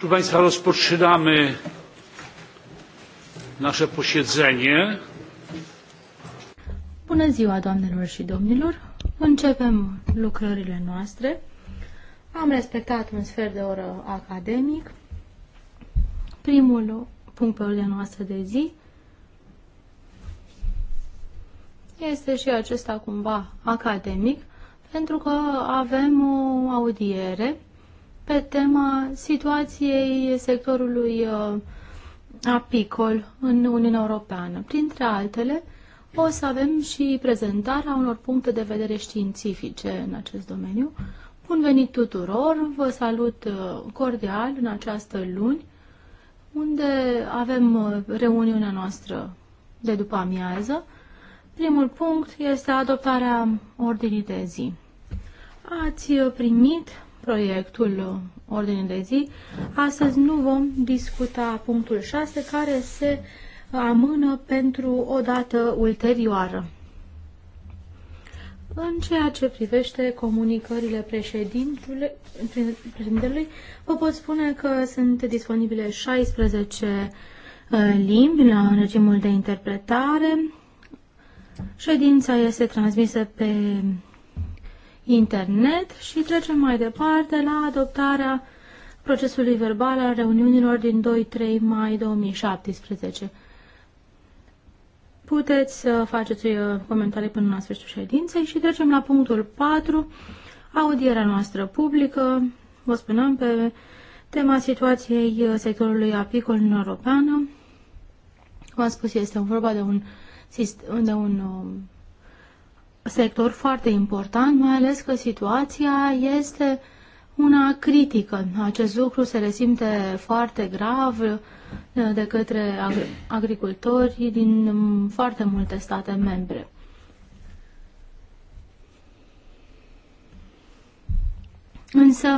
Proszę Państwa, rozpoczynamy nasze posiedzenie. Bună ziua, doamnelor și domnilor! Începem lucrările noastre. Am respectat un sfert de oră academic. Primul punct pe ordinea noastră de zi este și acesta cumva academic, pentru că avem o audiere pe tema situației sectorului uh, apicol în Uniunea Europeană. Printre altele, o să avem și prezentarea unor puncte de vedere științifice în acest domeniu. Bun venit tuturor, vă salut uh, cordial în această luni, unde avem uh, reuniunea noastră de după amiază. Primul punct este adoptarea ordinii de zi. Ați primit proiectul ordinii de zi. Astăzi nu vom discuta punctul 6, care se amână pentru o dată ulterioară. În ceea ce privește comunicările președintelui, vă pot spune că sunt disponibile 16 uh, limbi la regimul de interpretare. Ședința este transmisă pe internet și trecem mai departe la adoptarea procesului verbal al reuniunilor din 2-3 mai 2017. Puteți să faceți uh, comentarii până la sfârșitul ședinței și trecem la punctul 4, audierea noastră publică, vă spuneam, pe tema situației uh, sectorului apicol în Europeană. Cum am spus, este vorba de un, de un um, sector foarte important, mai ales că situația este una critică. Acest lucru se resimte foarte grav de către agricultori din foarte multe state membre. Însă,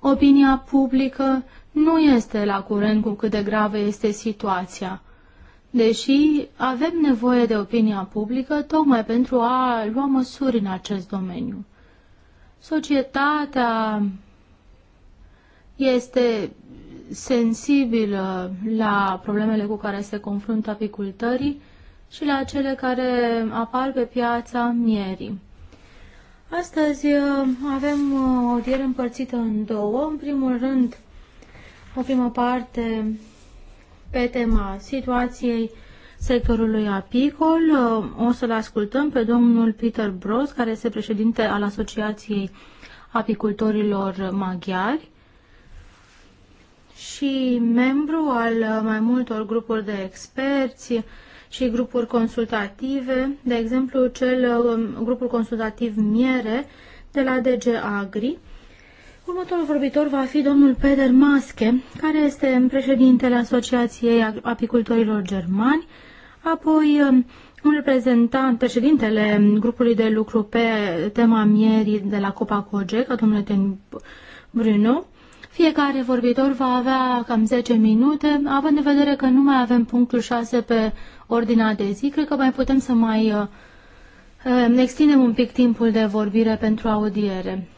opinia publică nu este la curent cu cât de gravă este situația deși avem nevoie de opinia publică tocmai pentru a lua măsuri în acest domeniu. Societatea este sensibilă la problemele cu care se confruntă apicultării și la cele care apar pe piața mierii. Astăzi uh, avem uh, o diere împărțită în două. În primul rând, o primă parte pe tema situației sectorului apicol. O să-l ascultăm pe domnul Peter Bros, care este președinte al Asociației Apicultorilor Maghiari și membru al mai multor grupuri de experți și grupuri consultative, de exemplu cel um, grupul consultativ Miere de la DG Agri, Următorul vorbitor va fi domnul Peter Maske, care este președintele Asociației Apicultorilor Germani, apoi um, un reprezentant, președintele grupului de lucru pe tema mierii de la Copa Cogeca, domnul Ten Bruno. Fiecare vorbitor va avea cam 10 minute, având în vedere că nu mai avem punctul 6 pe ordinea de zi, cred că mai putem să mai uh, uh, extindem un pic timpul de vorbire pentru audiere.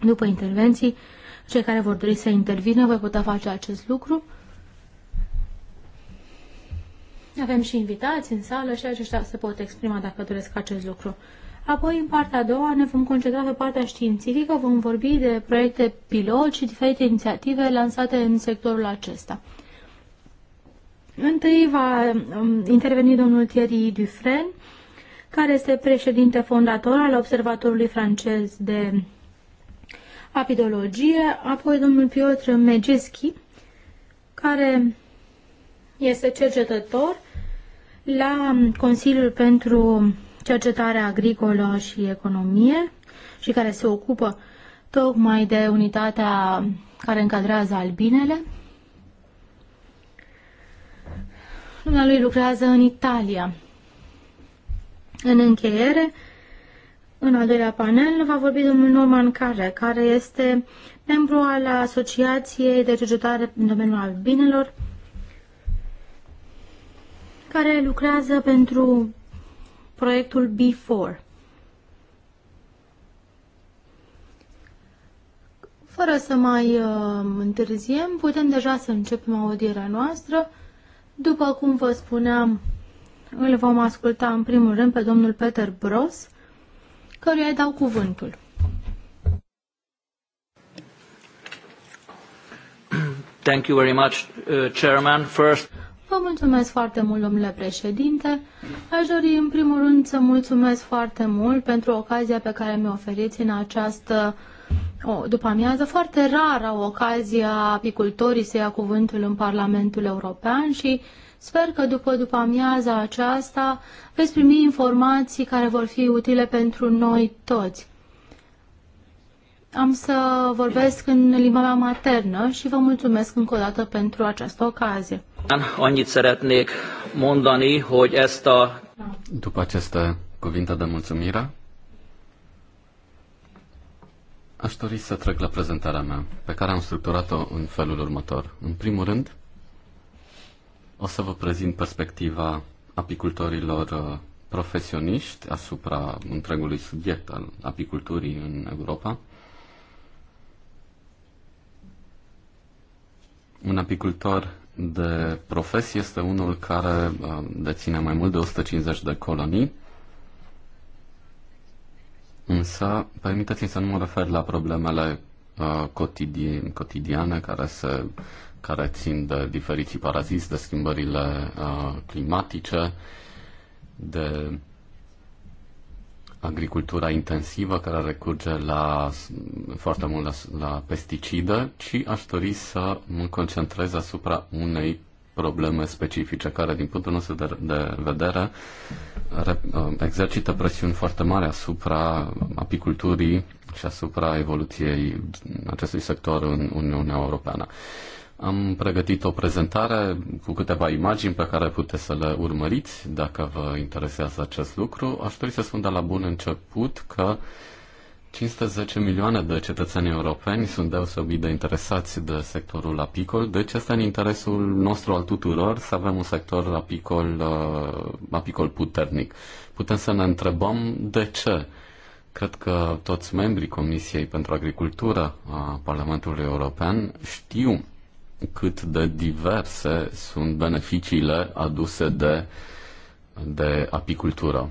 După intervenții, cei care vor dori să intervină vor putea face acest lucru. Avem și invitați în sală și aceștia se pot exprima dacă doresc acest lucru. Apoi, în partea a doua, ne vom concentra pe partea științifică, vom vorbi de proiecte pilot și diferite inițiative lansate în sectorul acesta. Întâi va um, interveni domnul Thierry Dufresne, care este președinte fondator al Observatorului francez de apidologie, apoi domnul Piotr Megeschi, care este cercetător la Consiliul pentru Cercetare Agricolă și Economie și care se ocupă tocmai de unitatea care încadrează albinele. lui lucrează în Italia. În încheiere, în al doilea panel va vorbi domnul Norman Care, care este membru al Asociației de Cercetare în domeniul albinelor, care lucrează pentru proiectul B4. Fără să mai uh, întârziem, putem deja să începem audierea noastră. După cum vă spuneam, îl vom asculta în primul rând pe domnul Peter Bros, căruia îi dau cuvântul. Thank you very much, uh, Chairman. First... Vă mulțumesc foarte mult, domnule președinte. Aș dori, în primul rând, să mulțumesc foarte mult pentru ocazia pe care mi-o oferiți în această o, după amiază. Foarte rar au ocazia apicultorii să ia cuvântul în Parlamentul European și uh, Sper că după după amiaza aceasta veți primi informații care vor fi utile pentru noi toți. Am să vorbesc în limba mea maternă și vă mulțumesc încă o dată pentru această ocazie. Annyit szeretnék mondani, hogy ezt a... După această cuvinte de mulțumire, aș dori să trec la prezentarea mea, pe care am structurat-o în felul următor. În primul rând, o să vă prezint perspectiva apicultorilor uh, profesioniști asupra întregului subiect al apiculturii în Europa. Un apicultor de profesie este unul care uh, deține mai mult de 150 de colonii, însă permiteți-mi să nu mă refer la problemele uh, cotidiane care se care țin de diferiții paraziți, de schimbările uh, climatice, de agricultura intensivă care recurge la, foarte mult la, la pesticide, ci aș dori să mă concentrez asupra unei probleme specifice care, din punctul nostru de, de vedere, re, uh, exercită presiuni foarte mari asupra apiculturii și asupra evoluției acestui sector în Uniunea Europeană. Am pregătit o prezentare cu câteva imagini pe care puteți să le urmăriți dacă vă interesează acest lucru. Aș dori să spun de la bun început că 510 milioane de cetățeni europeni sunt deosebit de interesați de sectorul apicol, deci este în interesul nostru al tuturor să avem un sector apicol, uh, apicol puternic. Putem să ne întrebăm de ce. Cred că toți membrii Comisiei pentru Agricultură a Parlamentului European știu cât de diverse sunt beneficiile aduse de, de apicultură.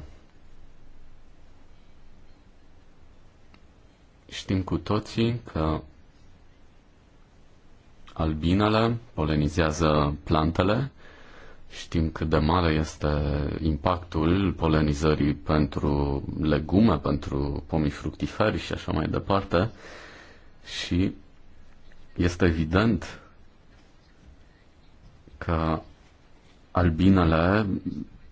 Știm cu toții că albinele polenizează plantele, Știm cât de mare este impactul polenizării pentru legume, pentru pomii fructiferi și așa mai departe. Și este evident că albinele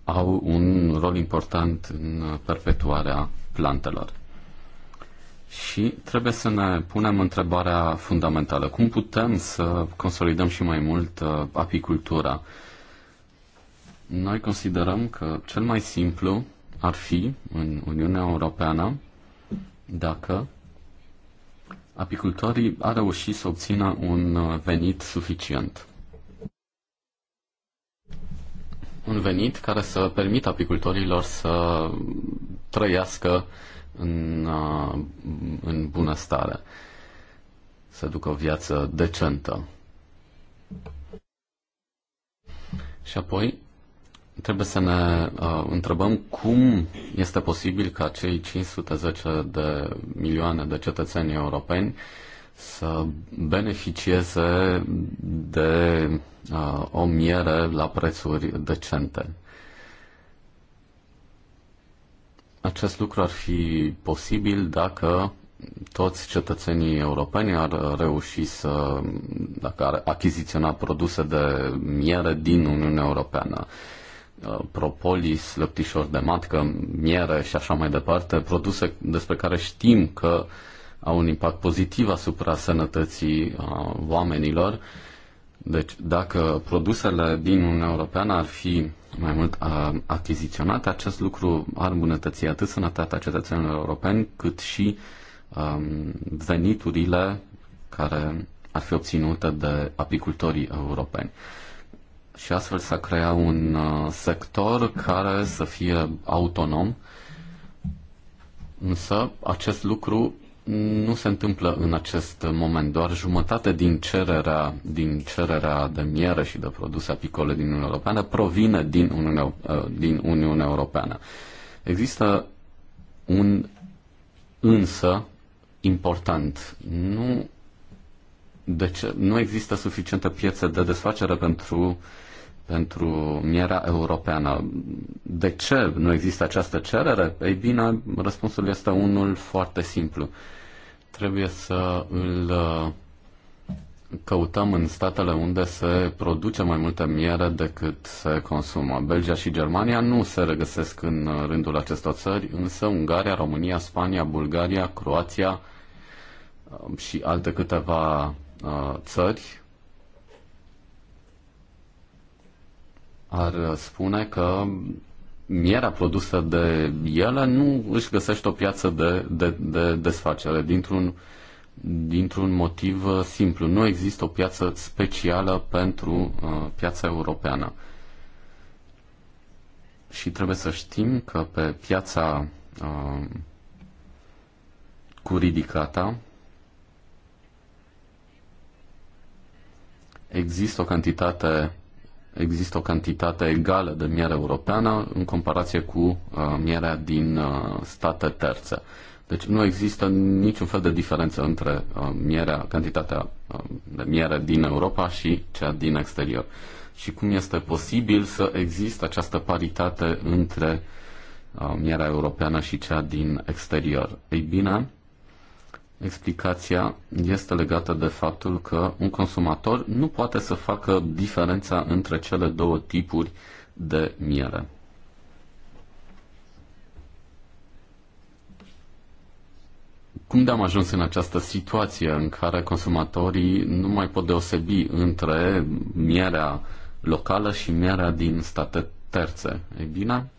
au un rol important în perpetuarea plantelor. Și trebuie să ne punem întrebarea fundamentală. Cum putem să consolidăm și mai mult uh, apicultura? Noi considerăm că cel mai simplu ar fi în Uniunea Europeană dacă apicultorii ar reuși să obțină un uh, venit suficient. un venit care să permită apicultorilor să trăiască în, uh, în bunăstare, să ducă o viață decentă. Și apoi trebuie să ne uh, întrebăm cum este posibil ca cei 510 de milioane de cetățeni europeni uh, să beneficieze de uh, o miere la prețuri decente. Acest lucru ar fi posibil dacă toți cetățenii europeni ar reuși să, dacă ar achiziționa produse de miere din Uniunea Europeană uh, propolis, lăptișor de matcă, miere și așa mai departe, produse despre care știm că uh, au un impact pozitiv asupra sănătății a oamenilor. Deci dacă produsele din Uniunea Europeană ar fi mai mult achiziționate, acest lucru ar îmbunătăți atât sănătatea cetățenilor europeni, cât și um, veniturile care ar fi obținute de apicultorii europeni. Și astfel s-a creat un sector care să fie autonom, însă acest lucru nu se întâmplă în acest moment. Doar jumătate din cererea, din cererea de miere și de produse apicole din Uniunea Europeană provine din Uniunea, uh, din Uniunea Europeană. Există un însă important. Nu, de ce, nu există suficientă piețe de desfacere pentru pentru mierea europeană. De ce nu există această cerere? Ei bine, răspunsul este unul foarte simplu. Trebuie să îl uh, căutăm în statele unde se produce mai multă miere decât se consumă. Belgia și Germania nu se regăsesc în uh, rândul acestor țări, însă Ungaria, România, Spania, Bulgaria, Croația uh, și alte câteva țări ar spune că mierea produsă de ele nu își găsește o piață de, de, de desfacere dintr-un, dintr-un motiv uh, simplu. Nu există o piață specială pentru uh, piața europeană. Și trebuie să știm că pe piața uh, cu ridicata există o cantitate există o cantitate egală de miere europeană în comparație cu uh, mierea din uh, state terțe. Deci nu există niciun fel de diferență între uh, mierea, cantitatea de miere din Europa și cea din exterior. Și cum este posibil să există această paritate între mierea europeană și cea din exterior? Ei bine, Explicația este legată de faptul că un consumator nu poate să facă diferența între cele două tipuri de miere. Cum de am ajuns în această situație în care consumatorii nu mai pot deosebi între mierea locală și mierea din state terțe? Ei bine,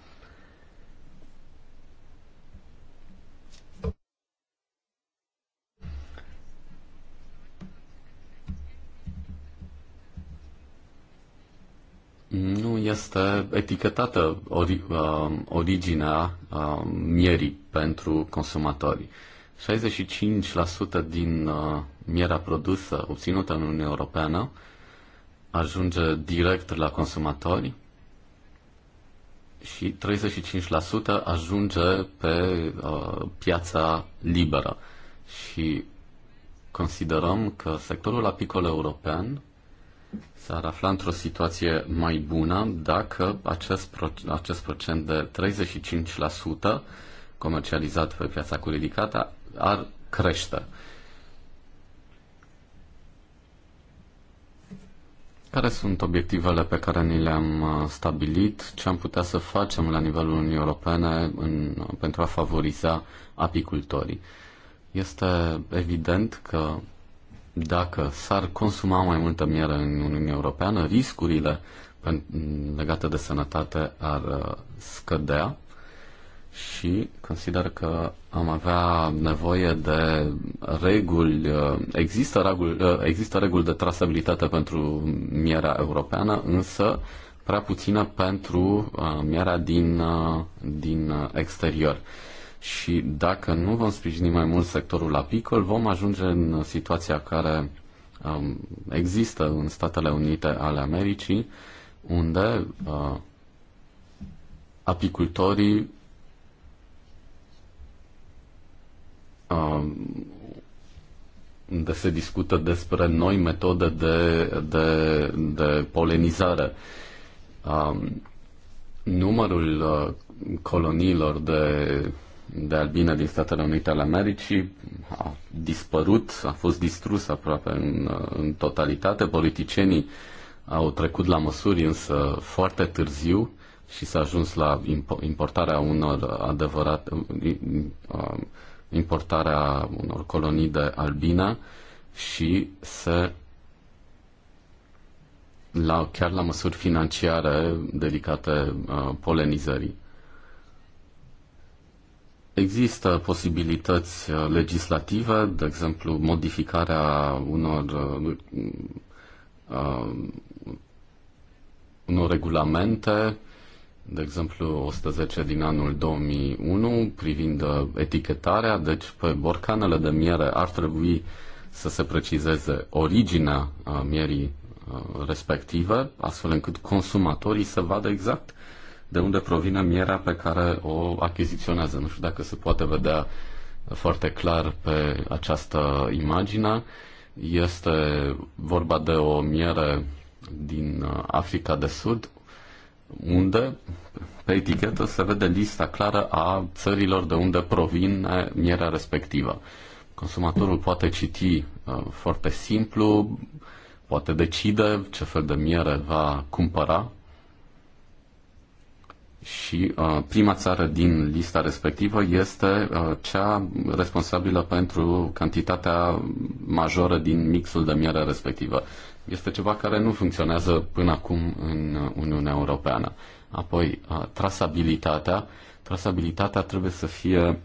nu este etichetată ori, uh, originea uh, mierii pentru consumatori. 65% din uh, mierea produsă obținută în Uniunea Europeană ajunge direct la consumatori și 35% ajunge pe uh, piața liberă. Și considerăm că sectorul apicol european s-ar afla într-o situație mai bună dacă acest, pro- acest procent de 35% comercializat pe piața cu ridicata ar crește. Care sunt obiectivele pe care ni le-am uh, stabilit? Ce am putea să facem la nivelul Uniunii Europene în, pentru a favoriza apicultorii? Este evident că dacă s-ar consuma mai multă miere în Uniunea Europeană, riscurile legate de sănătate ar uh, scădea și consider că am avea nevoie de reguli. Uh, există reguli, uh, există reguli de trasabilitate pentru mierea europeană, însă prea puțină pentru mierea din, din exterior și dacă nu vom sprijini mai mult sectorul apicol, vom ajunge în situația care um, există în Statele Unite ale Americii, unde uh, apicultorii um, unde se discută despre noi metode de, de, de polenizare. Um, numărul uh, coloniilor de de albină din Statele Unite ale Americii a dispărut, a fost distrus aproape în, în totalitate. Politicienii au trecut la măsuri, însă foarte târziu și s-a ajuns la importarea unor adevărat uh, importarea unor colonii de albina și se la, chiar la măsuri financiare dedicate uh, polenizării. Există posibilități uh, legislative, de exemplu modificarea unor, uh, uh unor regulamente, de exemplu 110 din anul 2001 privind uh, etichetarea, deci pe borcanele de miere ar trebui să se precizeze originea mierii respective, astfel încât consumatorii să vadă exact de unde provine mierea pe care o achiziționează. Nu știu dacă se poate vedea foarte clar pe această imagine. Este vorba de o miere din Africa de Sud, unde pe etichetă se vede lista clară a țărilor de unde provine mierea respectivă. Consumatorul poate citi uh, foarte simplu, poate decide ce fel de miere va cumpăra și uh, prima țară din lista respectivă este uh, cea responsabilă pentru cantitatea majoră din mixul de miere respectivă. Este ceva care nu funcționează până acum în Uniunea Europeană. Apoi, uh, trasabilitatea. Trasabilitatea trebuie să fie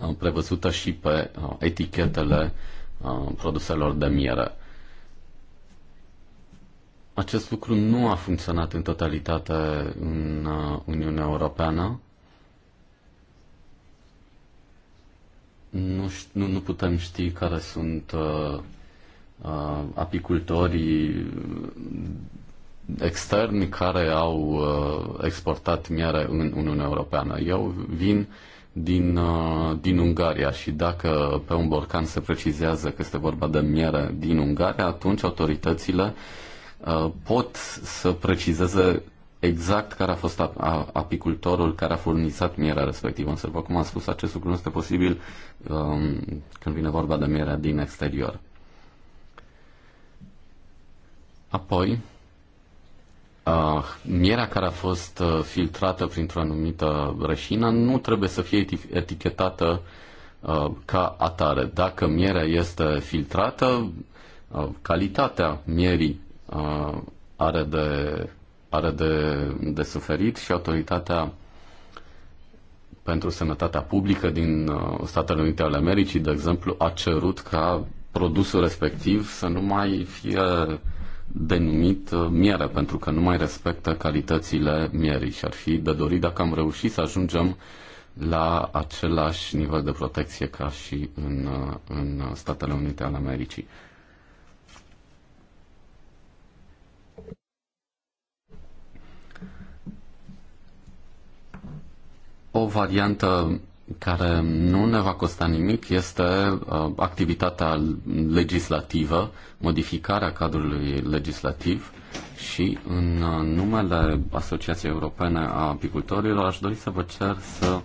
uh, prevăzută și pe uh, etichetele uh, produselor de miere. Acest lucru nu a funcționat în totalitate în uh, Uniunea Europeană. Nu, nu, nu putem ști care sunt uh, uh, apicultorii externi care au uh, exportat miere în Uniunea Europeană. Eu vin din, uh, din Ungaria și dacă pe un borcan se precizează că este vorba de miere din Ungaria, atunci autoritățile uh, Uh, pot să precizeze exact care a fost apicultorul care a furnizat mierea respectivă. Însă, după cum am spus, acest lucru nu este posibil um, când vine vorba de mierea din exterior. Apoi, uh, mierea care a fost uh, filtrată printr-o anumită rășină nu trebuie să fie etichetată uh, ca atare. Dacă mierea este filtrată, uh, calitatea mierii Uh, are, de, are de, de suferit și autoritatea pentru sănătatea publică din uh, Statele Unite ale Americii, de exemplu, a cerut ca produsul respectiv să nu mai fie denumit uh, miere, pentru că nu mai respectă calitățile mierii și ar fi de dorit dacă am reușit să ajungem la același nivel de protecție ca și în, în Statele Unite ale Americii. O variantă care nu ne va costa nimic este uh, activitatea legislativă, modificarea cadrului legislativ și în uh, numele Asociației Europene a Apicultorilor aș dori să vă cer să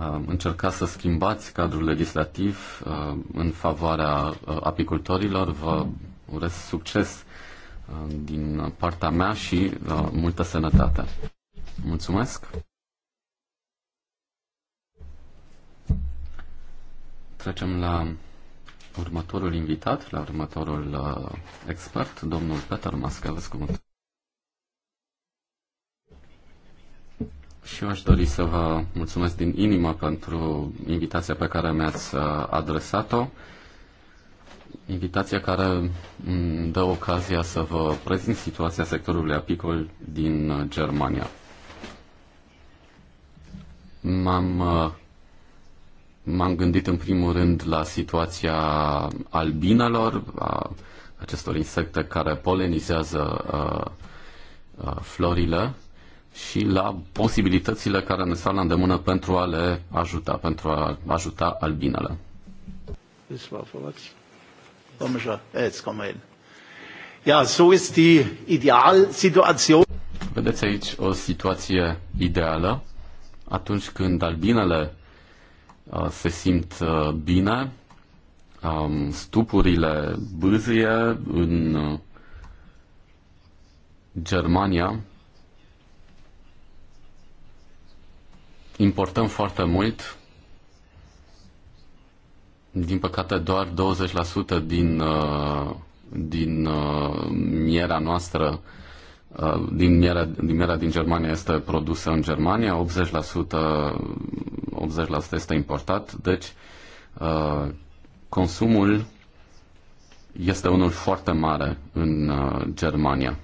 uh, încercați să schimbați cadrul legislativ în favoarea apicultorilor. Vă urez succes din partea mea și multă sănătate. Mulțumesc! Trecem la următorul invitat, la următorul uh, expert, domnul Peter Mascavescu. Și eu aș dori să vă mulțumesc din inimă pentru invitația pe care mi-ați uh, adresat-o. Invitația care dă ocazia să vă prezint situația sectorului apicol din uh, Germania. M-am uh, M-am gândit în primul rând la situația albinelor, a acestor insecte care polenizează a, uh, a, uh, florile și la posibilitățile care ne stau la îndemână pentru a le ajuta, pentru a ajuta albinele. Vedeți aici o situație ideală atunci când albinele Uh, se simt uh, bine, um, stupurile bâzie în uh, Germania. Importăm foarte mult. Din păcate, doar 20% din, din mierea noastră din mierea, din mierea din Germania este produsă în Germania, 80%, 80% este importat, deci uh, consumul este unul foarte mare în uh, Germania.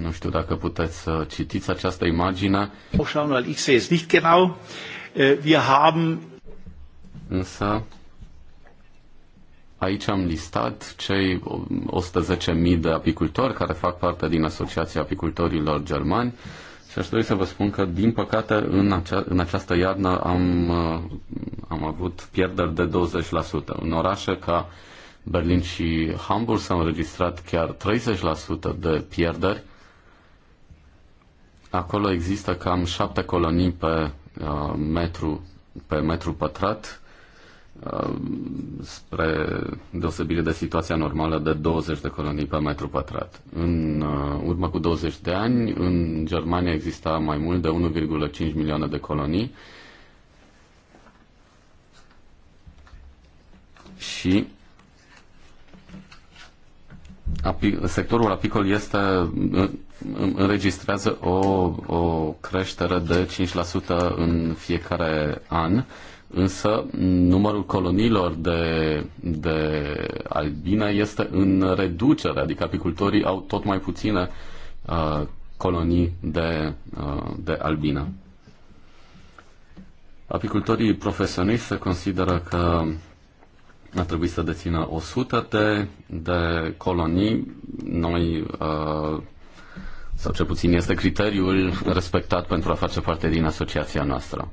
Nu știu dacă puteți să citiți această imagine. Äh, Însă, Aici am listat cei 110.000 de apicultori care fac parte din Asociația Apicultorilor Germani și aș dori să vă spun că, din păcate, în, acea, în această iarnă am, uh, am avut pierderi de 20%. În orașe ca Berlin și Hamburg s-au înregistrat chiar 30% de pierderi. Acolo există cam șapte colonii pe uh, metru pe metru pătrat Uh, spre deosebire de situația normală de 20 de colonii pe metru pătrat. În uh, urmă cu 20 de ani, în Germania exista mai mult de 1,5 milioane de colonii și sectorul apicol este înregistrează o, o creștere de 5% în fiecare an Însă numărul coloniilor de, de albine este în reducere, adică apicultorii au tot mai puține uh, colonii de, uh, de albine. Apicultorii profesioniști se consideră că ar trebui să dețină 100 de, de colonii. Noi, uh, sau cel puțin este criteriul respectat pentru a face parte din asociația noastră.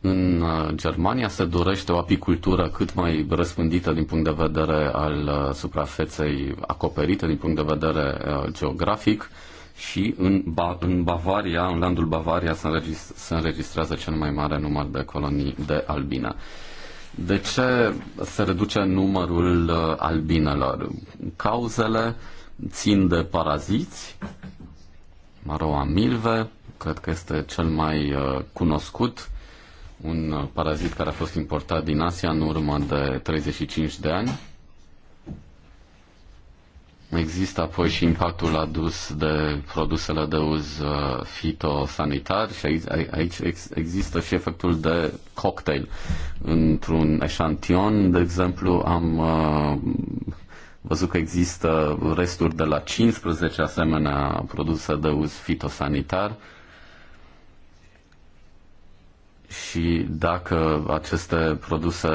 În uh, Germania se dorește o apicultură cât mai răspândită din punct de vedere al uh, suprafeței acoperite, din punct de vedere uh, geografic și în, ba- în Bavaria, în landul Bavaria, se, înregist- se înregistrează cel mai mare număr de colonii de albine. De ce se reduce numărul albinelor? Cauzele țin de paraziți, maroa milve, cred că este cel mai cunoscut, un uh, parazit care a fost importat din Asia în urmă de 35 de ani. Există apoi și impactul adus de produsele de uz uh, fitosanitar și aici, aici există și efectul de cocktail. Într-un eșantion, de exemplu, am uh, văzut că există resturi de la 15 asemenea produse de uz fitosanitar și dacă aceste produse,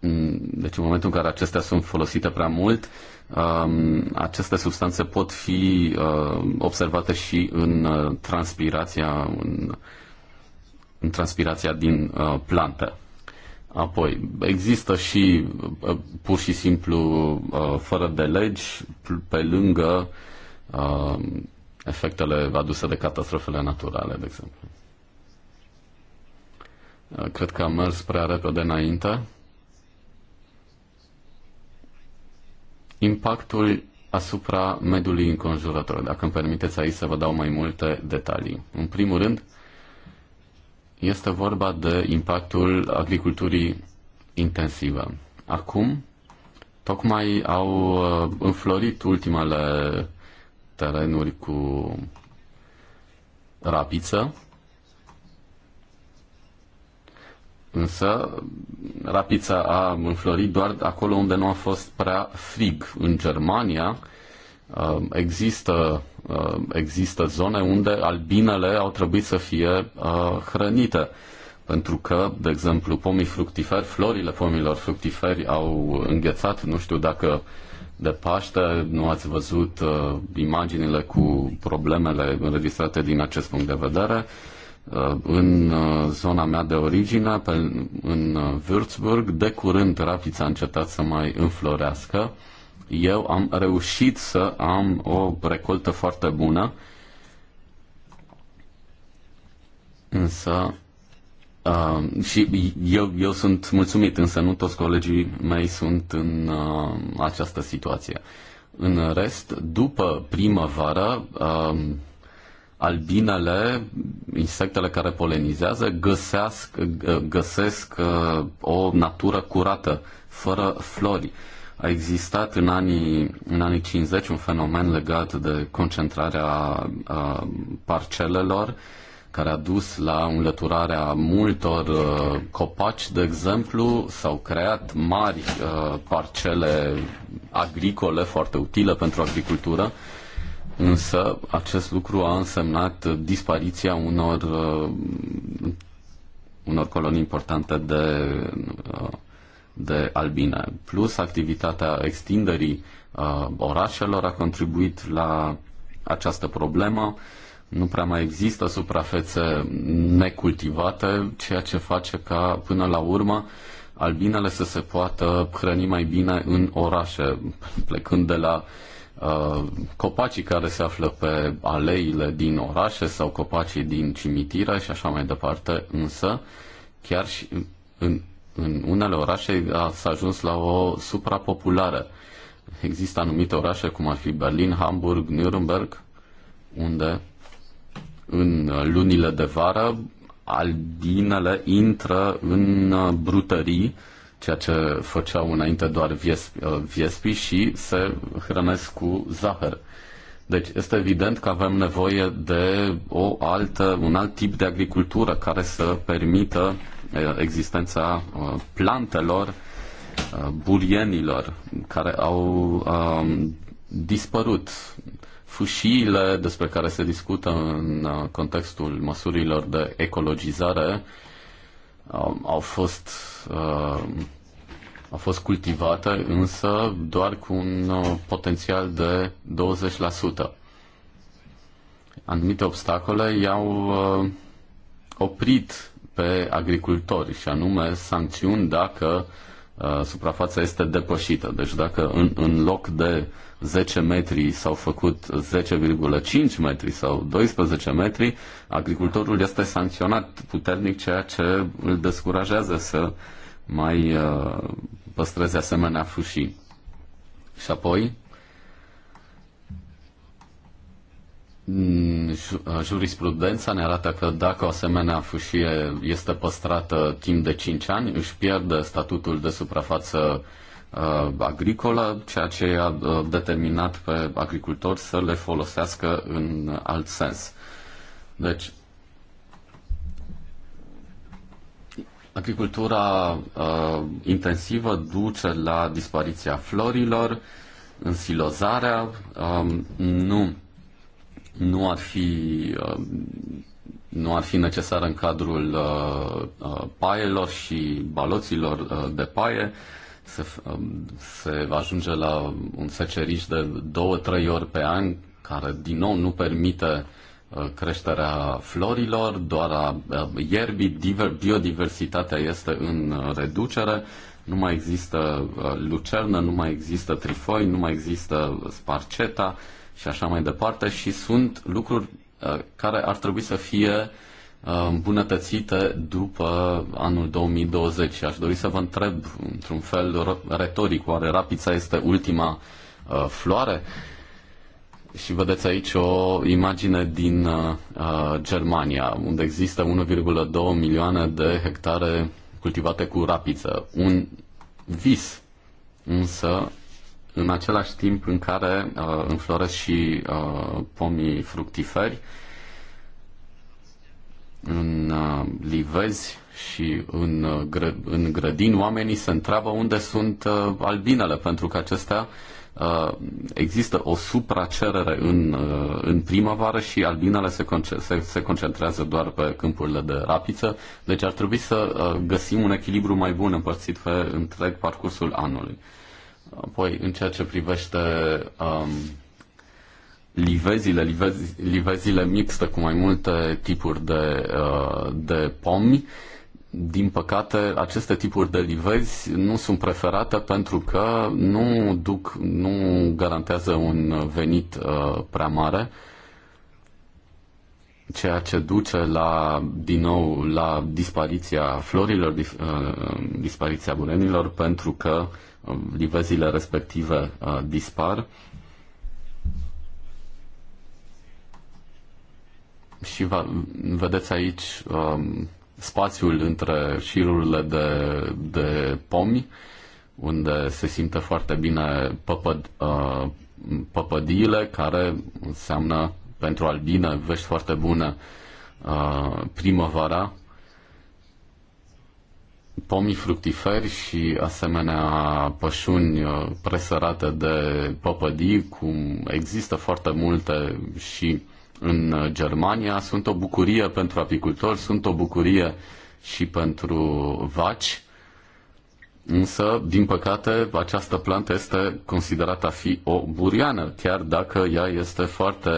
mm, deci în momentul în care acestea sunt folosite prea mult, um, aceste substanțe pot fi uh, observate și în uh, transpirația, în, în transpirația din uh, plante. Apoi, există și pur și simplu fără de legi, pe lângă efectele aduse de catastrofele naturale, de exemplu. Cred că am mers prea repede înainte. Impactul asupra mediului înconjurător. Dacă îmi permiteți aici să vă dau mai multe detalii. În primul rând, este vorba de impactul agriculturii intensivă. Acum, tocmai au uh, înflorit ultimele terenuri cu rapiță Însă, rapița a înflorit doar acolo unde nu a fost prea frig. În Germania uh, există, uh, există zone unde albinele au trebuit să fie uh, hrănite pentru că, de exemplu, pomii fructiferi, florile pomilor fructiferi au înghețat, nu știu dacă de Paște, nu ați văzut uh, imaginile cu problemele înregistrate din acest punct de vedere. Uh, Uh, în uh, zona mea de origine, pe, în uh, Würzburg. De curând rapița a încetat să mai înflorească. Eu am reușit să am o recoltă foarte bună, însă Uh, și eu, eu sunt mulțumit, însă nu toți colegii mei sunt în uh, această situație. În rest, după primăvară, uh, albinele, insectele care polenizează, găsesc găsesc uh, o natură curată, fără flori. A existat în anii, în anii 50 un fenomen legat de concentrarea a uh, parcelelor care a dus la înlăturarea multor uh, copaci, de exemplu, s-au creat mari parcele agricole foarte utile pentru agricultură, Însă acest lucru a însemnat dispariția unor, uh, unor colonii importante de, uh, de albine. Plus activitatea extinderii uh, orașelor a contribuit la această problemă. Nu prea mai există suprafețe necultivate, ceea ce face ca, până la urmă, albinele să se poată hrăni mai bine în orașe, plecând de la uh, Uh, copacii care se află pe aleile din orașe sau copacii din cimitire și așa mai departe, însă chiar și în, în unele orașe s-a ajuns la o suprapopulare. Există anumite orașe, cum ar fi Berlin, Hamburg, Nuremberg, unde în lunile de vară albinele intră în uh, brutării ceea ce făceau înainte doar uh, viespi și se hrănesc cu zahăr. Deci este evident că avem nevoie de o altă, un alt tip de agricultură care să permită uh, existența uh, plantelor, burienilor care au um, dispărut. Fâșiile despre care se discută în contextul măsurilor de ecologizare um, au fost uh, a fost cultivată, însă doar cu un uh, potențial de 20%. Anumite obstacole i-au uh, oprit pe agricultori, și anume sancțiuni dacă uh, suprafața este depășită. Deci dacă în, în loc de 10 metri s-au făcut 10,5 metri sau 12 metri, agricultorul este sancționat puternic, ceea ce îl descurajează să uh, mai uh, păstreze asemenea fâșii. Și apoi, mm, uh, jurisprudența ne arată că dacă o asemenea fâșie este păstrată timp de 5 ani, își pierde statutul de suprafață uh, agricolă, ceea ce a uh, determinat pe agricultori să le folosească în alt sens. Deci, Agricultura uh, intensivă duce la dispariția florilor, silozarea. Uh, um, nu, nu ar fi uh, nu ar fi necesar în cadrul uh, uh paielor și baloților uh, de paie. Se, uh, se ajunge la un seceriș de două, trei ori pe an, care din nou nu permite uh, Uh, creșterea florilor, doar a uh, ierbii, biodiversitatea este în uh, reducere, nu mai există lucernă, nu mai există trifoi, nu mai există sparceta și așa mai departe și sunt lucruri care ar trebui să fie îmbunătățite după anul 2020 și aș dori să vă întreb într-un fel retoric, oare rapița este ultima floare? Și vedeți aici o imagine din uh, uh Germania, unde există 1,2 milioane de hectare cultivate cu rapiță. Un vis, însă, în același timp în care uh, înfloresc și uh, pomii fructiferi, în uh, livezi și în, uh, gră, în grădini, oamenii se întreabă unde sunt uh, albinele, pentru că acestea Uh, există o supracerere în, uh, în primăvară și albinele se, conce- se, se concentrează doar pe câmpurile de rapiță, deci ar trebui să uh, găsim un echilibru mai bun împărțit pe întreg parcursul anului. Apoi, în ceea ce privește um, livezile, livezi, livezile mixte cu mai multe tipuri de, uh, de pomi, uh, din păcate, aceste tipuri de livezi nu sunt preferate pentru că nu duc, nu garantează un venit uh, prea mare, ceea ce duce la, din nou la dispariția florilor, dis, uh, dispariția bulenilor, pentru că uh, livezile respective uh, dispar. Și va, vedeți aici Uh, spațiul între șirurile de, de pomi, unde se simte foarte bine păpăd, uh, păpădiile, care înseamnă pentru albine vești foarte bune uh, primăvara, pomii fructiferi și asemenea pășuni uh, presărate de păpădii, cum există foarte multe și în uh, Germania, sunt o bucurie pentru apicultori, sunt o bucurie și pentru vaci, însă, din păcate, această plantă este considerată a fi o buriană, chiar dacă ea este foarte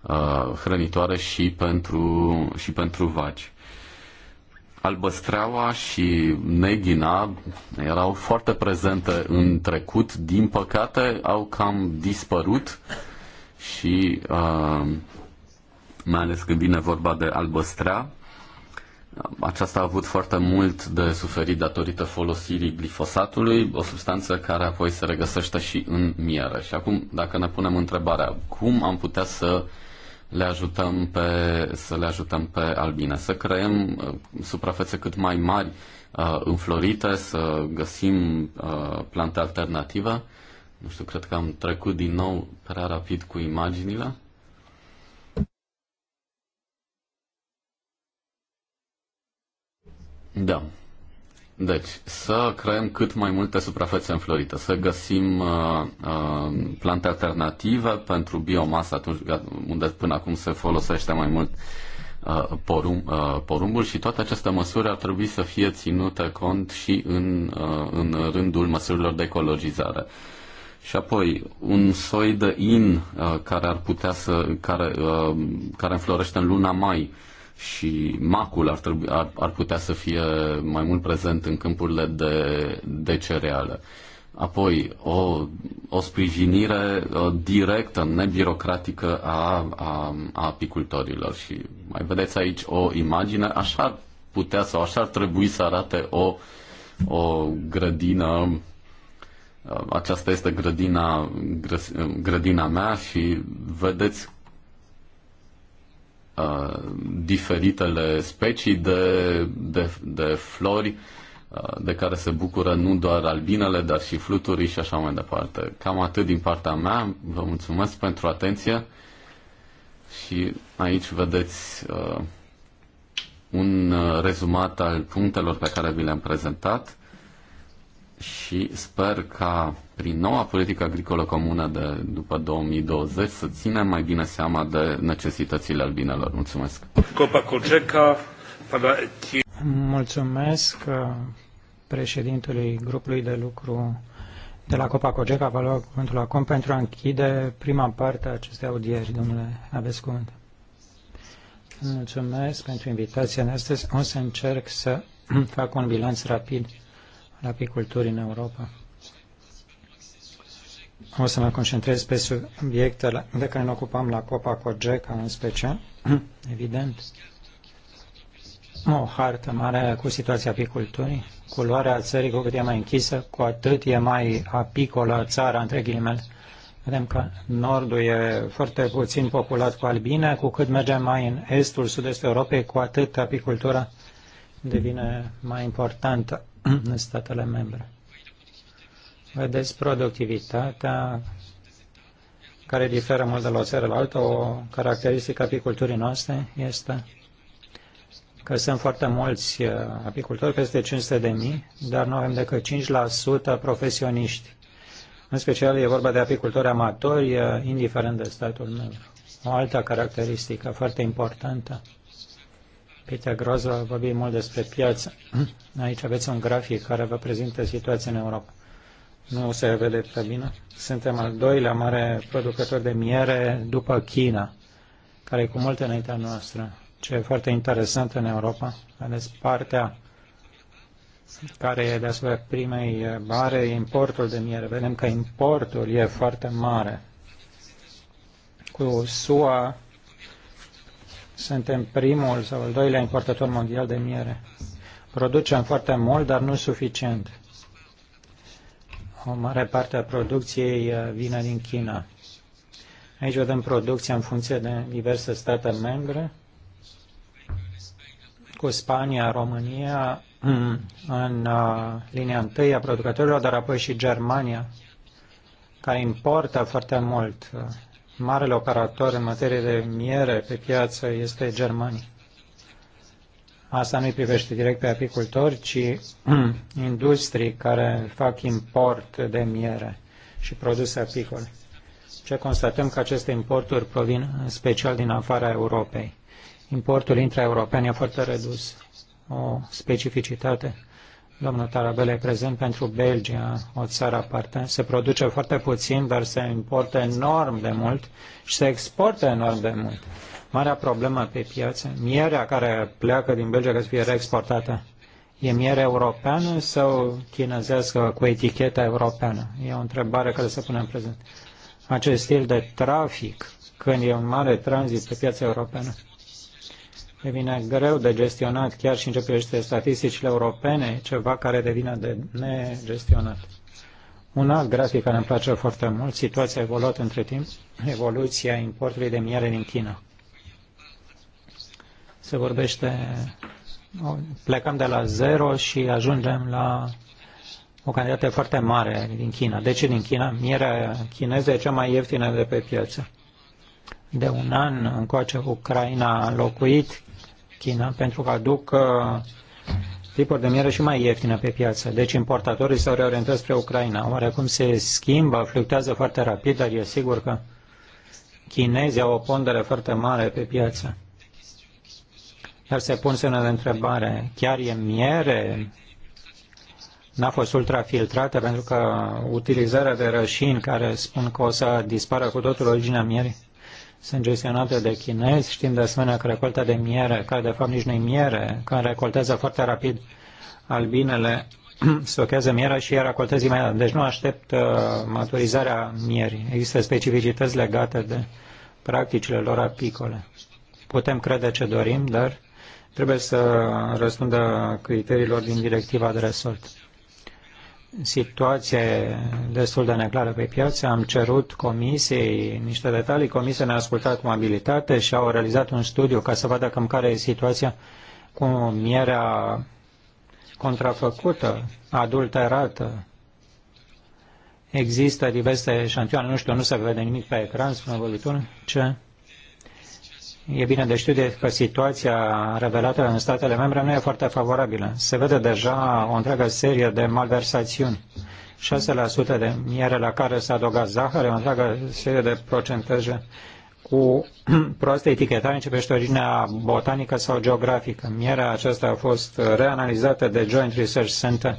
uh, hrănitoare și pentru, și pentru vaci. Albăstreaua și neghina erau foarte prezente în trecut, din păcate au cam dispărut și uh, mai ales când vine vorba de albăstrea, aceasta a avut foarte mult de suferit datorită folosirii glifosatului, o substanță care apoi se regăsește și în miere. Și acum, dacă ne punem întrebarea, cum am putea să le ajutăm pe, să le ajutăm pe albine, să creăm uh, suprafețe cât mai mari uh, înflorite, să găsim plante alternative, nu știu, cred că am trecut din nou prea rapid cu imaginile. Da. Deci, să creăm cât mai multe suprafețe înflorite, să găsim uh, uh, plante alternative pentru biomasă, atunci unde până acum se folosește mai mult uh, porum, uh, porumbul și toate aceste măsuri ar trebui să fie ținute cont și în, uh, în rândul măsurilor de ecologizare. Uh, și apoi un soi de in uh, care ar putea să, care, uh, care înflorește în luna mai și macul ar, trebui, ar, ar putea să fie mai mult prezent în câmpurile de, de cereale. Apoi, o, o sprijinire uh, directă, nebirocratică a, a, a apicultorilor. Și mai vedeți aici o imagine, așa ar putea sau așa ar trebui să arate o, o grădină Uh, aceasta este grădina, uh, grădina mea și vedeți uh, diferitele specii de, de, de flori uh, de care se bucură nu doar albinele, dar și fluturii și așa mai departe. Cam atât din partea mea. Vă mulțumesc pentru atenție și aici vedeți uh, un uh, rezumat al punctelor pe care vi le-am prezentat și sper ca prin noua politică agricolă comună de după 2020 să ținem mai bine seama de necesitățile albinelor. Mulțumesc! Mulțumesc uh, președintului grupului de lucru de la Copa Cogeca. Vă luau cuvântul acum pentru a închide prima parte a acestei audieri. Domnule, aveți cuvânt. Mulțumesc pentru invitația de astăzi. O să încerc să fac un bilanț rapid al apiculturii în Europa. O să mă concentrez pe subiectele de care ne ocupam la Copa Cogeca în special, evident. O hartă mare cu situația apiculturii. Culoarea țării, cu cât e mai închisă, cu atât e mai apicolă țara, între ghilimele. Vedem că nordul e foarte puțin populat cu albine, cu cât mergem mai în estul, sud-estul Europei, cu atât apicultura devine mai importantă în statele membre. Vedeți productivitatea care diferă mult de la o țară la alta. O caracteristică a apiculturii noastre este că sunt foarte mulți uh, apicultori, peste 500 de mii, dar nu avem decât 5% profesioniști. În special e vorba de apicultori amatori, uh, indiferent de statul meu. O altă caracteristică foarte importantă Peter Groza a vorbit mult despre piață. Aici aveți un grafic care vă prezintă situația în Europa. Nu se vede prea bine. Suntem al doilea mare producător de miere după China, care e cu multe înaintea noastră. Ce e foarte interesant în Europa, ales partea care e deasupra primei bare, importul de miere. Vedem că importul e foarte mare. Cu SUA suntem primul sau al doilea importator mondial de miere. Producem foarte mult, dar nu suficient. O mare parte a producției uh, vine din China. Aici vedem producția în funcție de diverse state membre, cu Spania, România în uh, linia întâi a producătorilor, dar apoi și Germania, care importă foarte mult uh, marele operator în materie de miere pe piață este Germania. Asta nu-i privește direct pe apicultori, ci industrii care fac import de miere și produse apicole. Ce constatăm că aceste importuri provin în special din afara Europei. Importul intra-european e foarte redus, o specificitate Domnul Tarabele e prezent pentru Belgia, o țară aparte. Se produce foarte puțin, dar se importă enorm de mult și se exportă enorm de mult. Marea problemă pe piață, mierea care pleacă din Belgia ca să fie reexportată, e miere europeană sau chinezească cu eticheta europeană? E o întrebare care se pune în prezent. Acest stil de trafic, când e un mare tranzit pe piața europeană, devine greu de gestionat, chiar și în ce privește statisticile europene, ceva care devine de negestionat. Un alt grafic care îmi place foarte mult, situația evoluat între timp, evoluția importului de miere din China. Se vorbește, plecăm de la zero și ajungem la o cantitate foarte mare din China. De ce din China? Mierea chineză e cea mai ieftină de pe piață. De un an încoace Ucraina a înlocuit China pentru că aduc uh, tipuri de miere și mai ieftină pe piață. Deci importatorii s-au reorientat spre Ucraina. Oarecum se schimbă, fluctuează foarte rapid, dar e sigur că chinezii au o pondere foarte mare pe piață. Dar se pun semne de întrebare. Chiar e miere? N-a fost ultrafiltrată pentru că utilizarea de rășini care spun că o să dispară cu totul originea mierii? sunt gestionate de chinezi. Știm de asemenea că recolta de miere, care de fapt nici nu miere, care recoltează foarte rapid albinele, stochează mierea și iar recoltează imediat. Deci nu aștept uh, maturizarea mierii. Există specificități legate de practicile lor apicole. Putem crede ce dorim, dar trebuie să răspundă criteriilor din directiva de resort situație destul de neclară pe piață. Am cerut comisiei niște detalii. Comisia ne-a ascultat cu abilitate și au realizat un studiu ca să vadă cam care e situația cu mierea contrafăcută, adulterată. Există diverse șantioane, nu știu, nu se vede nimic pe ecran, spune vorbitorul. Ce? E bine de știut că situația revelată în statele membre nu e foarte favorabilă. Se vede deja o întreagă serie de malversațiuni. 6% de miere la care s-a adăugat zahăr, o întreagă serie de procentaje cu proastă etichetare începește originea botanică sau geografică. Mierea aceasta a fost reanalizată de Joint Research Center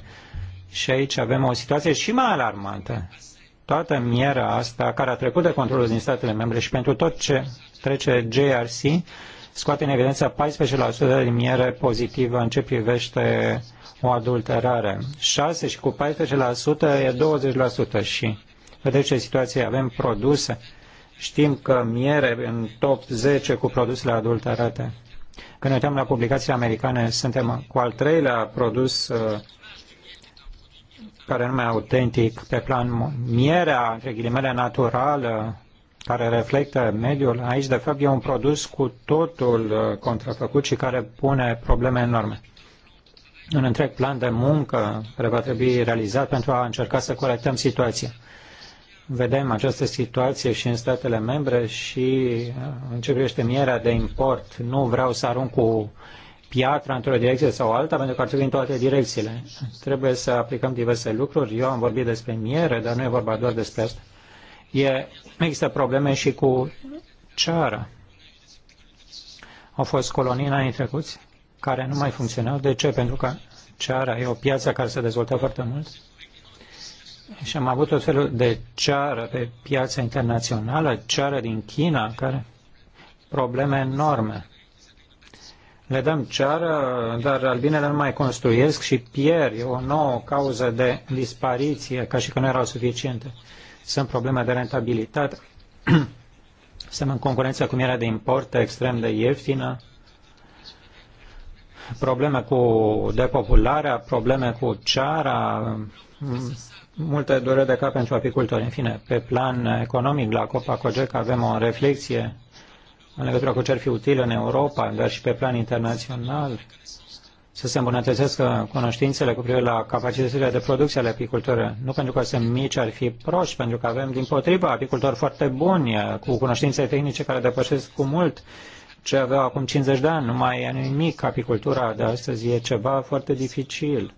și aici avem o situație și mai alarmantă. Toată mierea asta care a trecut de controlul din statele membre și pentru tot ce trece JRC, scoate în evidență 14% din miere pozitivă în ce privește o adulterare. 6 și cu 14% e 20% și vedeți ce situație avem produse. Știm că miere în top 10 cu produsele adulterate. Când ne uităm la publicații americane, suntem cu al treilea produs uh, care nu mai autentic pe plan mierea, între ghilimele, naturală, care reflectă mediul, aici de fapt e un produs cu totul uh, contrafăcut și care pune probleme enorme. Un întreg plan de muncă care va trebui realizat pentru a încerca să corectăm situația. Vedem această situație și în statele membre și uh, în ce privește mierea de import. Nu vreau să arunc cu piatra într-o direcție sau alta, pentru că ar trebui în toate direcțiile. Trebuie să aplicăm diverse lucruri. Eu am vorbit despre miere, dar nu e vorba doar despre asta. E Există probleme și cu ceara. Au fost colonii în anii trecuți care nu mai funcționau. De ce? Pentru că ceara e o piață care se dezvoltă foarte mult și am avut tot felul de ceară pe piața internațională, ceară din China, care probleme enorme. Le dăm ceară, dar albinele nu mai construiesc și pierd. E o nouă cauză de dispariție, ca și că nu erau suficiente sunt probleme de rentabilitate. Suntem în concurență cu mierea de import extrem de ieftină, probleme cu depopularea, probleme cu ceara, multe dureri de cap pentru apicultori. În fine, pe plan economic, la Copa Cogec avem o reflexie în legătură cu ce ar fi util în Europa, dar și pe plan internațional să se îmbunătățească cunoștințele cu privire la capacitățile de producție ale apicultorilor. Nu pentru că sunt mici, ar fi proști, pentru că avem, din potrivă, apicultori foarte buni, eh, cu cunoștințe tehnice care depășesc cu mult ce aveau acum 50 de ani. Nu mai e nimic. Apicultura de astăzi e ceva foarte dificil.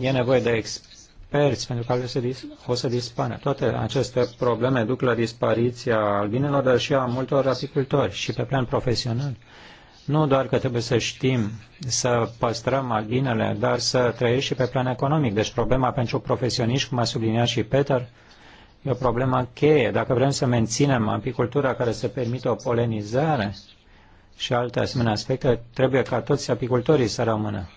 E nevoie de experți, pentru că se dis- o să dispare. Toate aceste probleme duc la dispariția albinelor, dar și a multor apicultori și pe plan profesional nu doar că trebuie să știm să păstrăm albinele, dar să trăiești și pe plan economic. Deci problema pentru profesioniști, cum a subliniat și Peter, e o problemă cheie. Dacă vrem să menținem apicultura care să permită o polenizare și alte asemenea aspecte, trebuie ca toți apicultorii să rămână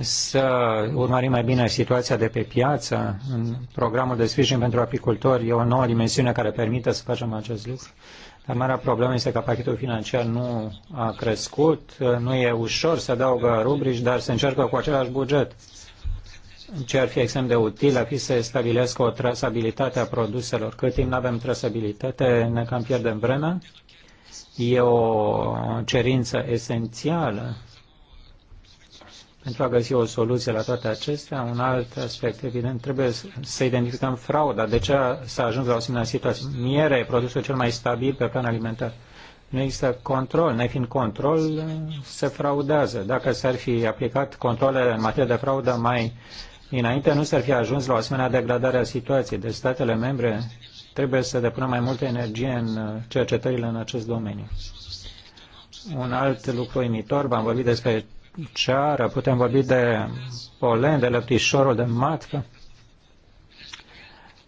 să urmărim mai bine situația de pe piață. În programul de sprijin pentru apicultori e o nouă dimensiune care permite să facem acest lucru. Dar marea problemă este că pachetul financiar nu a crescut, nu e ușor, să adaugă rubrici, dar se încearcă cu același buget. Ce ar fi extrem de util ar fi să stabilească o trasabilitate a produselor. Cât timp nu avem trasabilitate, ne cam pierdem vremea. E o cerință esențială pentru a găsi o soluție la toate acestea. Un alt aspect, evident, trebuie să identificăm frauda. De ce s-a ajuns la o asemenea situație? Mierea e produsul cel mai stabil pe plan alimentar. Nu există control. Nefiind control, se fraudează. Dacă s-ar fi aplicat controlele în materie de fraudă mai înainte, nu s-ar fi ajuns la o asemenea degradare a situației. Deci statele membre trebuie să depună mai multă energie în cercetările în acest domeniu. Un alt lucru imitor, v-am vorbit despre ceară, putem vorbi de polen, de lăptișorul de matcă.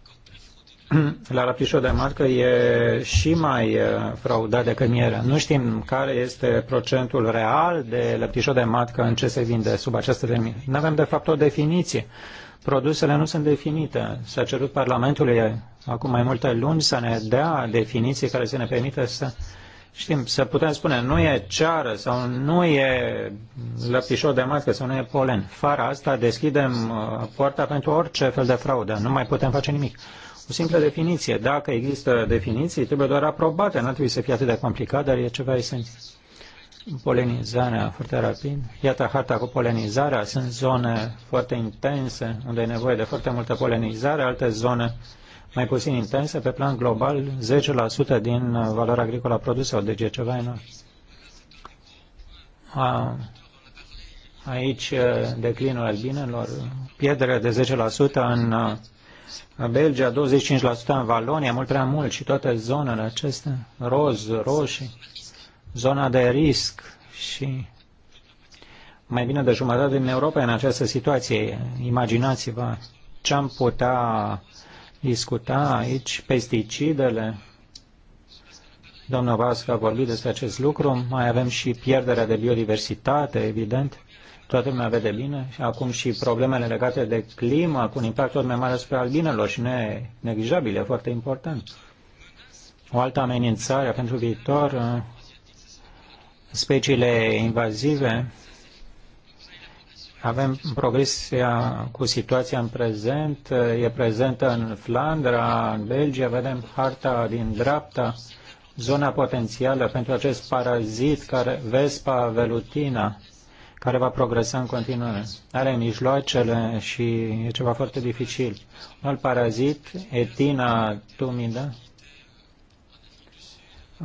La lăptișorul de matcă e și mai uh, fraudat decât mierea. Nu știm care este procentul real de lăptișor de matcă în ce se vinde sub această denumire. Nu avem, de fapt, o definiție. Produsele nu sunt definite. S-a cerut Parlamentului acum mai multe luni să ne dea definiții care să ne permită să uh, știm, să putem spune, nu e ceară sau nu e lăptișor de mască sau nu e polen. Fără asta deschidem uh, poarta pentru orice fel de fraudă. Nu mai putem face nimic. O simplă definiție. Dacă există definiții, trebuie doar aprobate. Nu trebuie să fie atât de complicat, dar e ceva esențial. Polenizarea foarte rapid. Iată harta cu polenizarea. Sunt zone foarte intense unde e nevoie de foarte multă polenizare, alte zone mai puțin intense, pe plan global, 10% din valoarea agricolă a produselor, deci e ceva enorm. A, aici declinul albinelor, pierdere de 10% în Belgia, 25% în Valonia, mult prea mult și toate zonele acestea, roz, roșii, zona de risc și mai bine de jumătate din Europa în această situație. Imaginați-vă ce am putea discuta aici pesticidele. Domnul Vasca a vorbit despre acest lucru. Mai avem și pierderea de biodiversitate, evident. Toată lumea vede bine. Și acum și problemele legate de climă, cu un impact tot mai mare asupra albinelor și ne neglijabile, foarte important. O altă amenințare pentru viitor, uh, speciile invazive, avem progresia cu situația în prezent, e prezentă în Flandra, în Belgia, vedem harta din dreapta, zona potențială pentru acest parazit care Vespa velutina, care va progresa în continuare. Are mijloacele și e ceva foarte dificil. Un alt parazit, etina tumida,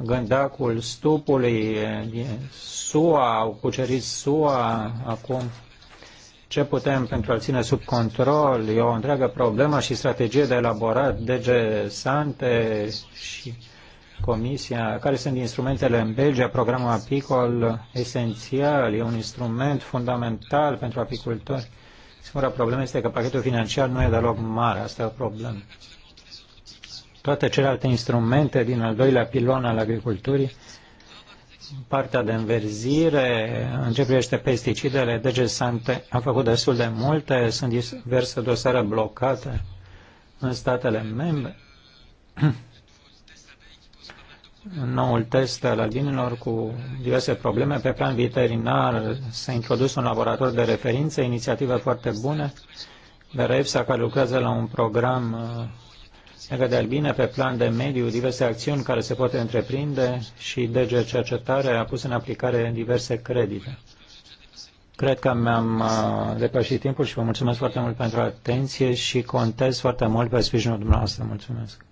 gândacul stupului, SUA, au cucerit SUA acum ce putem pentru a ține sub control. E o întreagă problemă și strategie de elaborat DG Sante și Comisia, care sunt instrumentele în Belgia, programul apicol esențial, e un instrument fundamental pentru apicultori. Singura problemă este că pachetul financiar nu e deloc mare, asta e o problemă. Toate celelalte instrumente din al doilea pilon al agriculturii partea de înverzire, în ce privește pesticidele, DG Sante a făcut destul de multe, sunt diverse dosare blocate în statele membre. Noul test al albinilor cu diverse probleme pe plan veterinar s-a introdus un laborator de referință, inițiativă foarte bună, dar EFSA care lucrează la un program Legat de albine, pe plan de mediu, diverse acțiuni care se pot întreprinde și DG Cercetare a pus în aplicare diverse credite. Cred că mi-am uh, depășit timpul și vă mulțumesc foarte mult pentru atenție și contez foarte mult pe sprijinul dumneavoastră. Mulțumesc!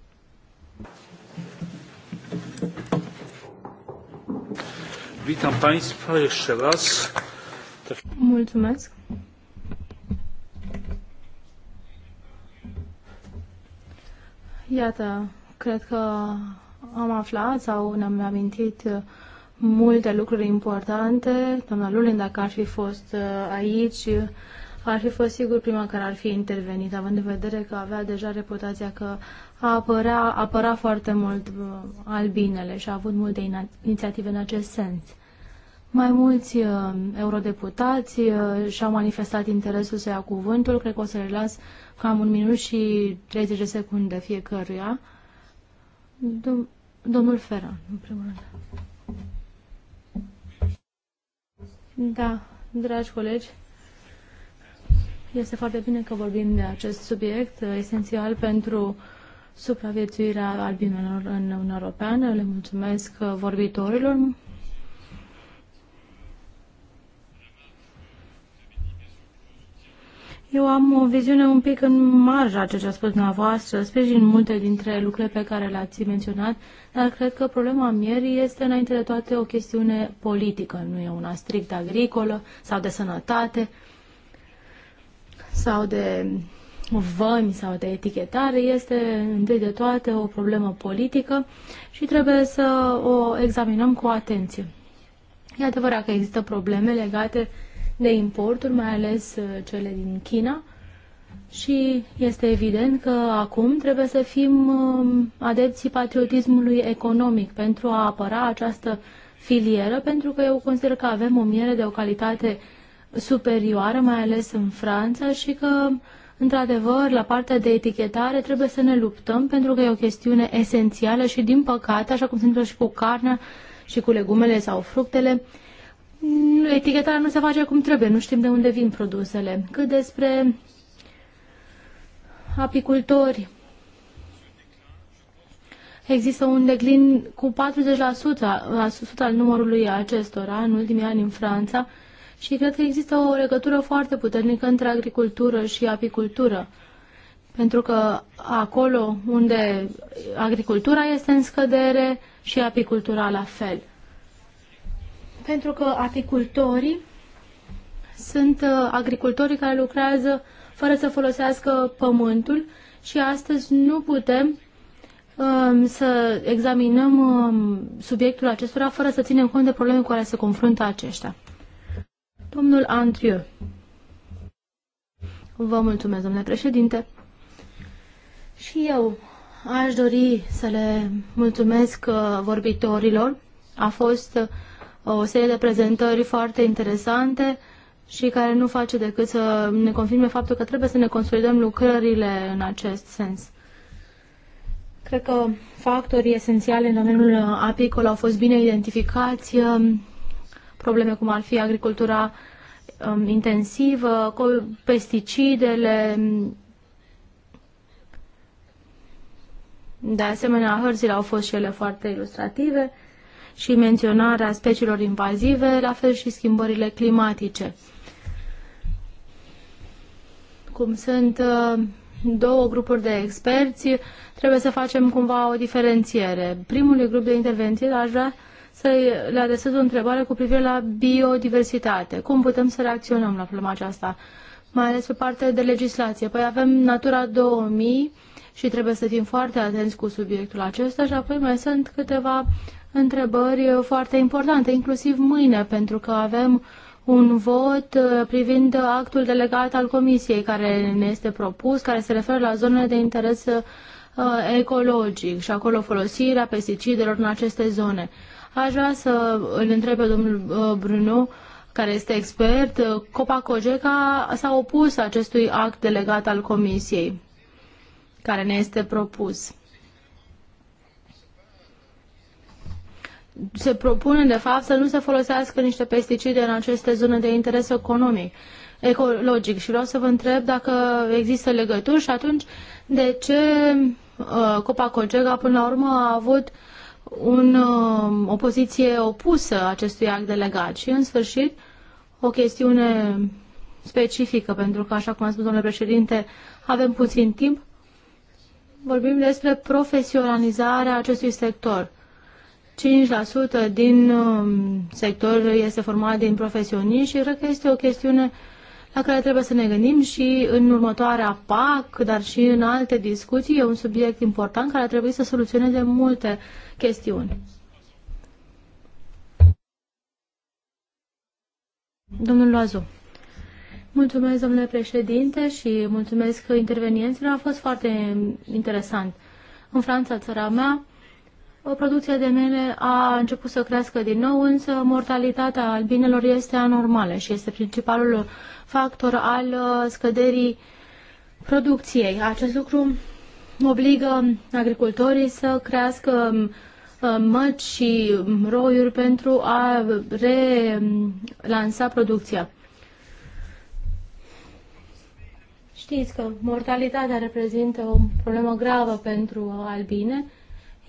Witam Państwa jeszcze raz. Mulțumesc. Iată, cred că am aflat sau ne-am amintit multe lucruri importante. Doamna Lulin, dacă ar fi fost uh, aici, ar fi fost sigur prima care ar fi intervenit, având în vedere că avea deja reputația că a apăra, apăra foarte mult uh, albinele și a avut multe inițiative în acest sens. Mai mulți uh, eurodeputați uh, și-au manifestat interesul să ia cuvântul. Cred că o să le las cam un minut și 30 de secunde fiecăruia. Dom Domnul Ferran, în primul rând. Da, dragi colegi, este foarte bine că vorbim de acest subiect uh, esențial pentru supraviețuirea albinelor în Uniunea Europeană. Le mulțumesc uh, vorbitorilor, Eu am o viziune un pic în marja ce a spus dumneavoastră, sprijin multe dintre lucrurile pe care le-ați menționat, dar cred că problema mierii este înainte de toate o chestiune politică, nu e una strict agricolă sau de sănătate sau de vămi sau de etichetare, este întâi de toate o problemă politică și trebuie să o examinăm cu atenție. E adevărat că există probleme legate de importuri, mai ales uh, cele din China. Și este evident că acum trebuie să fim um, adepții patriotismului economic pentru a apăra această filieră, pentru că eu consider că avem o miere de o calitate superioară, mai ales în Franța, și că, într-adevăr, la partea de etichetare trebuie să ne luptăm, pentru că e o chestiune esențială și, din păcate, așa cum se întâmplă și cu carnea și cu legumele sau fructele, etichetarea nu se face cum trebuie, nu știm de unde vin produsele. Cât despre apicultori, există un declin cu 40% al numărului acestora în ultimii ani în Franța și cred că există o legătură foarte puternică între agricultură și apicultură. Pentru că acolo unde agricultura este în scădere și apicultura la fel pentru că apicultorii sunt uh, agricultorii care lucrează fără să folosească pământul și astăzi nu putem um, să examinăm um, subiectul acestora fără să ținem cont de probleme cu care se confruntă aceștia. Domnul Andriu. Vă mulțumesc, domnule președinte. Și eu aș dori să le mulțumesc uh, vorbitorilor. A fost uh, o serie de prezentări foarte interesante și care nu face decât să ne confirme faptul că trebuie să ne consolidăm lucrările în acest sens. Cred că factorii esențiali în domeniul apicol au fost bine identificați, um, probleme cum ar fi agricultura um, intensivă, pesticidele, um, de asemenea, hărțile au fost și ele foarte ilustrative și menționarea speciilor invazive, la fel și schimbările climatice. Cum sunt uh, două grupuri de experți, trebuie să facem cumva o diferențiere. Primului grup de intervenție aș vrea să le adresez o întrebare cu privire la biodiversitate. Cum putem să reacționăm la problema aceasta? Mai ales pe partea de legislație. Păi avem Natura 2000 și trebuie să fim foarte atenți cu subiectul acesta și apoi mai sunt câteva întrebări foarte importante, inclusiv mâine, pentru că avem un vot uh, privind actul delegat al Comisiei care ne este propus, care se referă la zonele de interes uh, ecologic și acolo folosirea pesticidelor în aceste zone. Aș vrea să îl întreb pe domnul uh, Bruno, care este expert, Copa Cogeca s-a opus acestui act delegat al Comisiei care ne este propus. se propune, de fapt, să nu se folosească niște pesticide în aceste zone de interes economic, ecologic. Și vreau să vă întreb dacă există legături și atunci de ce uh, Copacogega până la urmă a avut un, uh, o poziție opusă acestui act delegat. Și, în sfârșit, o chestiune specifică, pentru că, așa cum a spus domnule președinte, avem puțin timp, vorbim despre profesionalizarea acestui sector. 5% din um, sector este format din profesioniști și cred că este o chestiune la care trebuie să ne gândim și în următoarea PAC, dar și în alte discuții. E un subiect important care trebuie să soluționeze multe chestiuni. Domnul Loazu. Mulțumesc, domnule președinte, și mulțumesc că intervenienților. A fost foarte interesant. În Franța, țara mea, producția de mele a început să crească din nou, însă mortalitatea albinelor este anormală și este principalul factor al uh, scăderii producției. Acest lucru obligă agricultorii să crească um, uh, măci și um, roiuri pentru a relansa producția. Știți că mortalitatea reprezintă o problemă gravă pentru albine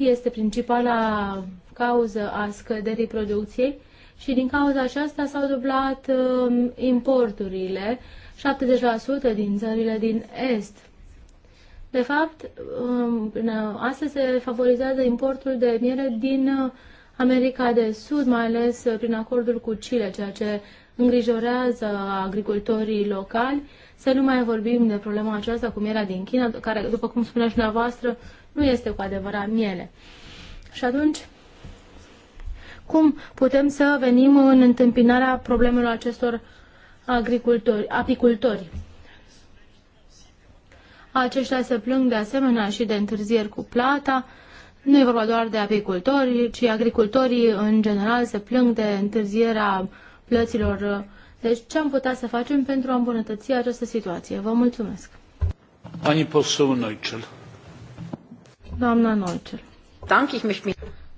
este principala cauză a scăderii producției și din cauza aceasta s-au dublat um, importurile, 70% din țările din Est. De fapt, um, astăzi se favorizează importul de miere din uh, America de Sud, mai ales uh, prin acordul cu Chile, ceea ce îngrijorează agricultorii locali. Să nu mai vorbim de problema aceasta cu mierea din China, care, după cum spunea și dumneavoastră, nu este cu adevărat miele. Și atunci, cum putem să venim în întâmpinarea problemelor acestor agricultori, apicultori? Aceștia se plâng de asemenea și de întârzieri cu plata. Nu e vorba doar de apicultori, ci agricultorii în general se plâng de întârzierea plăților. Deci ce am putea să facem pentru a îmbunătăți această situație? Vă mulțumesc. Pani poseł Neuchel. Doamna Nolcel.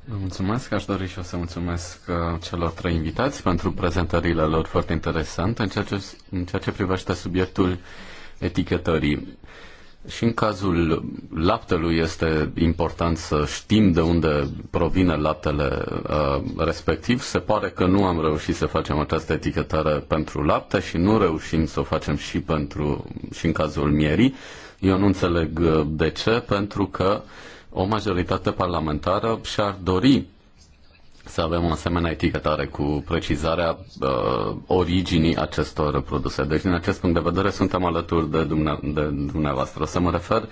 Vă mulțumesc, aș dori și eu să mulțumesc uh, celor trei invitați pentru prezentările lor foarte interesante în ceea ce, în ceea ce privește subiectul etichetării. Și în cazul laptelui este important să știm de unde provine laptele uh, respectiv. Se pare că nu am reușit să facem această etichetare pentru lapte și nu reușim să o facem și, pentru, și în cazul mierii. Eu nu înțeleg uh, de ce, pentru că o majoritate parlamentară și-ar dori să avem o asemenea etichetare cu precizarea uh, originii acestor produse. Deci, din acest punct de vedere, suntem alături de, dumne- de dumneavoastră. O să mă refer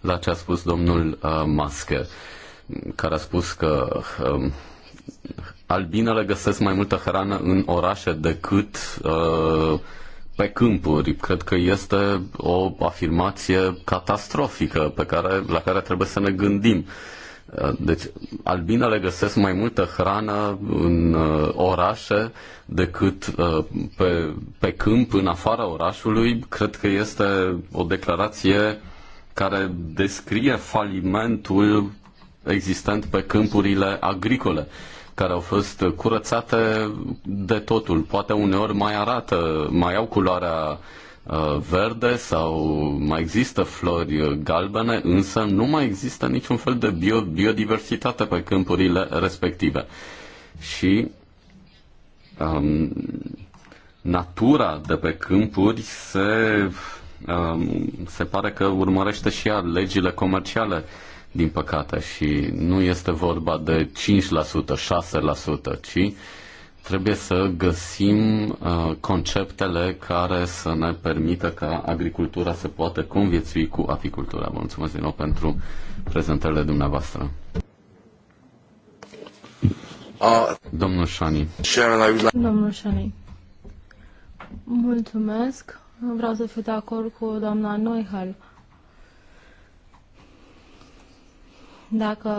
la ce a spus domnul uh, Masche, care a spus că uh, albinele găsesc mai multă hrană în orașe decât uh, pe câmpuri. Cred că este o afirmație catastrofică pe care, la care trebuie să ne gândim. Uh, Uh, deci, albinele găsesc mai multă hrană în uh, orașe decât uh, pe, pe câmp, în afara orașului. Cred că este o declarație care descrie falimentul existent pe câmpurile agricole care au fost curățate de totul. Poate uneori mai arată, mai au culoarea uh, Uh, verde sau mai există flori galbene, însă nu mai există niciun fel de bio, biodiversitate pe câmpurile respective. Și um, natura de pe câmpuri se, um, se pare că urmărește și ea legile comerciale, din păcate, și nu este vorba de 5%, 6%, ci trebuie să găsim uh, conceptele care să ne permită ca agricultura să poată conviețui cu apicultura. Vă mulțumesc din nou pentru prezentările dumneavoastră. Domnul Șani. Domnul Șani. Mulțumesc. Vreau să fiu de acord cu doamna Noihal. Dacă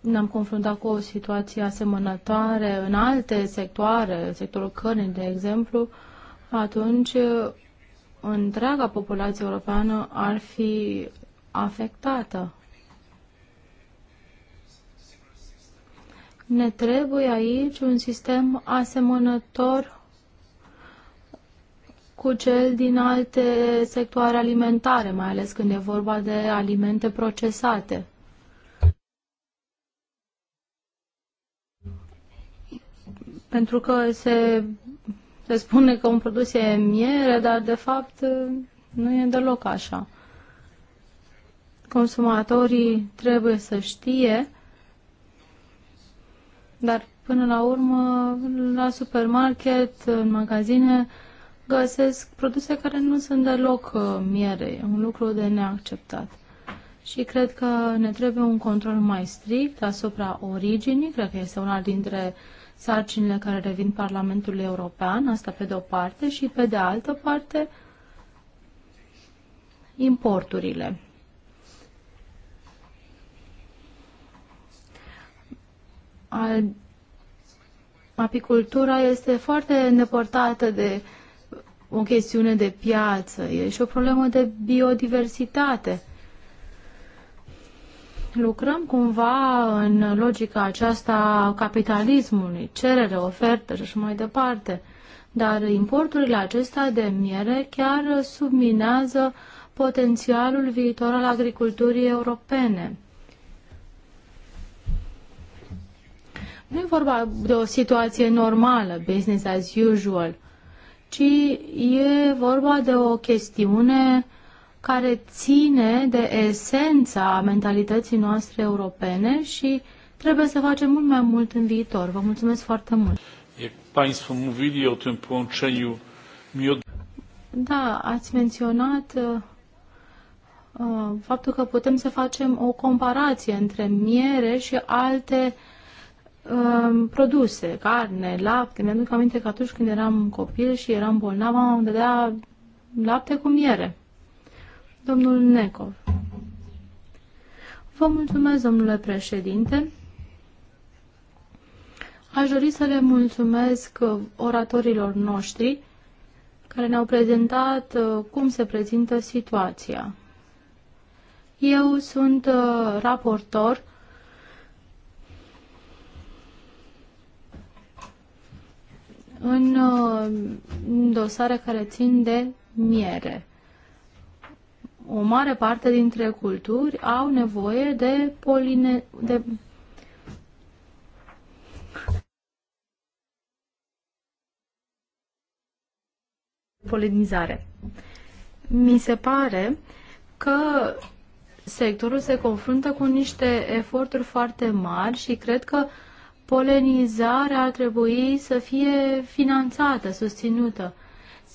ne-am confruntat cu o situație asemănătoare în alte sectoare, sectorul cărnii, de exemplu, atunci întreaga populație europeană ar fi afectată. Ne trebuie aici un sistem asemănător cu cel din alte sectoare alimentare, mai ales când e vorba de alimente procesate. Pentru că se, se spune că un produs e miere, dar de fapt nu e deloc așa. Consumatorii trebuie să știe, dar până la urmă la supermarket, în magazine, găsesc produse care nu sunt deloc uh, miere. E un lucru de neacceptat. Și cred că ne trebuie un control mai strict asupra originii. Cred că este una dintre uh, sarcinile care revin Parlamentului European, asta pe de o parte, și pe de altă parte importurile. Al... Apicultura este foarte îndepărtată de o chestiune de piață, e și o problemă de biodiversitate lucrăm cumva în logica aceasta capitalismului, cerere, ofertă și așa mai departe. Dar importurile acestea de miere chiar subminează potențialul viitor al agriculturii europene. Nu e vorba de o situație normală, business as usual, ci e vorba de o chestiune care ține de esența mentalității noastre europene și trebuie să facem mult mai mult în viitor. Vă mulțumesc foarte mult. Da, ați menționat uh, uh, faptul că putem să facem o comparație între miere și alte um, produse, carne, lapte. Mi-aduc aminte că atunci când eram copil și eram bolnav, am dădea lapte cu miere. Domnul Necov. Vă mulțumesc, domnule președinte. Aș dori să le mulțumesc oratorilor noștri care ne-au prezentat uh, cum se prezintă situația. Eu sunt uh, raportor uh, în dosare care țin de miere o mare parte dintre culturi au nevoie de poline... de polinizare. Mi se pare că sectorul se confruntă cu niște eforturi foarte mari și cred că polenizarea ar trebui să fie finanțată, susținută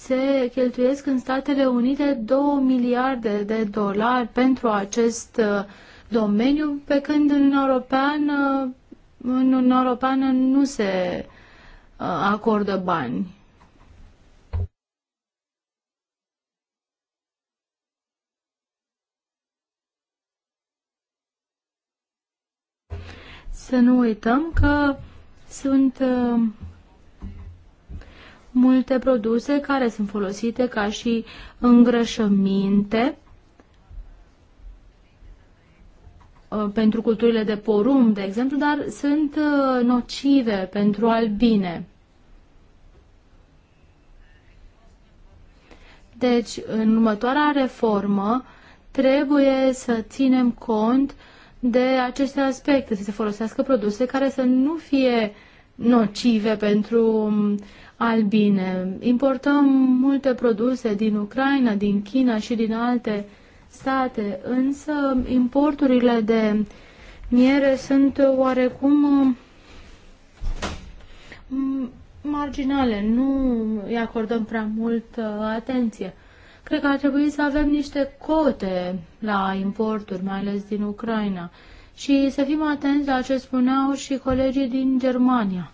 se cheltuiesc în Statele Unite 2 miliarde de dolari pentru acest uh, domeniu, pe când în Uniunea Europeană, uh, în Uniunea Europeană nu se uh, acordă bani. Să nu uităm că sunt multe produse care sunt folosite ca și îngrășăminte uh, pentru culturile de porum, de exemplu, dar sunt uh, nocive pentru albine. Deci, în următoarea reformă, trebuie să ținem cont de aceste aspecte, să se folosească produse care să nu fie nocive pentru um, albine. Importăm multe produse din Ucraina, din China și din alte state, însă importurile de miere sunt oarecum mm, marginale, nu îi acordăm prea mult atenție. Cred că ar trebui să avem niște cote la importuri, mai ales din Ucraina, și să fim atenți la ce spuneau și colegii din Germania.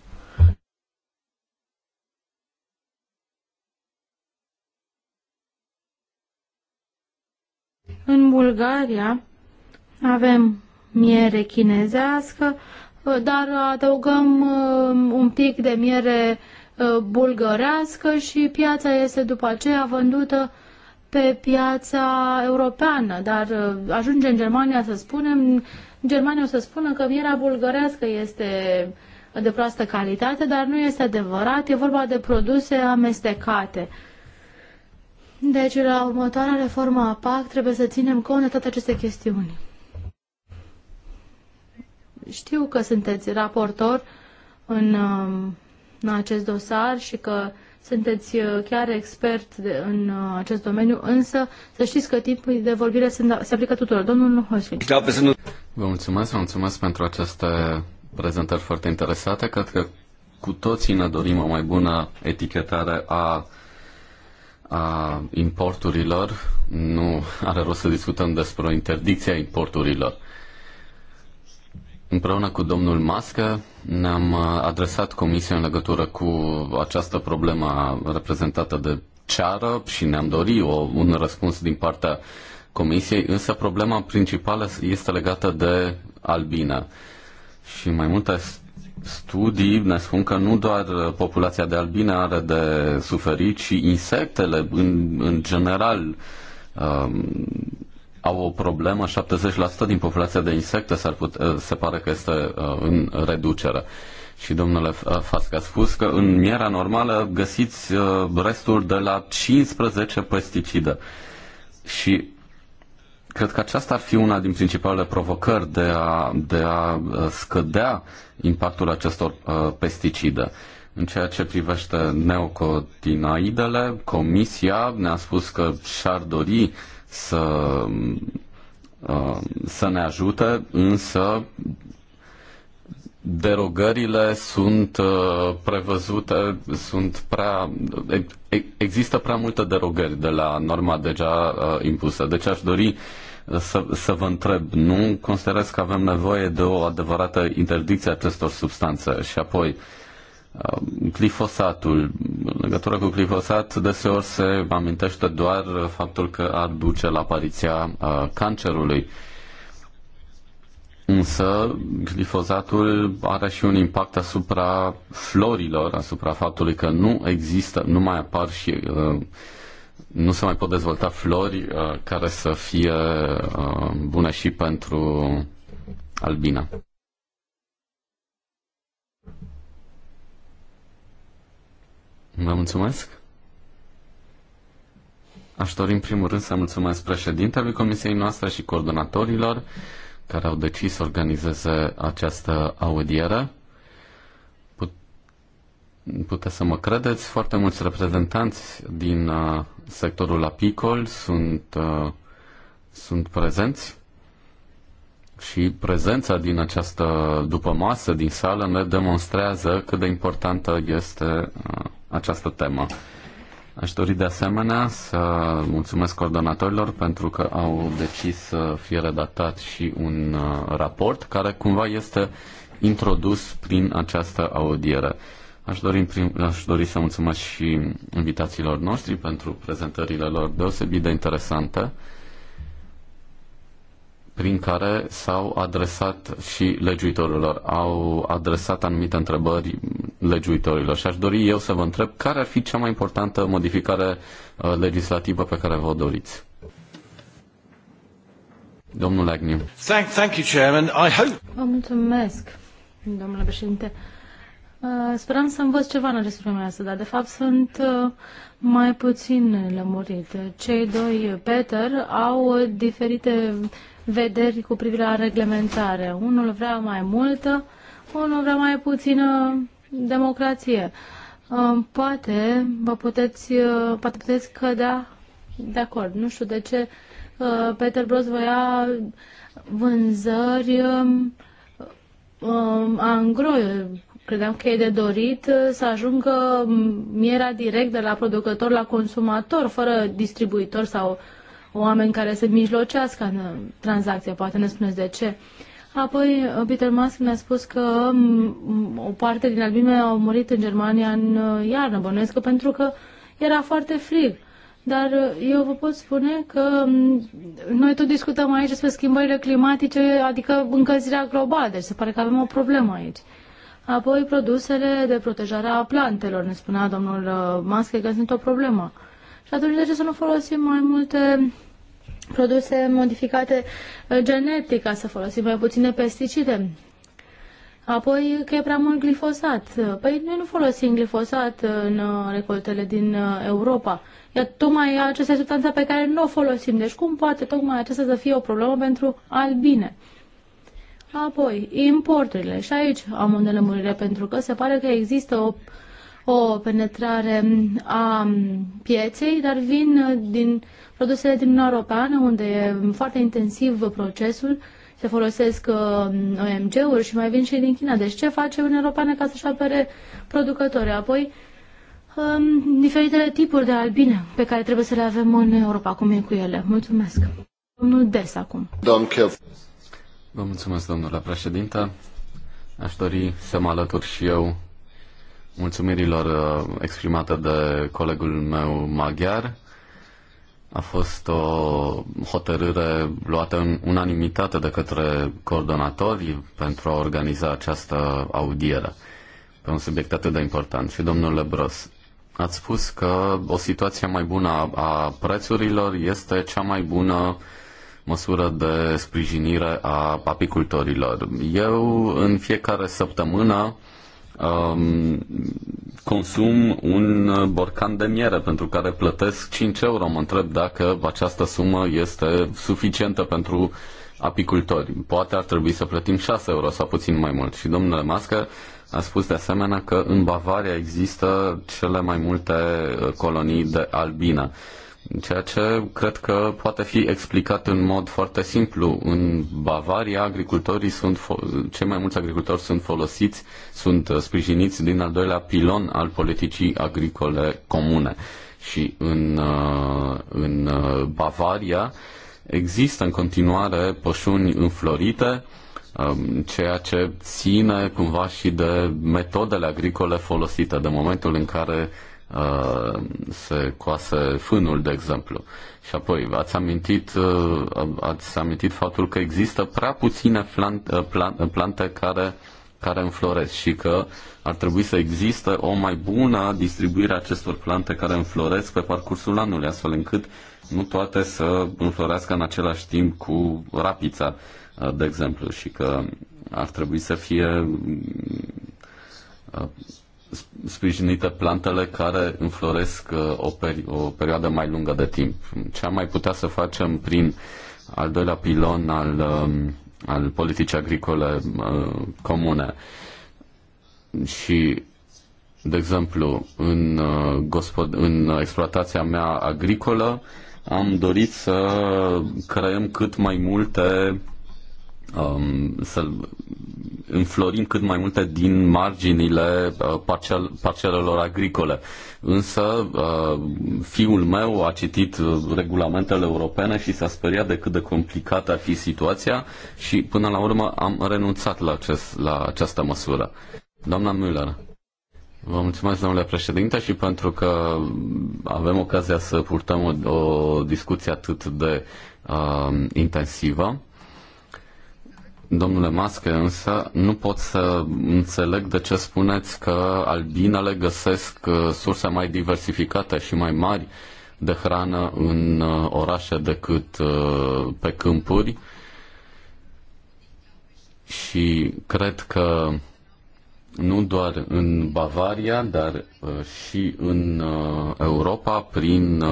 În Bulgaria avem miere chinezească, uh, dar adăugăm uh, un pic de miere uh, bulgărească și piața este după aceea vândută pe piața europeană, dar ajunge în Germania să spunem, în Germania o să spună că mierea bulgărească este de proastă calitate, dar nu este adevărat, e vorba de produse amestecate. Deci, la următoarea reformă a PAC trebuie să ținem cont de toate aceste chestiuni. Știu că sunteți raportor în, în um, acest dosar și că sunteți uh, chiar expert de, în uh, acest domeniu, însă să știți că timpul de vorbire se, se aplică tuturor. Domnul Hoșin. Vă mulțumesc, vă mulțumesc pentru aceste prezentări foarte interesate. Cred că cu toții ne dorim o mai bună etichetare a a importurilor, nu are rost să discutăm despre o interdicție a importurilor. Împreună cu domnul Mască ne-am uh, adresat comisia în legătură cu această problemă reprezentată de ceară și ne-am dorit o, un răspuns din partea comisiei, însă problema principală este legată de albină. Și mai multe studii ne spun că nu doar populația de albine are de suferit, ci insectele în, în general um, au o problemă. 70% din populația de insecte s-ar pute, uh, se pare că este uh, în reducere. Și domnule uh, Fasca a spus că în mierea normală găsiți uh, restul de la 15 pesticide. Și Cred că aceasta ar fi una din principalele provocări de a, de a uh, scădea impactul acestor uh, pesticide. În ceea ce privește neocotinaidele, Comisia ne-a spus că și-ar dori să, uh, să ne ajute, însă derogările sunt uh, prevăzute, sunt prea, există prea multe derogări de la norma deja uh, impusă. Deci aș dori să, să vă întreb, nu considerați că avem nevoie de o adevărată interdicție a acestor substanțe? Și apoi, uh, glifosatul. În legătură cu glifosat, deseori se amintește doar faptul că ar duce la apariția uh, cancerului. Însă, glifozatul are și un impact asupra florilor, asupra faptului că nu există, nu mai apar și uh, nu se mai pot dezvolta flori uh, care să fie uh, bune și pentru albina. Vă mulțumesc. Aș dori în primul rând să mulțumesc președintelui Comisiei noastre și coordonatorilor care au decis să organizeze această audiere. Put- puteți să mă credeți, foarte mulți reprezentanți din uh, sectorul apicol sunt, uh, sunt prezenți și prezența din această după masă din sală ne demonstrează cât de importantă este uh, această temă. Aș dori de asemenea să mulțumesc coordonatorilor pentru că au decis să fie redactat și un uh, raport care cumva este introdus prin această audiere. Aș dori, prim, aș dori să mulțumesc și invitațiilor noștri pentru prezentările lor deosebit de interesante, prin care s-au adresat și legiuitorilor, au adresat anumite întrebări legiuitorilor. Și aș dori eu să vă întreb care ar fi cea mai importantă modificare uh, legislativă pe care vă doriți. Domnul Agniu. Thank, thank you, Chairman. I hope... Vă mulțumesc, domnule președinte. Uh, speram să învăț ceva în acest meu asta, dar de fapt sunt uh, mai puțin lămurit. Cei doi, Peter, au diferite vederi cu privire la reglementare. Unul vrea mai multă, unul vrea mai puțină democrație. Uh, poate vă puteți, poate puteți cădea de acord. Nu știu de ce Peter Bros voia vânzări um, angroi. Credeam că e de dorit uh, să ajungă mierea direct de la producător la consumator, fără distribuitor sau oameni care să mijlocească în uh, tranzacție. Poate ne spuneți de ce. Apoi, uh, Peter Musk ne-a spus că o parte din albime au murit în Germania în iarnă, bănuiesc că pentru că era foarte frig. Dar eu vă pot spune că noi tot discutăm aici despre schimbările climatice, adică încălzirea globală, deci se pare că avem o problemă aici. Apoi produsele de protejare a plantelor, ne spunea domnul uh, Masche că sunt o problemă. Și atunci de ce să nu folosim mai multe produse modificate uh, genetic ca să folosim mai puține pesticide? Apoi că e prea mult glifosat. Păi noi nu folosim glifosat în uh, recoltele din Europa. Iar tocmai aceste substanțe pe care nu o folosim. Deci cum poate tocmai aceasta să fie o problemă pentru albine? Apoi, importurile. Și aici am o nelămurire pentru că se pare că există o, o penetrare a pieței, dar vin din produsele din Uniunea Europeană, unde e foarte intensiv procesul, se folosesc uh, OMG-uri și mai vin și din China. Deci ce face Uniunea Europeană ca să-și apere producătorii? Apoi, um, diferitele tipuri de albine pe care trebuie să le avem în Europa. Cum e cu ele? Mulțumesc. Domnul Des acum. Domnul Vă mulțumesc, domnule președinte. Aș dori să mă alătur și eu mulțumirilor uh, exprimate de colegul meu maghiar. A fost o hotărâre luată în unanimitate de către coordonatori pentru a organiza această audieră pe un subiect atât de important. Și domnule Bros, ați spus că o situație mai bună a prețurilor este cea mai bună măsură de sprijinire a apicultorilor. Eu în fiecare săptămână um, consum un borcan de miere pentru care plătesc 5 euro. Mă întreb dacă această sumă este suficientă pentru apicultori. Poate ar trebui să plătim 6 euro sau puțin mai mult. Și domnule Mască a spus de asemenea că în Bavaria există cele mai multe colonii de albine ceea ce cred că poate fi explicat în mod foarte simplu. În Bavaria, agricultorii sunt, cei mai mulți agricultori sunt folosiți, sunt uh, sprijiniți din al doilea pilon al politicii agricole comune. Și în, uh, în uh, Bavaria există în continuare pășuni înflorite, um, ceea ce ține cumva și de metodele agricole folosite, de momentul în care uh, Uh, se coase fânul, de exemplu. Și apoi, ați amintit, uh, ați amintit faptul că există prea puține uh, plante care, care înfloresc și că ar trebui să existe o mai bună distribuire a acestor plante care înfloresc pe parcursul anului, astfel încât nu toate să înflorească în același timp cu rapița, de exemplu, și că ar trebui să fie sprijinite plantele care înfloresc uh, o, peri- o perioadă mai lungă de timp. Ce am mai putea să facem prin al doilea pilon al, um, al politicii agricole uh, comune? Și, de exemplu, în, uh, gospod- în exploatația mea agricolă am dorit să creăm cât mai multe um, să înflorim cât mai multe din marginile uh, parcel, parcelelor agricole. Însă uh, fiul meu a citit uh, regulamentele europene și s-a speriat de cât de complicată ar fi situația și până la urmă am renunțat la, acest, la această măsură. Doamna Müller. Vă mulțumesc, domnule președinte, și pentru că avem ocazia să purtăm o, o discuție atât de uh, intensivă. Domnule Masche, însă nu pot să înțeleg de ce spuneți că albinele găsesc uh, surse mai diversificate și mai mari de hrană în uh, orașe decât uh, pe câmpuri și cred că nu doar în Bavaria, dar și în Europa, prin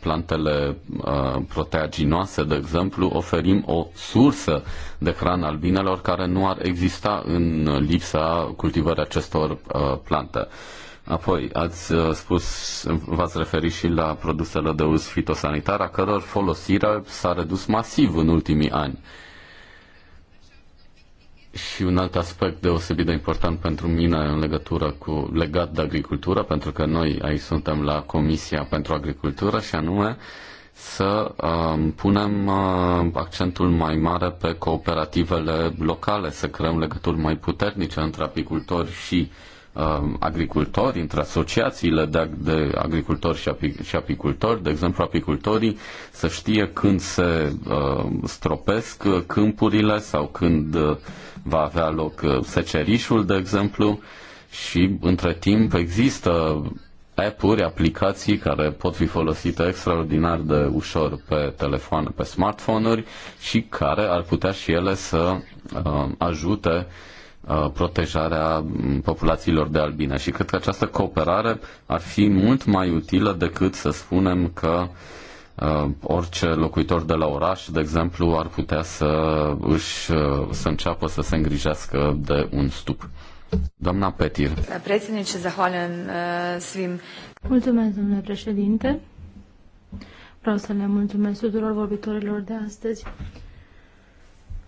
plantele uh, proteaginoase, de exemplu, oferim o sursă de hrană albinelor care nu ar exista în lipsa cultivării acestor uh, plante. Apoi, ați uh, spus, v-ați referit și la produsele de uz fitosanitar, a căror folosire s-a redus masiv în ultimii ani. Uh, și un alt aspect deosebit de important pentru mine în legătură cu legat de agricultură, pentru că noi aici suntem la Comisia pentru Agricultură și anume să uh, punem uh, accentul mai mare pe cooperativele locale, să creăm legături mai puternice între apicultori și uh, Um, agricultori, între asociațiile de, de agricultori și, api, și apicultori, de exemplu apicultorii, să știe când se um, uh, stropesc câmpurile sau când uh, va avea loc uh, secerișul, de exemplu, și între timp există app-uri, aplicații care pot fi folosite extraordinar de ușor pe telefoane, pe smartphone-uri și care ar putea și ele să uh, ajute uh, Uh, protejarea mm, populațiilor de albine și cred că această cooperare ar fi mult mai utilă decât să spunem că uh, orice locuitor de la oraș, de exemplu, ar putea să își uh, să înceapă să se îngrijească de un stup. Doamna Petir. Prețenice, zahvaljujem svim. Mulțumesc, domnule președinte. Vreau să le mulțumesc tuturor vorbitorilor de astăzi.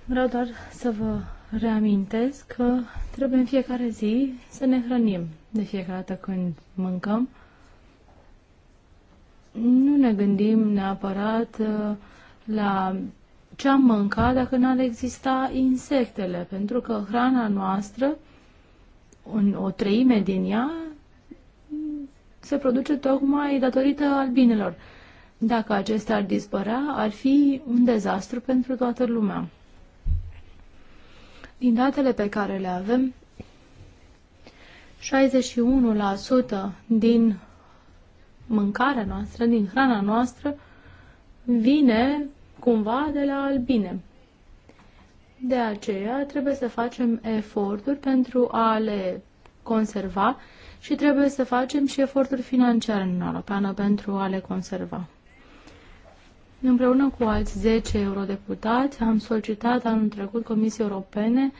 Vreau doar să vă reamintesc că trebuie în fiecare zi să ne hrănim. De fiecare dată când mâncăm, nu ne gândim neapărat uh, la ce am mâncat dacă n-ar exista insectele, pentru că hrana noastră, în o treime din ea, se produce tocmai datorită albinelor. Dacă acestea ar dispărea, ar fi un dezastru pentru toată lumea. Din datele pe care le avem, 61% din mâncarea noastră, din hrana noastră, vine cumva de la albine. De aceea trebuie să facem eforturi pentru a le conserva și trebuie să facem și eforturi financiare în Europeană pentru a le conserva. Împreună cu alți 10 eurodeputați am solicitat anul trecut Comisiei Europene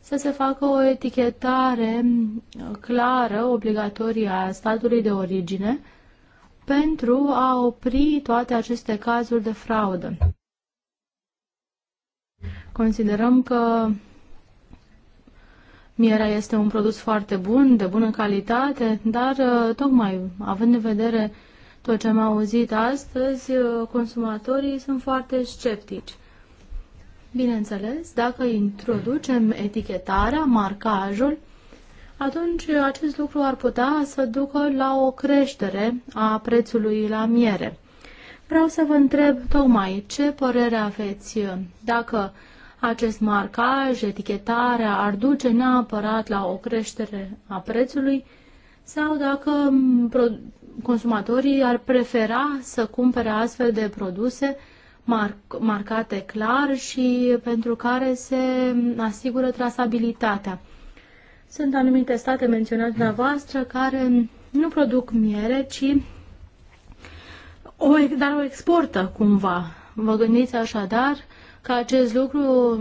să se facă o etichetare uh, clară, obligatorie a statului de origine pentru a opri toate aceste cazuri de fraudă. Considerăm că mierea este un produs foarte bun, de bună calitate, dar uh, tocmai având în vedere uh, tot ce am auzit astăzi, uh, consumatorii sunt foarte sceptici. Bineînțeles, dacă introducem etichetarea, marcajul, atunci acest lucru ar putea să ducă la o creștere a prețului la miere. Vreau să vă întreb tocmai ce părere aveți uh, dacă acest marcaj, etichetarea ar duce neapărat la o creștere a prețului sau dacă consumatorii ar prefera să cumpere astfel de produse mar- marcate clar și pentru care se asigură trasabilitatea. Sunt anumite state menționate dumneavoastră care nu produc miere, ci o, dar o exportă cumva. Vă gândiți așadar că acest lucru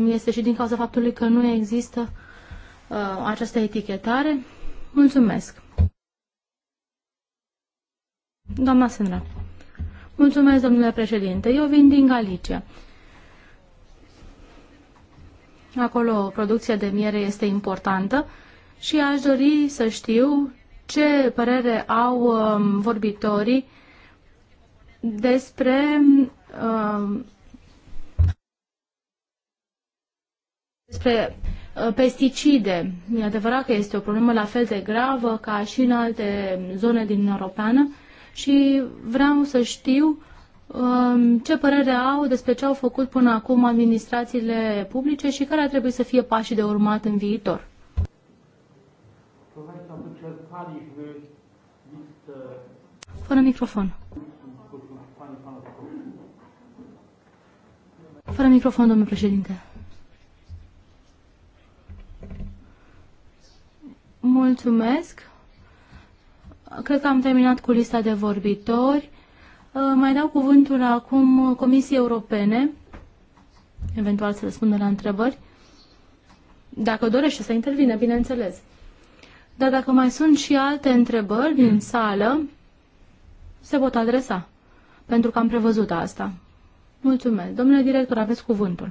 este și din cauza faptului că nu există uh, această etichetare? Mulțumesc! Doamna Senra. Mulțumesc, domnule președinte. Eu vin din Galicia. Acolo producția de miere este importantă și aș dori să știu ce părere au um, vorbitorii despre um, despre uh, pesticide. E adevărat că este o problemă la fel de gravă ca și în alte zone din Europeană și vreau să știu um, ce părere au despre ce au făcut până acum administrațiile publice și care ar trebui să fie pașii de urmat în viitor. Fără microfon. Fără microfon, domnule președinte. Mulțumesc. Cred că am terminat cu lista de vorbitori. Uh, mai dau cuvântul acum Comisiei Europene, eventual să răspundă la întrebări, dacă dorește să intervine, bineînțeles. Dar dacă mai sunt și alte întrebări din sală, se pot adresa, pentru că am prevăzut asta. Mulțumesc. Domnule director, aveți cuvântul.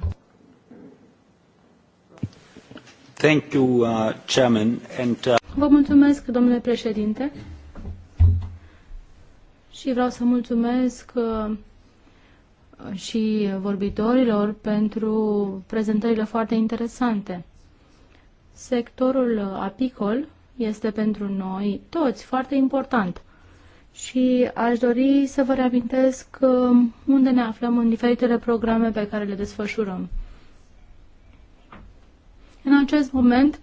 Thank you, uh, Chairman, and, uh... Vă mulțumesc, domnule președinte și vreau să mulțumesc uh, și vorbitorilor pentru prezentările foarte interesante. Sectorul apicol este pentru noi toți foarte important și aș dori să vă reamintesc uh, unde ne aflăm în diferitele programe pe care le desfășurăm. În acest moment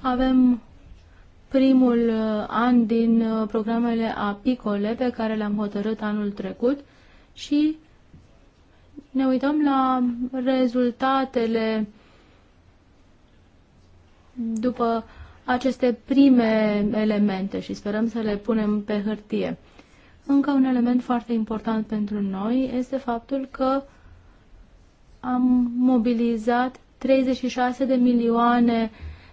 avem primul uh, an din uh, programele apicole pe care le-am hotărât anul trecut și ne uităm la rezultatele după aceste prime elemente și sperăm să le punem pe hârtie. Încă un element foarte important pentru noi este faptul că am mobilizat 36 de milioane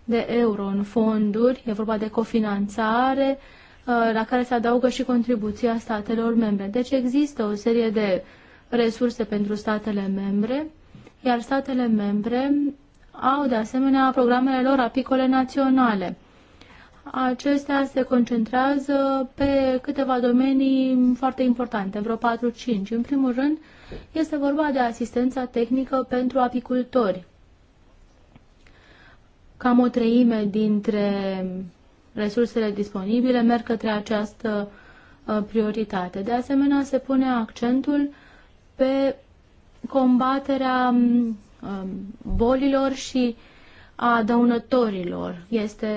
de euro în fonduri, e vorba de cofinanțare, uh, la care se adaugă și contribuția statelor membre. Deci există o serie de resurse pentru statele membre, iar statele membre au de asemenea programele lor apicole naționale. Acestea se concentrează pe câteva domenii foarte importante, vreo 4-5. În primul rând, este vorba de asistența tehnică pentru apicultori. Cam o treime dintre resursele disponibile merg către această uh, prioritate. De asemenea, se pune accentul pe combaterea um, um, bolilor și a dăunătorilor. Este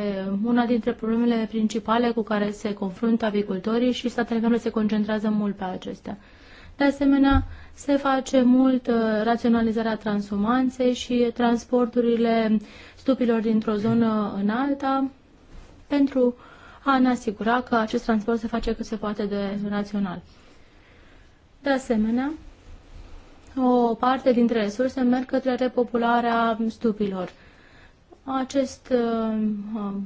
una dintre problemele principale cu care se confruntă avicultorii și statele membre se concentrează mult pe acestea. De asemenea, se face mult uh, raționalizarea transumanței și transporturile stupilor dintr-o zonă în alta pentru a ne asigura că acest transport se face cât se poate de rațional. De asemenea, o parte dintre resurse merg către repopularea stupilor. Acest, uh, um,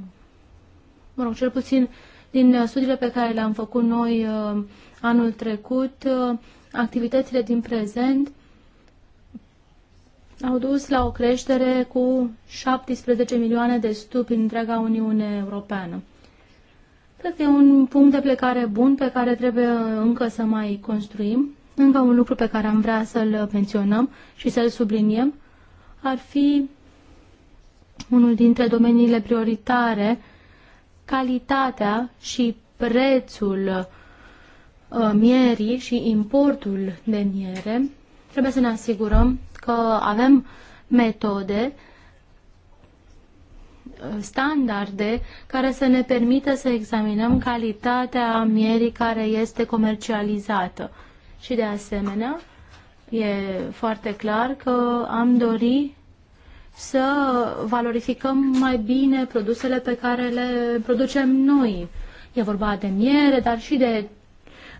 mă rog, cel puțin din studiile pe care le-am făcut noi uh, anul trecut, uh, activitățile din prezent au dus la o creștere cu 17 milioane de stupi în întreaga Uniune Europeană. Cred că e un punct de plecare bun pe care trebuie încă să mai construim. Încă un lucru pe care am vrea să-l menționăm și să-l subliniem ar fi unul dintre domeniile prioritare, calitatea și prețul uh, mierii și importul de miere. Trebuie să ne asigurăm că avem metode, standarde care să ne permită să examinăm calitatea mierii care este comercializată. Și de asemenea, e foarte clar că am dori să valorificăm mai bine produsele pe care le producem noi. E vorba de miere, dar și de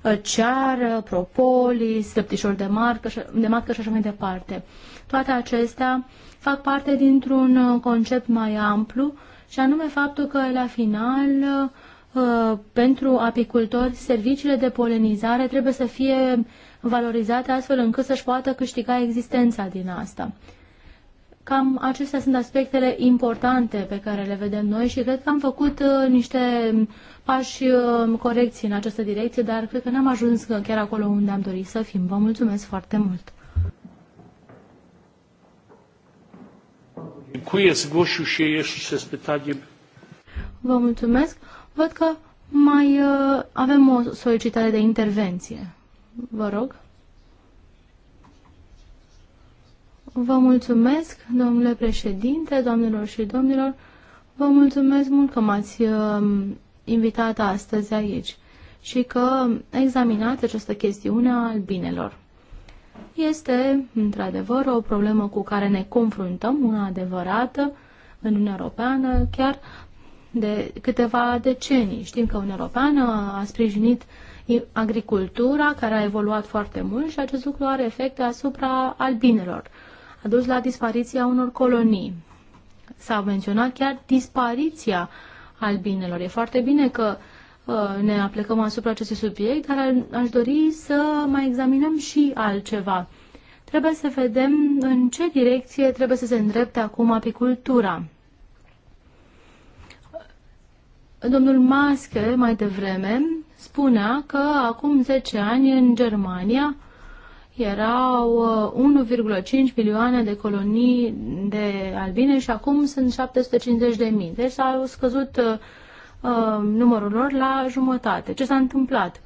Uh, ceară, propolis, lăptișor de, marcă, de matcă și așa mai departe. Toate acestea fac parte dintr-un uh, concept mai amplu și anume faptul că la final uh, pentru apicultori serviciile de polenizare trebuie să fie valorizate astfel încât să-și poată câștiga existența din asta. Cam acestea sunt aspectele importante pe care le vedem noi și cred că am făcut niște pași um, corecții în această direcție, dar cred că n-am ajuns chiar acolo unde am dorit să fim. Vă mulțumesc foarte mult! Vă mulțumesc. Văd că mai uh, avem o solicitare de intervenție. Vă rog. Vă mulțumesc, domnule președinte, doamnelor și domnilor. Vă mulțumesc mult că m-ați uh, invitată astăzi aici și că a examinat această chestiune a albinelor. Este, într-adevăr, o problemă cu care ne confruntăm, una adevărată, în Uniunea Europeană, chiar de câteva decenii. Știm că Uniunea Europeană a sprijinit agricultura, care a evoluat foarte mult și acest lucru are efecte asupra albinelor. A dus la dispariția unor colonii. S-a menționat chiar dispariția uh, albinelor. E foarte bine că uh, ne aplecăm asupra acestui subiect, dar aș dori să mai examinăm și altceva. Trebuie să vedem în ce direcție trebuie să se îndrepte acum apicultura. Domnul Maske, mai devreme, spunea că acum 10 ani în Germania erau 1,5 uh, milioane de colonii de albine și acum sunt 750 de mii. Deci s au scăzut uh, uh, numărul lor la jumătate. Ce s-a întâmplat?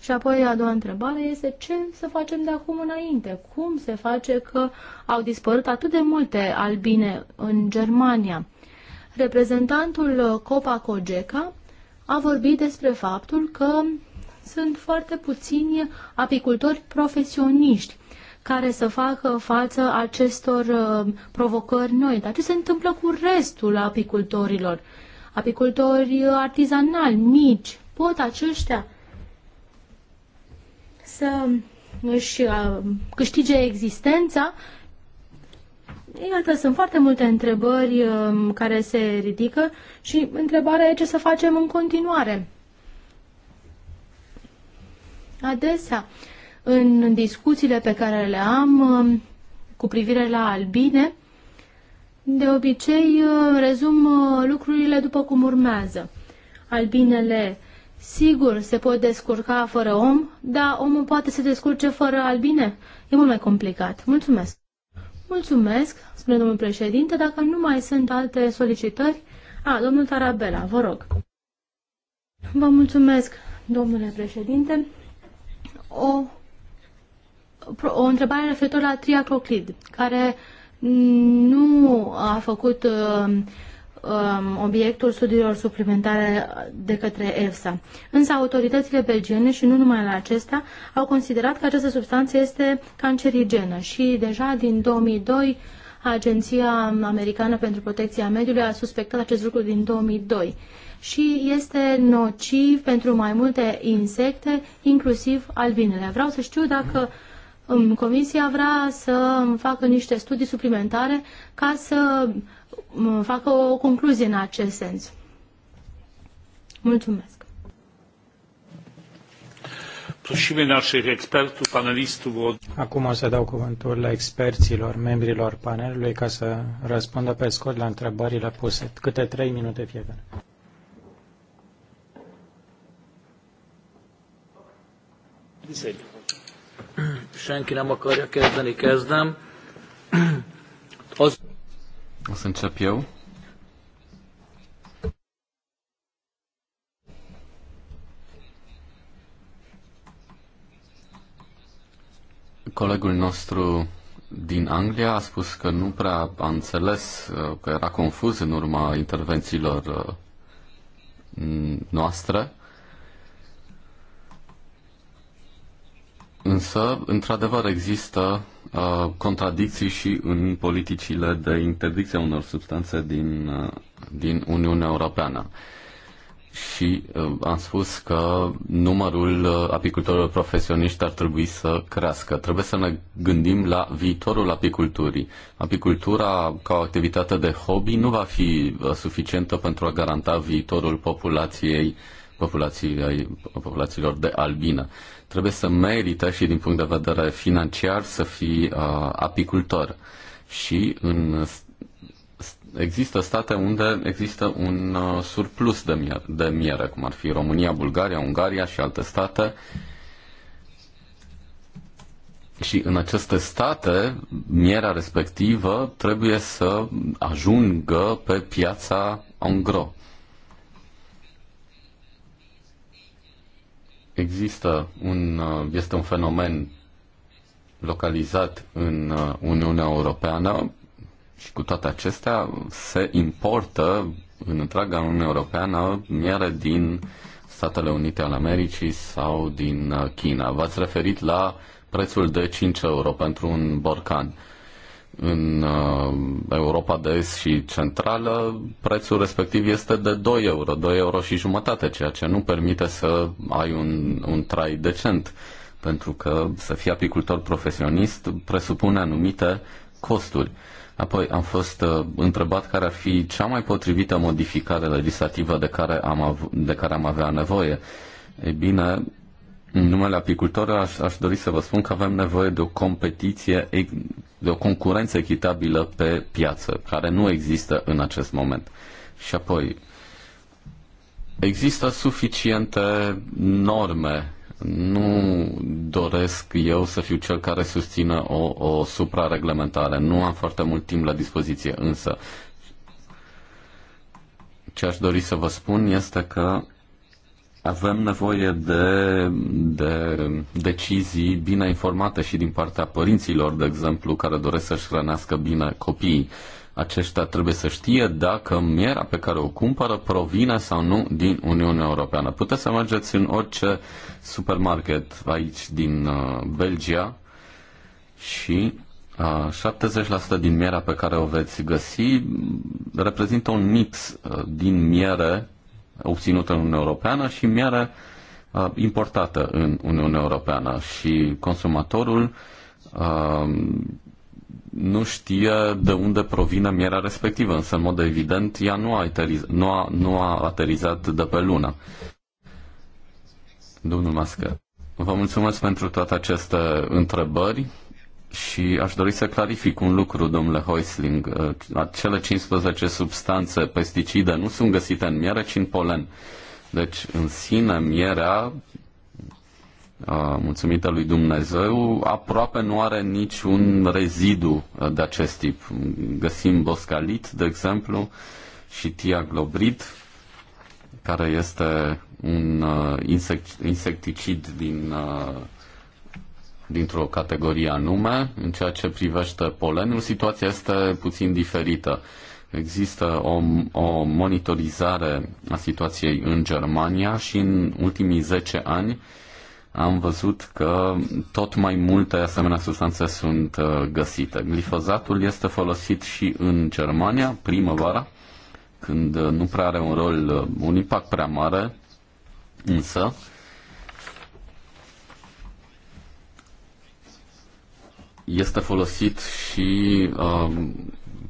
Și apoi a doua întrebare este ce să facem de acum înainte? Cum se face că au dispărut atât de multe albine în Germania? Reprezentantul uh, Copa Cogeca a vorbit despre faptul că sunt foarte puțini apicultori profesioniști care să facă față acestor uh, provocări noi. Dar ce se întâmplă cu restul apicultorilor? Apicultori artizanali, mici, pot aceștia să își uh, câștige existența? Iată, sunt foarte multe întrebări um, care se ridică și întrebarea e ce să facem în continuare. Adesea, în discuțiile pe care le am um, cu privire la albine, de obicei uh, rezum uh, lucrurile după cum urmează. Albinele, sigur, se pot descurca fără om, dar omul poate să descurce fără albine? E mult mai complicat. Mulțumesc! Mulțumesc, spune domnul președinte, dacă nu mai sunt alte solicitări. A, domnul Tarabela, vă rog. Vă mulțumesc, domnule președinte o, o întrebare referitor la triacloclid, care nu a făcut uh, um, obiectul studiilor suplimentare de către EFSA. Însă autoritățile belgiene și nu numai la acestea au considerat că această substanță este cancerigenă și deja din 2002 Agenția Americană pentru Protecția Mediului a suspectat acest lucru din 2002 și este nociv pentru mai multe insecte, inclusiv albinele. Vreau să știu dacă um, Comisia vrea să facă niște studii suplimentare ca să um, facă o concluzie în acest sens. Mulțumesc. Prosimy naszych ekspertów, panelistów Acum o să dau cuvântul la experților, membrilor panelului, ca să răspundă pe scurt la întrebările puse. Câte trei minute fiecare. Senki nem akarja kezdeni, kezdem. Az... Azt încep jó. Colegul nostru din Anglia a spus că nu prea a înțeles, că era confuz în urma intervențiilor uh, noastre. Însă, într-adevăr, există uh, contradicții și în politicile de interdicție a unor substanțe din, uh, din Uniunea Europeană. Și uh, am spus că numărul uh, apicultorilor profesioniști ar trebui să crească. Trebuie să ne gândim la viitorul apiculturii. Apicultura ca o activitate de hobby nu va fi uh, suficientă pentru a garanta viitorul populației populației, populațiilor de albină trebuie să merită și din punct de vedere financiar să fii uh, apicultor. Și în, există state unde există un uh, surplus de miere, de miere, cum ar fi România, Bulgaria, Ungaria și alte state. Și în aceste state, mierea respectivă trebuie să ajungă pe piața angro. există un, uh, este un fenomen localizat în uh, Uniunea Europeană și cu toate acestea se importă în întreaga Uniune Europeană miere din Statele Unite ale Americii sau din uh, China. V-ați referit la prețul de 5 euro pentru un borcan. Uh, în uh, Europa de Est și Centrală, prețul respectiv este de 2 euro, 2 euro și jumătate, ceea ce nu permite să ai un, un trai decent, pentru că să fii apicultor profesionist presupune anumite costuri. Apoi am fost uh, întrebat care ar fi cea mai potrivită modificare legislativă de care am, av- de care am avea nevoie. Ei bine, numai numele apicultorilor aș, aș dori să vă spun că avem nevoie de o competiție, de o concurență echitabilă pe piață, care nu există în acest moment. Și apoi, există suficiente norme. Nu doresc eu să fiu cel care susțină o, o suprareglementare. Nu am foarte mult timp la dispoziție, însă ce aș dori să vă spun este că avem nevoie de, de decizii bine informate și din partea părinților, de exemplu, care doresc să-și hrănească bine copiii. Aceștia trebuie să știe dacă mierea pe care o cumpără provine sau nu din Uniunea Europeană. Puteți să mergeți în orice supermarket aici din uh, Belgia și 70% uh, din mierea pe care o veți găsi reprezintă un mix uh, din miere obținută în Uniunea Europeană și miere uh, importată în Uniunea Europeană și consumatorul uh, nu știe de unde provine mierea respectivă, însă în mod evident ea nu a, ateriz- nu a, nu a aterizat de pe lună. Domnul Mască, vă mulțumesc pentru toate aceste întrebări. Și aș dori să clarific un lucru, domnule Hoisling. Acele 15 substanțe pesticide nu sunt găsite în miere, ci în polen. Deci, în sine, mierea, uh, mulțumită lui Dumnezeu, aproape nu are niciun rezidu uh, de acest tip. Găsim boscalit, de exemplu, și tiaglobrid, care este un uh, insecticid din dintr-o categorie anume. În ceea ce privește polenul, situația este puțin diferită. Există o, o monitorizare a situației în Germania și în ultimii 10 ani am văzut că tot mai multe asemenea substanțe sunt uh, găsite. Glifozatul este folosit și în Germania, primăvara, când uh, nu prea are un rol, uh, un impact prea mare, însă este folosit și um,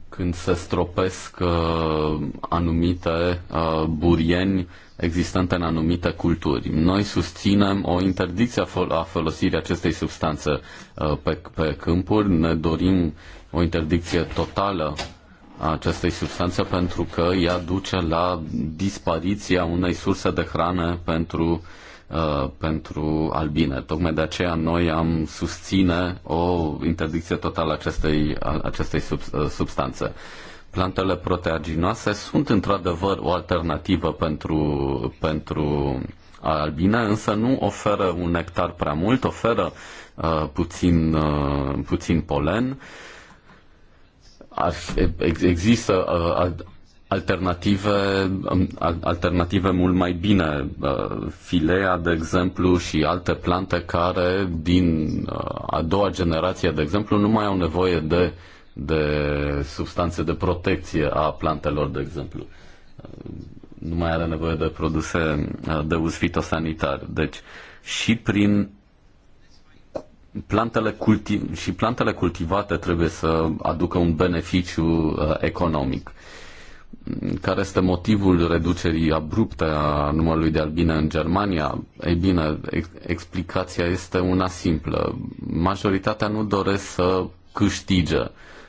când se stropesc uh, anumite uh, burieni existente în anumite culturi. Noi susținem o interdicție a folosirii acestei substanțe uh, pe, pe câmpuri, ne dorim o interdicție totală a acestei substanțe pentru că ea duce la dispariția unei surse de hrană pentru uh, Uh, pentru albine. Tocmai de aceea noi am susține o interdicție totală acestei, acestei sub, uh, substanțe. Plantele proteaginoase sunt într-adevăr o alternativă pentru, pentru albine, însă nu oferă un nectar prea mult, oferă uh, puțin, uh, puțin polen. Ar, există uh, alternative, um, alternative mult mai bine. Uh, filea, de exemplu, și alte plante care din uh, a doua generație, de exemplu, nu mai au nevoie de, de substanțe de protecție a plantelor, de exemplu. Uh, nu mai are nevoie de produse de uz fitosanitar. Deci și prin plantele culti- și plantele cultivate trebuie să aducă un beneficiu economic care este motivul reducerii abrupte a numărului de albine în Germania? Ei bine, ex- explicația este una simplă. Majoritatea nu doresc să câștige.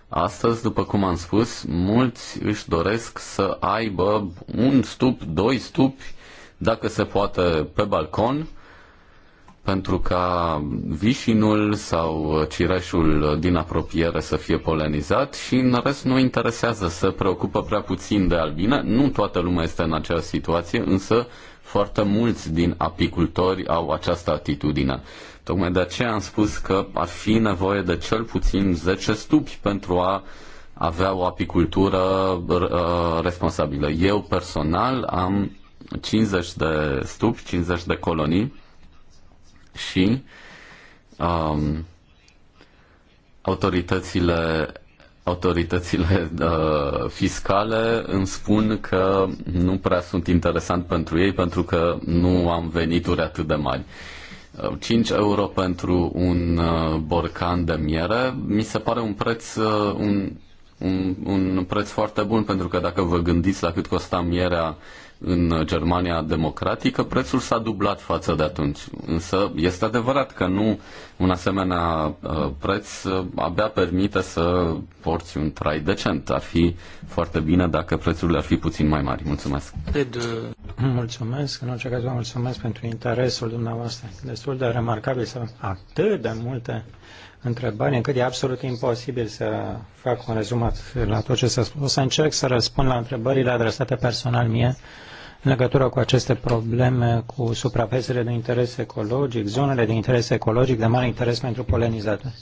Astăzi, după cum am spus, mulți își doresc să aibă un stup, doi stupi, dacă se poate, pe balcon, pentru ca vișinul sau cireșul din apropiere să fie polenizat și în rest nu interesează, să preocupă prea puțin de albine. Nu toată lumea este în această situație, însă foarte mulți din apicultori au această atitudine. Tocmai de aceea am spus că ar fi nevoie de cel puțin 10 stupi pentru a avea o apicultură uh, responsabilă. Eu personal am 50 de stupi, 50 de colonii și um, autoritățile autoritățile uh, fiscale îmi spun că nu prea sunt interesant pentru ei pentru că nu am venituri atât de mari. 5 uh, euro pentru un uh, borcan de miere mi se pare un preț, uh, un, un, un preț foarte bun pentru că dacă vă gândiți la cât costa mierea în Germania democratică, prețul s-a dublat față de atunci. Însă este adevărat că nu un asemenea uh, preț uh, abia permite să porți un trai decent. Ar fi foarte bine dacă prețurile ar fi puțin mai mari. Mulțumesc. Uh, mulțumesc. În orice caz vă mulțumesc pentru interesul dumneavoastră. Destul de remarcabil să atât de multe întrebări încât e absolut imposibil să fac un rezumat la tot ce s-a spus. O să încerc să răspund la întrebările adresate personal mie în legătură cu aceste probleme cu suprafețele de interes ecologic, zonele de interes ecologic de mare interes pentru polenizatori.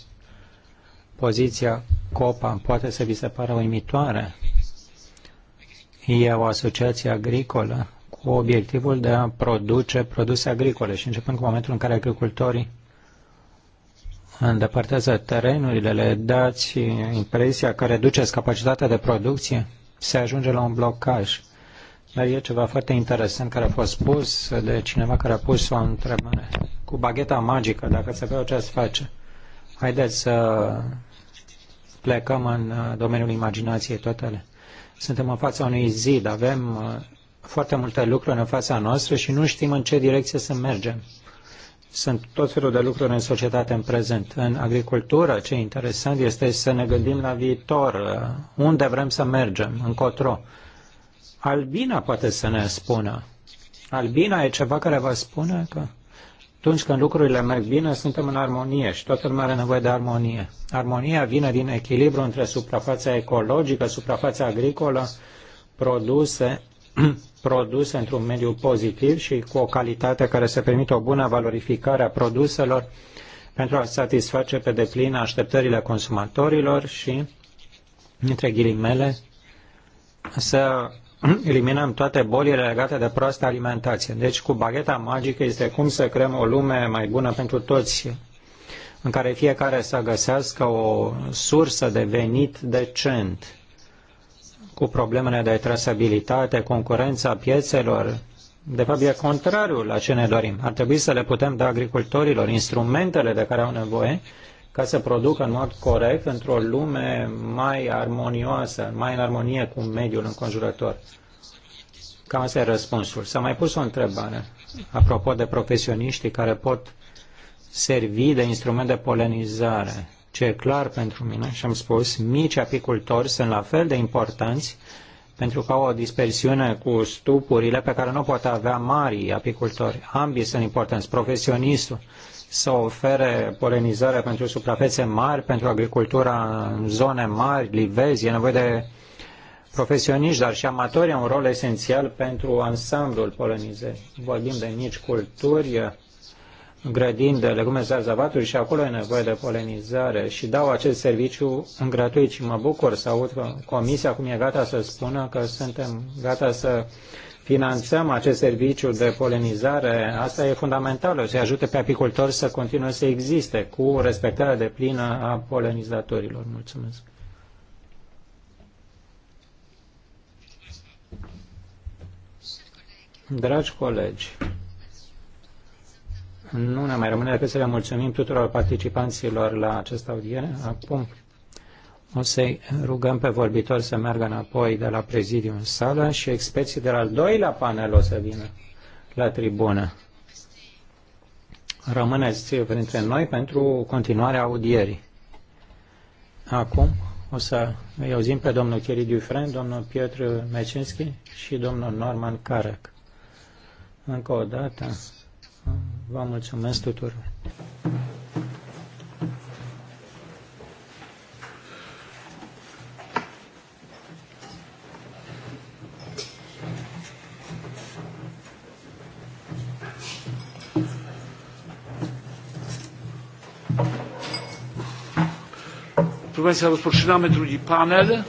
Poziția COPA poate să vi se pară uimitoare. E o asociație agricolă cu obiectivul de a produce produse agricole și începând cu momentul în care agricultorii îndepărtează terenurile, le dați impresia că reduceți capacitatea de producție, se ajunge la un blocaj dar e ceva foarte interesant care a fost spus de cineva care a pus o întrebare. Cu bagheta magică, dacă se vede ce se face. Haideți să plecăm în uh, domeniul imaginației totale. Suntem în fața unui zid, avem uh, foarte multe lucruri în fața noastră și nu știm în ce direcție să mergem. Sunt tot felul de lucruri în societate în prezent. În agricultură, ce interesant este să ne gândim la viitor, uh, unde vrem să mergem, încotro. Albina poate să ne spună. Albina e ceva care vă spune că atunci când lucrurile merg bine, suntem în armonie și toată lumea are nevoie de armonie. Armonia vine din echilibru între suprafața ecologică, suprafața agricolă, produse, produse într-un mediu pozitiv și cu o calitate care să permită o bună valorificare a produselor pentru a satisface pe deplin așteptările consumatorilor și, între ghilimele, să eliminăm toate bolile legate de proastă alimentație. Deci cu bagheta magică este cum să creăm o lume mai bună pentru toți, în care fiecare să găsească o sursă de venit decent, cu problemele de trasabilitate, concurența piețelor. De fapt, e contrariul la ce ne dorim. Ar trebui să le putem da agricultorilor instrumentele de care au nevoie ca să producă în mod corect într-o lume mai armonioasă, mai în armonie cu mediul înconjurător. Cam asta e răspunsul. S-a mai pus o întrebare apropo de profesioniștii care pot servi de instrument de polenizare. Ce e clar pentru mine, și am spus, mici apicultori sunt la fel de importanți pentru că au o dispersiune cu stupurile pe care nu pot avea mari apicultori. Ambii sunt importanți. Profesionistul să ofere polenizare pentru suprafețe mari, pentru agricultura în zone mari, livezi, e nevoie de profesioniști, dar și amatori au un rol esențial pentru ansamblul polenizării. Vorbim de mici culturi, grădini de legume zarzavaturi și acolo e nevoie de polenizare și dau acest serviciu în gratuit și mă bucur să aud că comisia acum e gata să spună că suntem gata să finanțăm acest serviciu de polenizare, asta e fundamentală, să ajute pe apicultori să continue să existe cu respectarea de plină a polenizatorilor. Mulțumesc. Dragi colegi, nu ne mai rămâne decât să le mulțumim tuturor participanților la această audiere. Acum o să-i rugăm pe vorbitor să meargă înapoi de la prezidiu în sală și experții de la al doilea panel o să vină la tribună. Rămâneți printre noi pentru continuarea audierii. Acum o să îi auzim pe domnul Thierry Dufresne, domnul Piotr Mecinski și domnul Norman Carac. Încă o dată, vă mulțumesc tuturor. Proszę Państwa, rozpoczynamy drugi panel.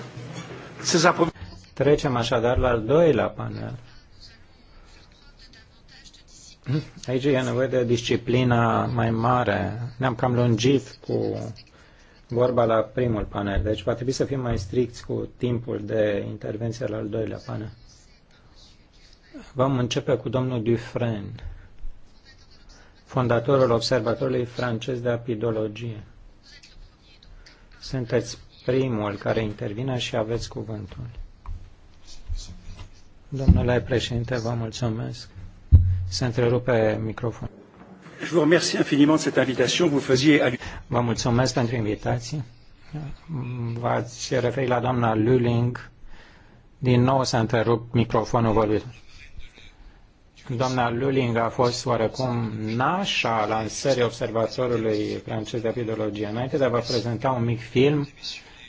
Chcę zapowiedzieć... Trecem așadar la al doilea panel. Aici e nevoie de disciplina mai mare. Ne-am cam lungit cu vorba la primul panel, deci va trebui să fim mai stricți cu timpul de intervenție la al doilea panel. Vom începe cu domnul Dufresne, fondatorul Observatorului francez de apidologie. Sunteți primul care intervine și aveți cuvântul. Domnule președinte, vă mulțumesc. Se întrerupe microfonul. Je vous remercie infiniment de cette invitation. Vous faisiez Vă mulțumesc pentru invitație. V-ați referit la doamna Luling. Din nou s-a întrerupt microfonul vorbitor. Doamna Luling a fost oarecum nașa lansării Observatorului francez de epidemiologie. Înainte de a vă prezenta un mic film,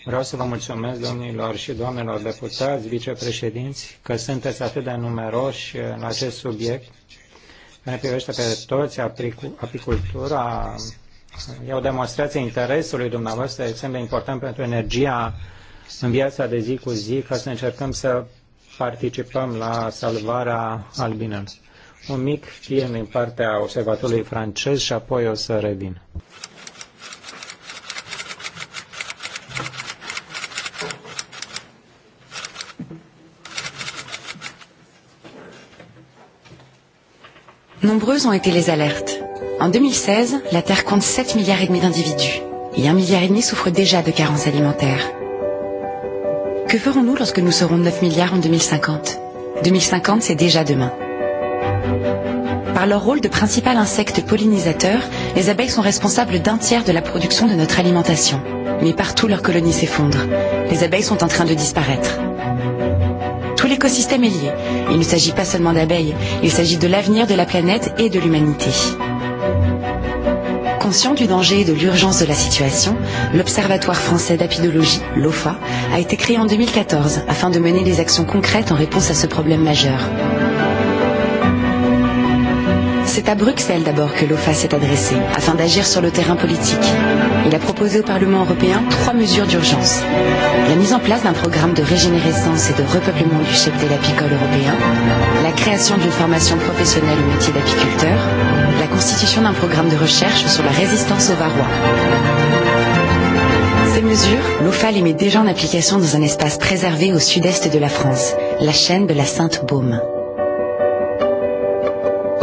vreau să vă mulțumesc domnilor și doamnelor deputați, vicepreședinți, că sunteți atât de numeroși în acest subiect. Ne privește pe toți apicultura. E o demonstrație interesului dumneavoastră, extrem de important pentru energia în viața de zi cu zi, ca să încercăm să participăm la salvarea albinelor un mic film din partea observatorului francez și apoi o să revin. Nombreuses ont été les alertes. En 2016, la Terre compte 7 milliards et demi d'individus et un milliard et demi souffre déjà de carences alimentaires. Que ferons-nous lorsque nous serons 9 milliards en 2050 2050, c'est déjà demain. Par leur rôle de principal insecte pollinisateur, les abeilles sont responsables d'un tiers de la production de notre alimentation. Mais partout, leurs colonies s'effondrent. Les abeilles sont en train de disparaître. Tout l'écosystème est lié. Il ne s'agit pas seulement d'abeilles, il s'agit de l'avenir de la planète et de l'humanité. Conscient du danger et de l'urgence de la situation, l'Observatoire français d'apidologie, l'OFA, a été créé en 2014 afin de mener des actions concrètes en réponse à ce problème majeur. C'est à Bruxelles d'abord que l'OFA s'est adressé, afin d'agir sur le terrain politique. Il a proposé au Parlement européen trois mesures d'urgence. La mise en place d'un programme de régénérescence et de repeuplement du cheptel apicole européen, la création d'une formation professionnelle au métier d'apiculteur, la constitution d'un programme de recherche sur la résistance aux varrois. Ces mesures, l'OFA les met déjà en application dans un espace préservé au sud-est de la France, la chaîne de la Sainte-Baume.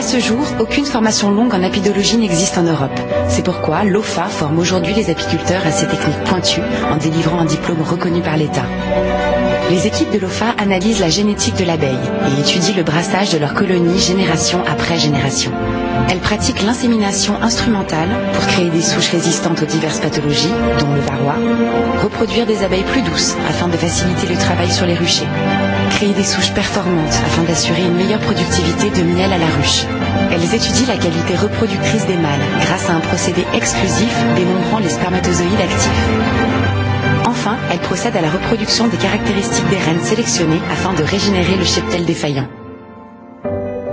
À ce jour, aucune formation longue en apidologie n'existe en Europe. C'est pourquoi l'OFA forme aujourd'hui les apiculteurs à ces techniques pointues en délivrant un diplôme reconnu par l'État. Les équipes de l'OFA analysent la génétique de l'abeille et étudient le brassage de leurs colonies génération après génération. Elles pratiquent l'insémination instrumentale pour créer des souches résistantes aux diverses pathologies, dont le varroa, reproduire des abeilles plus douces afin de faciliter le travail sur les ruchers créer des souches performantes afin d'assurer une meilleure productivité de miel à la ruche. Elles étudient la qualité reproductrice des mâles grâce à un procédé exclusif dénombrant les spermatozoïdes actifs. Enfin, elles procèdent à la reproduction des caractéristiques des reines sélectionnées afin de régénérer le cheptel défaillant.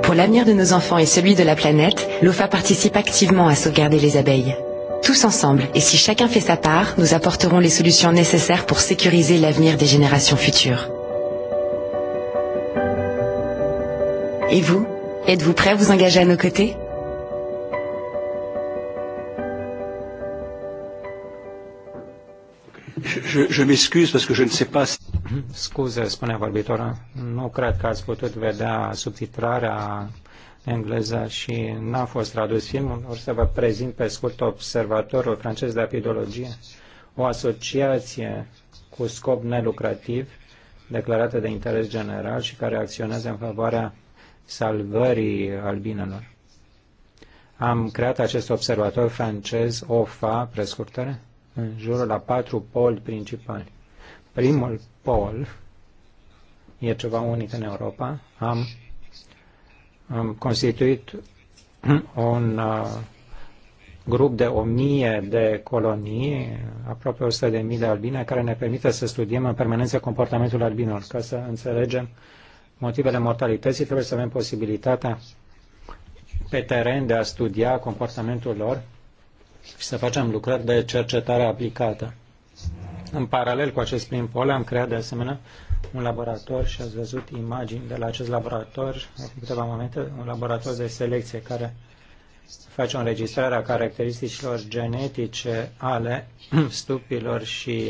Pour l'avenir de nos enfants et celui de la planète, l'OFA participe activement à sauvegarder les abeilles. Tous ensemble, et si chacun fait sa part, nous apporterons les solutions nécessaires pour sécuriser l'avenir des générations futures. Et vous, êtes-vous prêt à vous engager à nos côtés Je, je m'excuse parce que je ne sais pas si... Scuze, spune vorbitora, nu cred că ați putut vedea subtitrarea engleză și n-a fost tradus filmul. O să vă prezint pe scurt Observatorul francez de apidologie, o asociație cu scop nelucrativ declarată de interes general și care acționează în favoarea salvării albinelor. Am creat acest observator francez, OFA, prescurtare, în jurul a patru poli principali. Primul pol e ceva unic în Europa. Am, am constituit un uh, grup de o mie de colonii, aproape 100 de mii de albine, care ne permite să studiem în permanență comportamentul albinelor, ca să înțelegem uh, motivele mortalității, trebuie să avem posibilitatea pe teren de a studia comportamentul lor și să facem lucrări de cercetare aplicată. În paralel cu acest prim pol am creat de asemenea un laborator și ați văzut imagini de la acest laborator, în câteva momente, un laborator de selecție care face o înregistrare a caracteristicilor genetice ale stupilor și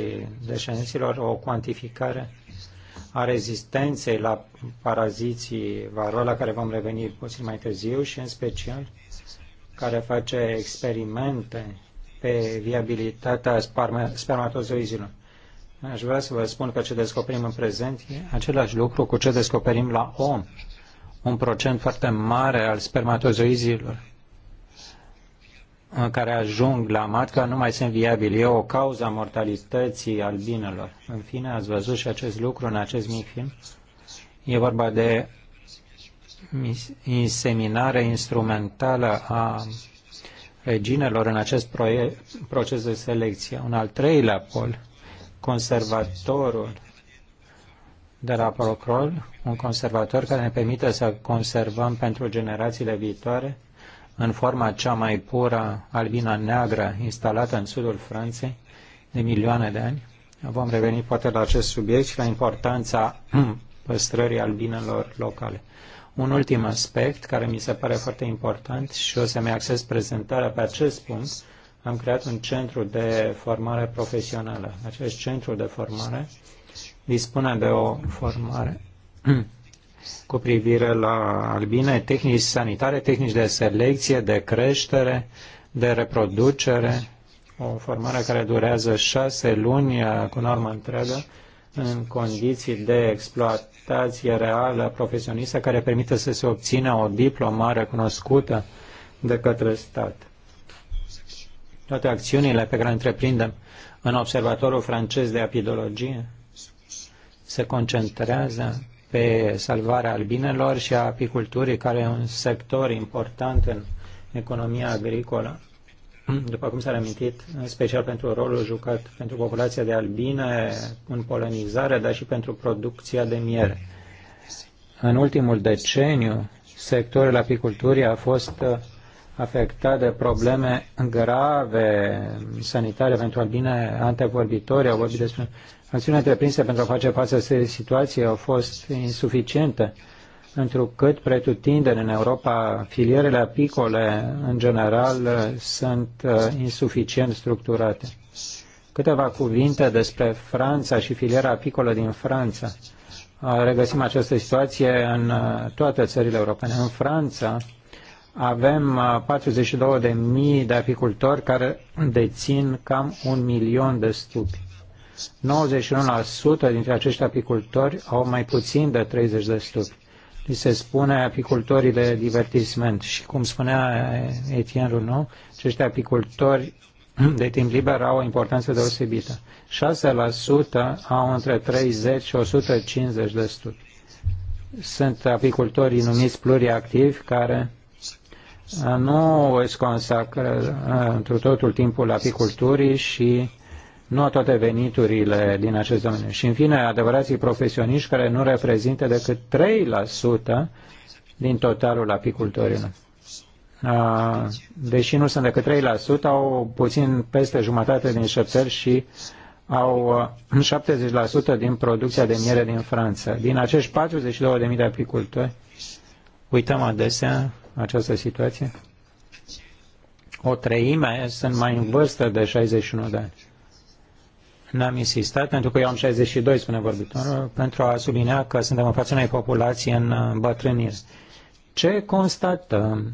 deșenților, o cuantificare a rezistenței la paraziții varroa, la care vom reveni puțin mai târziu și în special care face experimente pe viabilitatea sperma, spermatozoizilor. Aș vrea să vă spun că ce descoperim în prezent e același lucru cu ce descoperim la om. Un procent foarte mare al spermatozoizilor care ajung la matca nu mai sunt viabili. E o cauză mortalității albinelor. În fine, ați văzut și acest lucru în acest mic film. E vorba de inseminare instrumentală a reginelor în acest proces de selecție. Un al treilea pol, conservatorul de la Procrol, un conservator care ne permite să conservăm pentru generațiile viitoare în forma cea mai pură, albina neagră, instalată în sudul Franței de milioane de ani. Vom reveni poate la acest subiect și la importanța păstrării albinelor locale. Un ultim aspect care mi se pare foarte important și o să-mi acces prezentarea pe acest punct, am creat un centru de formare profesională. Acest centru de formare dispune de o formare cu privire la albine, tehnici sanitare, tehnici de selecție, de creștere, de reproducere, o formare care durează șase luni uh, cu normă întreagă, în condiții de exploatație reală, profesionistă, care permite să se obțină o diplomă recunoscută de către stat. Toate acțiunile pe care le întreprindem în Observatorul francez de apidologie se concentrează pe salvarea albinelor și a apiculturii, care e un sector important în economia agricolă. După cum s-a amintit, în special pentru rolul jucat pentru populația de albine în polenizare, dar și pentru producția de miere. În ultimul deceniu, sectorul apiculturii a fost afectat de probleme grave sanitare pentru albine. antevorbitori, au vorbit despre Acțiunile întreprinse pentru a face față situații au fost insuficiente, întrucât pretutindeni în Europa filierele apicole, în general, sunt uh, insuficient structurate. Câteva cuvinte despre Franța și filiera apicolă din Franța. Uh, regăsim această situație în uh, toate țările europene. În Franța, avem 42.000 de apicultori care dețin cam un milion de stupi. 91% dintre acești apicultori au mai puțin de 30 de stupi. Li se spune apicultorii de divertisment și, cum spunea Etienne Runou, acești apicultori de timp liber au o importanță deosebită. 6% au între 30 și 150 de stupi. Sunt apicultorii numiți pluriactivi care uh, nu își consacră uh, întru totul timpul apiculturii și nu toate veniturile din acest domeniu. Și, în fine, adevărații profesioniști care nu reprezintă decât 3% din totalul apicultorilor. Deși nu sunt decât 3%, au puțin peste jumătate din șeptel și au 70% uh, din producția de miere din Franța. Din acești 42.000 de apicultori, uităm adesea această situație, o treime sunt mai în vârstă de 61 de ani. N-am insistat pentru că eu am 62, spune vorbitorul, pentru a sublinea că suntem în fața unei uh, populații în bătrâniri. Ce constatăm?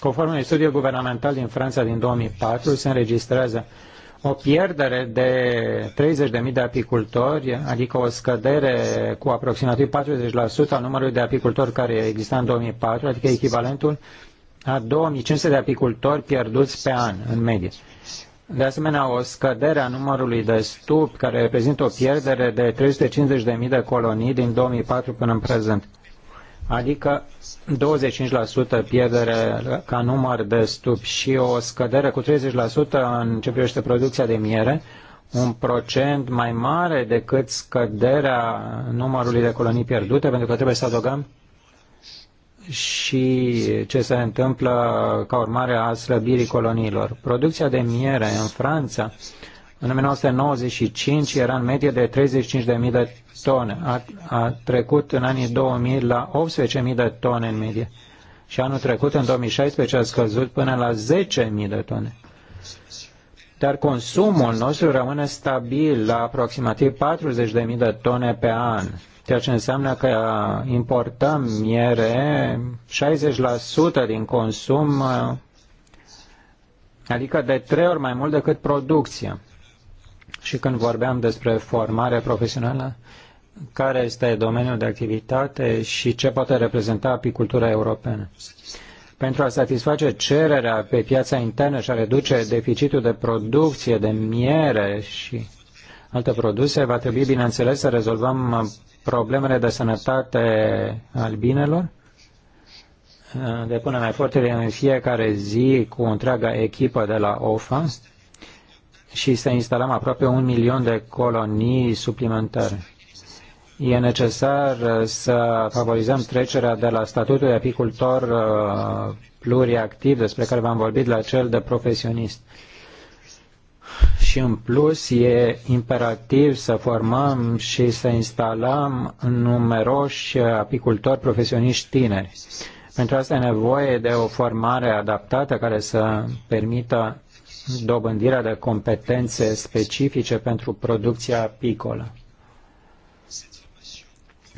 Conform unui studiu guvernamental din Franța din 2004, se înregistrează o pierdere de 30.000 de apicultori, adică o scădere cu aproximativ 40% a numărului de apicultori care exista în 2004, adică echivalentul a 2500 de apicultori pierduți pe an, în medie. De asemenea, o scădere a numărului de stup, care reprezintă o pierdere de 350.000 de colonii din 2004 până în prezent, adică 25% pierdere ca număr de stup și o scădere cu 30% în ce privește producția de miere, un procent mai mare decât scăderea numărului de colonii pierdute, pentru că trebuie să adăugăm și ce se întâmplă ca urmare a slăbirii coloniilor. Producția de miere în Franța în 1995 era în medie de 35.000 de tone. A, a trecut în anii 2000 la 18.000 de tone în medie. Și anul trecut, în 2016, a scăzut până la 10.000 de tone. Dar consumul nostru rămâne stabil la aproximativ 40.000 de tone pe an ceea ce înseamnă că importăm miere 60% din consum, adică de trei ori mai mult decât producția. Și când vorbeam despre formare profesională, care este domeniul de activitate și ce poate reprezenta apicultura europeană. Pentru a satisface cererea pe piața internă și a reduce deficitul de producție de miere și alte produse, va trebui, bineînțeles, să rezolvăm problemele de sănătate albinelor. Uh, depunem eforturi în fiecare zi cu întreaga echipă de la OFAST și să instalăm aproape un milion de colonii suplimentare. E necesar uh, să favorizăm trecerea de la statutul de apicultor uh, pluriactiv, despre care v-am vorbit, la cel de profesionist. Și în plus e imperativ să formăm și să instalăm numeroși apicultori profesioniști tineri. Pentru asta e nevoie de o formare adaptată care să permită dobândirea de competențe specifice pentru producția apicolă.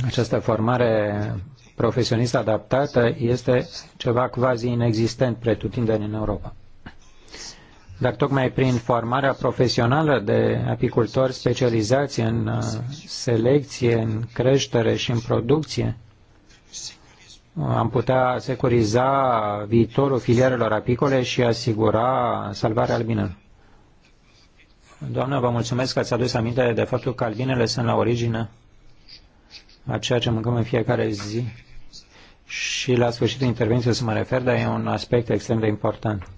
Această formare profesionistă adaptată este ceva quasi inexistent pretutindeni în Europa. Dar tocmai prin formarea profesională de apicultori specializați în uh, selecție, în creștere și în producție, am putea securiza viitorul filierelor apicole și asigura salvarea albinelor. Doamnă, vă mulțumesc că ați adus aminte de faptul că albinele sunt la origine a ceea ce mâncăm în fiecare zi. Și la sfârșitul intervenției să mă refer, dar e un aspect extrem de important.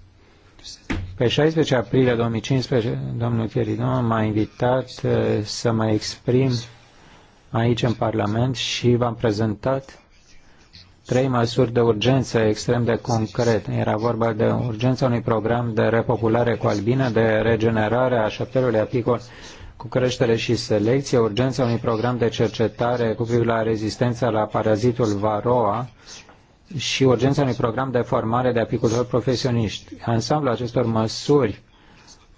Pe 16 aprilie 2015, domnul Chiridon m-a invitat uh, să mă exprim aici în Parlament și v-am prezentat trei măsuri de urgență extrem de concret. Era vorba de urgența unui program de repopulare cu albine, de regenerare a șeptelului apicol cu creștere și selecție, urgența unui program de cercetare cu privire la rezistența la parazitul varoa și urgența unui program de formare de apicultori profesioniști. Ansamblul acestor măsuri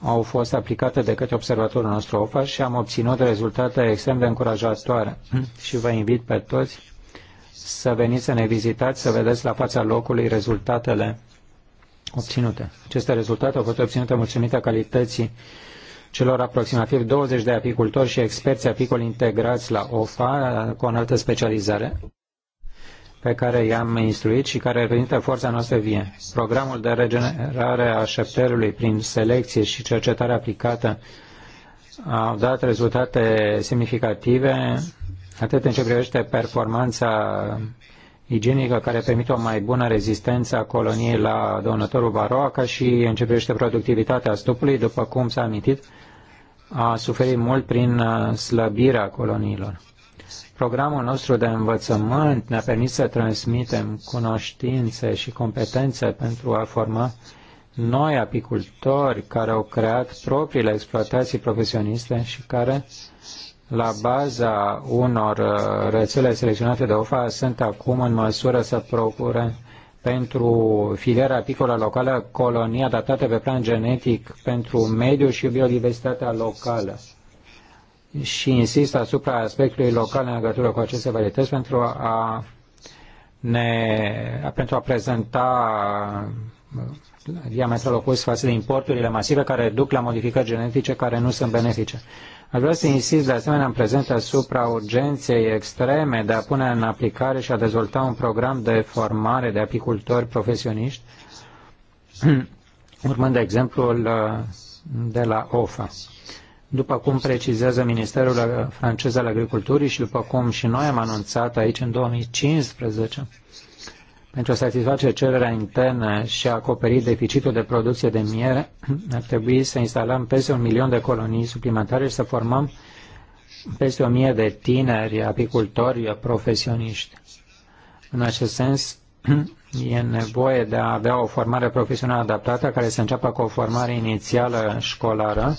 au fost aplicate de către observatorul nostru OFA și am obținut rezultate extrem de încurajatoare și vă invit pe toți să veniți să ne vizitați, să vedeți la fața locului rezultatele obținute. Aceste rezultate au fost obținute mulțumită calității celor aproximativ 20 de apicultori și experți apicoli integrați la OFA cu o altă specializare pe care i-am instruit și care reprezintă forța noastră vie. Programul de regenerare a șepterului prin selecție și cercetare aplicată au dat rezultate semnificative, atât în ce privește performanța igienică care permite o mai bună rezistență a coloniei la donătorul baroa, ca și în ce privește productivitatea stupului, după cum s-a amintit, a suferit mult prin uh, slăbirea coloniilor. Programul nostru de învățământ ne-a permis să transmitem cunoștințe și competențe pentru a forma noi apicultori care au creat propriile exploatații profesioniste și care, la baza unor uh, rețele selecționate de OFA, sunt acum în măsură să procure pentru filiera apicolă locală colonii adaptate pe plan genetic pentru mediu și biodiversitatea locală și insist asupra aspectului local în legătură cu aceste varietăți pentru a ne, pentru a prezenta uh, diametral opus față de importurile masive care duc la modificări genetice care nu sunt benefice. Aș vrea să insist de asemenea în prezent asupra urgenței extreme de a pune în aplicare și a dezvolta un program de formare de apicultori profesioniști, urmând exemplul uh, de la OFA după cum precizează Ministerul francez al Agriculturii și după cum și noi am anunțat aici în 2015, pentru a satisface cererea internă și a acoperi deficitul de producție de miere, ar trebui să instalăm peste un milion de colonii suplimentare și să formăm peste o mie de tineri apicultori profesioniști. În acest sens, e nevoie de a avea o formare profesională adaptată care să înceapă cu o formare inițială școlară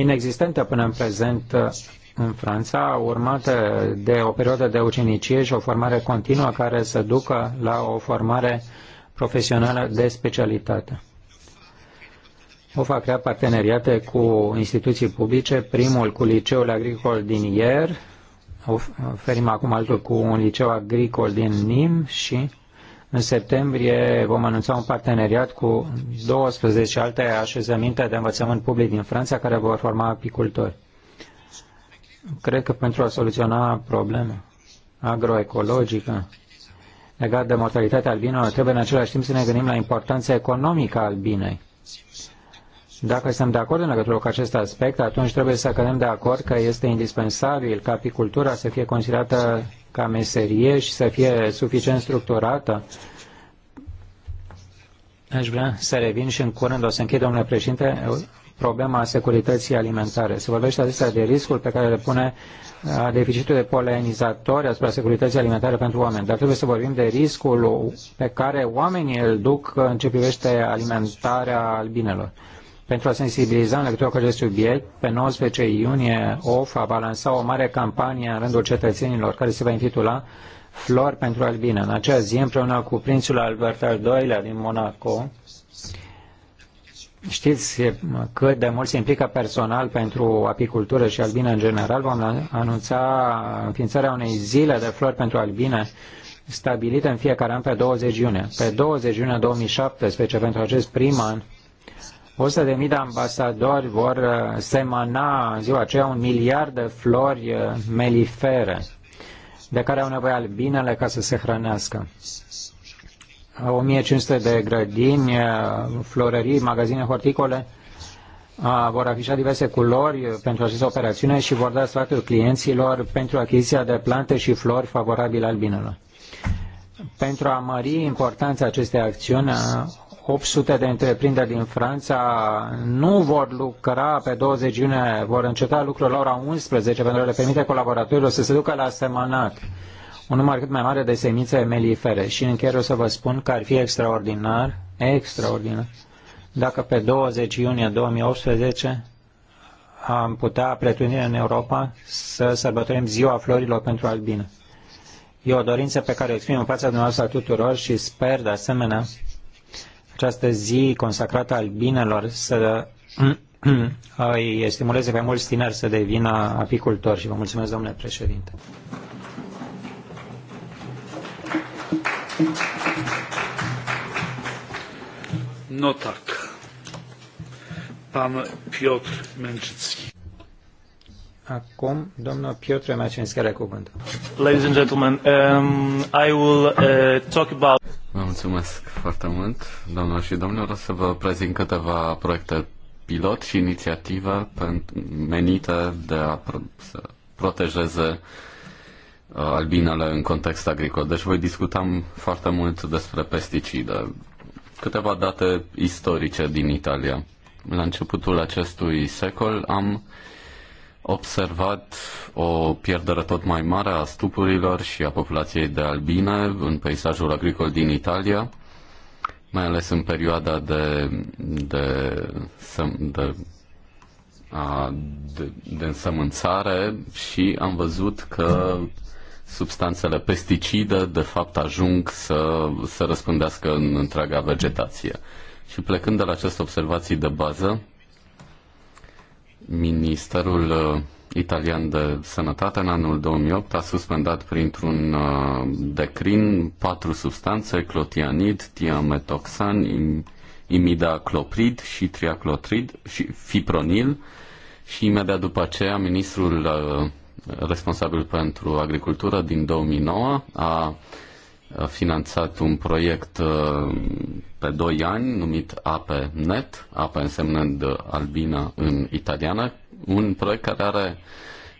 inexistentă până în prezent uh, în Franța, urmată de o perioadă de ucenicie și o formare continuă care să ducă la o formare profesională de specialitate. O va crea parteneriate cu instituții publice, primul cu liceul agricol din Ier, oferim acum altul cu un liceu agricol din Nim și în septembrie vom anunța un parteneriat cu 12 alte așezăminte de învățământ public din Franța care vor forma apicultori. Cred că pentru a soluționa problema agroecologică legată de mortalitatea albinelor, trebuie în același timp să ne gândim la importanța economică a albinei. Dacă suntem de acord în legătură cu acest aspect, atunci trebuie să cădem de acord că este indispensabil ca apicultura să fie considerată ca meserie și să fie suficient structurată. Aș vrea să revin și în curând o să închid, domnule președinte, problema securității alimentare. Se vorbește adesea de riscul pe care le pune deficitul de polenizatori asupra securității alimentare pentru oameni, dar trebuie să vorbim de riscul pe care oamenii îl duc în ce privește alimentarea albinelor pentru a sensibiliza în legătură cu acest subiect. Pe 19 iunie, of va lansa o mare campanie în rândul cetățenilor care se va intitula Flori pentru Albine. În acea zi, împreună cu prințul Albert al II-lea din Monaco, Știți cât de mult se implică personal pentru apicultură și albine în general. Vom anunța înființarea unei zile de flori pentru albine stabilită în fiecare an pe 20 iunie. Pe 20 iunie 2017, pentru acest prim an, 100.000 de ambasadori vor uh, semăna în ziua aceea un miliard de flori uh, melifere de care au nevoie albinele ca să se hrănească. 1500 de grădini, uh, florării, magazine horticole vor afișa diverse culori pentru această operațiune și vor da sfaturi clienților pentru achiziția de plante și flori favorabile albinelor. Pentru a mări importanța acestei acțiuni, 800 de întreprinderi din Franța nu vor lucra pe 20 iunie, vor înceta lucrul la ora 11 pentru a le permite colaboratorilor să se ducă la semanat un număr cât mai mare de semințe melifere. Și în încheiere o să vă spun că ar fi extraordinar, extraordinar, dacă pe 20 iunie 2018 am putea pretunde în Europa să sărbătorim Ziua Florilor pentru Albine. E o dorință pe care o exprim în fața dumneavoastră tuturor și sper de asemenea această zi consacrată albinelor să îi stimuleze pe mulți tineri să devină apicultori și vă mulțumesc, domnule președinte. Notak. Pan Piotr Męczycki. Acum, domnul Piotr Macinski are cuvântul. Ladies and gentlemen, um, I will uh, talk about... Vă mulțumesc foarte mult, domnul și domnilor. O să vă prezint câteva proiecte pilot și inițiative menită de a pro- să protejeze uh, albinele în context agricol. Deci voi discutam foarte mult despre pesticide. Câteva date istorice din Italia. La începutul acestui secol am uh, observat o pierdere tot mai mare a stupurilor și a populației de albine în peisajul agricol din Italia, mai ales în perioada de, de, de, a, de, de însămânțare și am văzut că substanțele pesticide de fapt ajung să să răspândească în întreaga vegetație. Și plecând de la aceste observații de bază, Ministerul uh, Italian de Sănătate în anul 2008 a suspendat printr-un uh, decrin patru substanțe, clotianid, tiametoxan, imidacloprid și triaclotrid și fipronil și imediat după aceea ministrul uh, responsabil pentru agricultură din 2009 a finanțat un proiect uh, pe 2 ani numit Ape ape însemnând albina în italiană, un proiect care are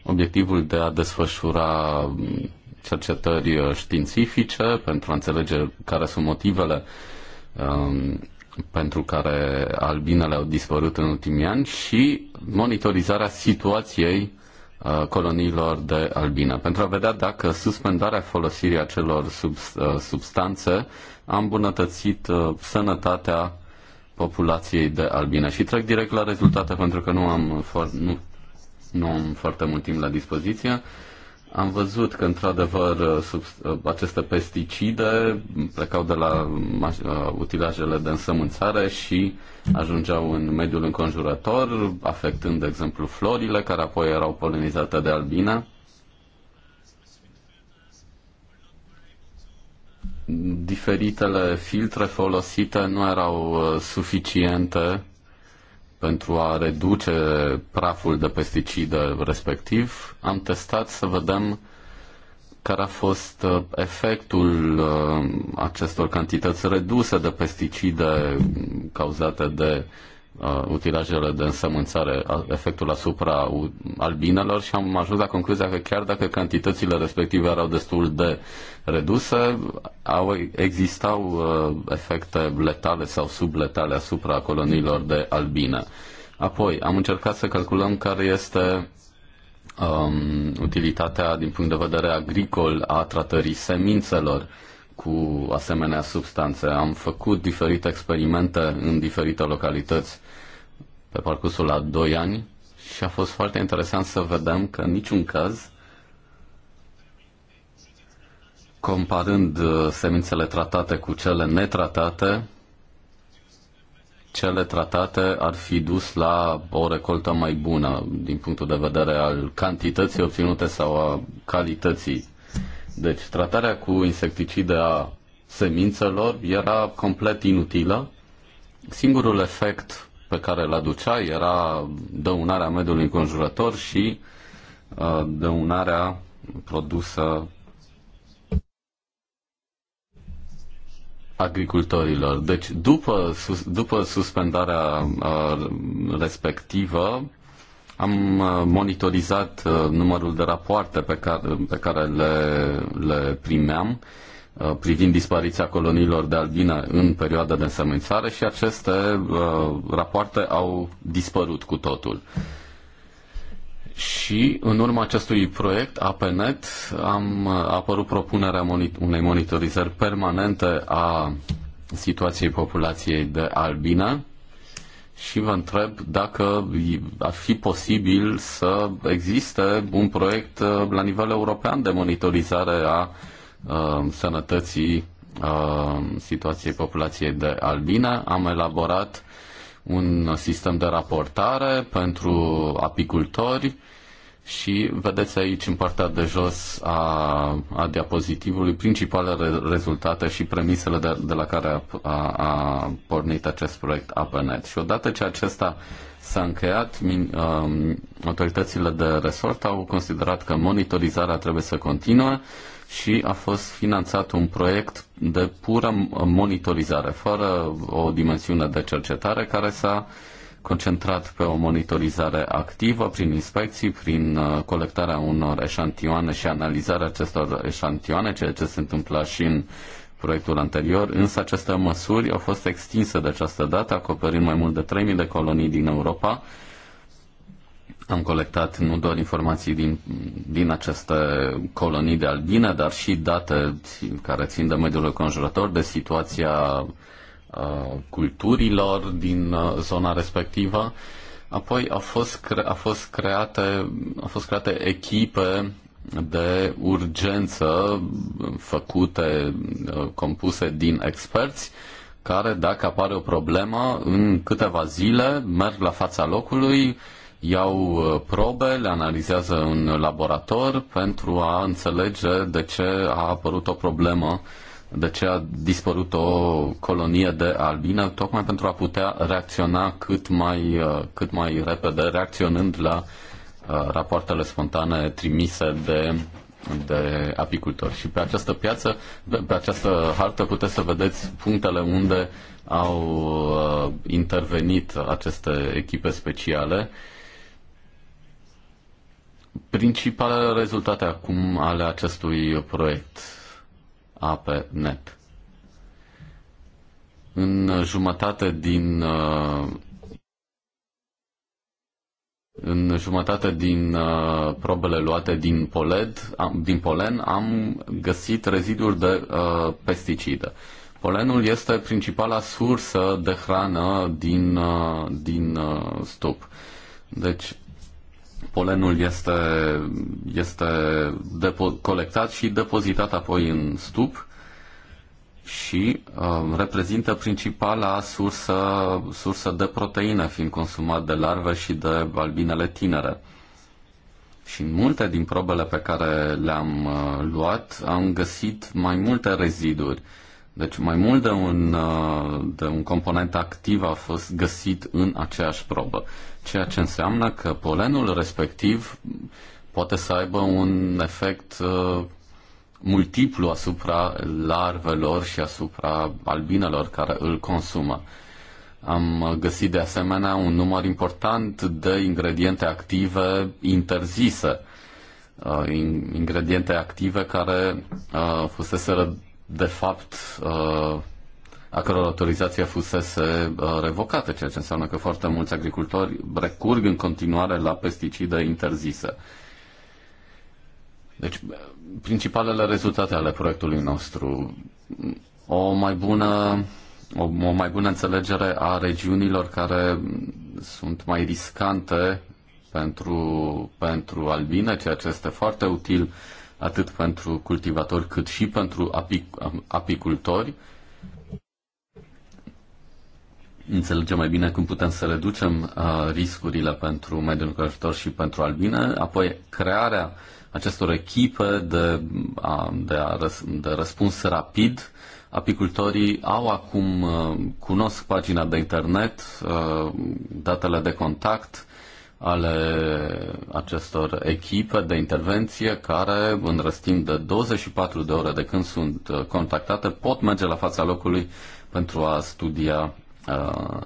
obiectivul de a desfășura um, cercetări uh, științifice pentru a înțelege care sunt motivele um, pentru care albinele au dispărut în ultimii ani și monitorizarea situației uh, Uh, coloniilor de albină, pentru a vedea dacă suspendarea folosirii acelor sub, uh, substanțe a îmbunătățit uh, sănătatea populației de albine. Și trec direct la rezultate pentru că nu am, for- nu, nu am foarte mult timp la dispoziție. Am văzut că, într-adevăr, aceste pesticide plecau de la uh, utilajele de însămânțare și ajungeau în mediul înconjurător, afectând, de exemplu, florile, care apoi erau polinizate de albine. Diferitele filtre folosite nu erau uh, suficiente pentru a reduce praful de pesticide respectiv, am testat să vedem care a fost uh, efectul uh, acestor cantități reduse de pesticide cauzate de uh, utilajele de însămânțare, efectul asupra albinelor și am ajuns la concluzia că chiar dacă cantitățile respective erau destul de reduse, au, existau uh, efecte letale sau subletale asupra coloniilor de albine. Apoi, am încercat să calculăm care este um, utilitatea din punct de vedere agricol a tratării semințelor cu asemenea substanțe. Am făcut diferite experimente în diferite localități pe parcursul a 2 ani și a fost foarte interesant să vedem că în niciun caz comparând uh, semințele tratate cu cele netratate, cele tratate ar fi dus la o recoltă mai bună din punctul de vedere al cantității obținute sau a calității. Deci tratarea cu insecticide a semințelor era complet inutilă. Singurul efect pe care îl aducea era dăunarea mediului înconjurător și uh, dăunarea produsă agricultorilor. Deci, după, după suspendarea uh, respectivă, am uh, monitorizat numărul de rapoarte pe care, pe care le, le primeam Uh, privind dispariția coloniilor de albine în perioada de însămânțare și aceste uh, rapoarte au dispărut cu totul. Și în urma acestui proiect APNET am uh, a apărut propunerea unei monitorizări permanente a situației populației de albine și vă întreb dacă ar fi posibil să existe un proiect uh, la nivel european de monitorizare a uh, Uh, sănătății uh, situației populației de albine. Am elaborat un sistem de raportare pentru apicultori și vedeți aici în partea de jos a, a diapozitivului principalele rezultate și premisele de, de la care a, a, a pornit acest proiect APNet. Și odată ce acesta s-a încheiat, min, um, autoritățile de resort au considerat că monitorizarea trebuie să continue și a fost finanțat un proiect de pură monitorizare, fără o dimensiune de cercetare, care s-a concentrat pe o monitorizare activă prin inspecții, prin uh, colectarea unor eșantioane și analizarea acestor eșantioane, ceea ce se întâmpla și în proiectul anterior, însă aceste măsuri au fost extinse de această dată, acoperind mai mult de 3.000 de colonii din Europa, am colectat nu doar informații din, din aceste colonii de albine, dar și date care țin de mediul conjurător, de situația uh, culturilor din uh, zona respectivă. Apoi a fost, cre- a fost create, a fost create echipe de urgență făcute, compuse din experți, care, dacă apare o problemă, în câteva zile merg la fața locului, uh, iau uh, probe, le analizează în laborator pentru a înțelege de ce a apărut o problemă, de ce a dispărut o colonie de albine, tocmai pentru a putea reacționa cât mai, uh, cât mai repede, reacționând la uh, rapoartele spontane trimise de de apicultori. Și pe această piață, pe această hartă puteți să vedeți punctele unde au intervenit aceste echipe speciale principalele rezultate acum ale acestui proiect APNet. În jumătate din uh, în jumătate din uh, probele luate din, poled, din polen am găsit reziduri de pesticidă. Uh, pesticide. Polenul este principala sursă de hrană din, din stup. Deci polenul este, este depo- colectat și depozitat apoi în stup și uh, reprezintă principala sursă, sursă de proteine, fiind consumat de larve și de albinele tinere. Și în multe din probele pe care le-am uh, luat, am găsit mai multe reziduri. Deci mai mult de un, uh, de un component activ a fost găsit în aceeași probă ceea ce înseamnă că polenul respectiv poate să aibă un efect uh, multiplu asupra larvelor și asupra albinelor care îl consumă. Am găsit de asemenea un număr important de ingrediente active interzise, uh, ingrediente active care uh, fuseseră de fapt a căror autorizație fusese uh, revocată, ceea ce înseamnă că foarte mulți agricultori recurg în continuare la pesticide interzise. Deci, principalele rezultate ale proiectului nostru, o mai bună o, o mai bună înțelegere a regiunilor care sunt mai riscante pentru, pentru albine, ceea ce este foarte util atât pentru cultivatori cât și pentru apic, apicultori înțelegem mai bine cum putem să reducem uh, riscurile pentru mediul înconjurător și pentru albine, apoi crearea acestor echipe de, uh, de, a, răs, de răspuns rapid. Apicultorii au acum, uh, cunosc pagina de internet, uh, datele de contact ale acestor echipe de intervenție care în răstim de 24 de ore de când sunt uh, contactate pot merge la fața locului pentru a studia Uh,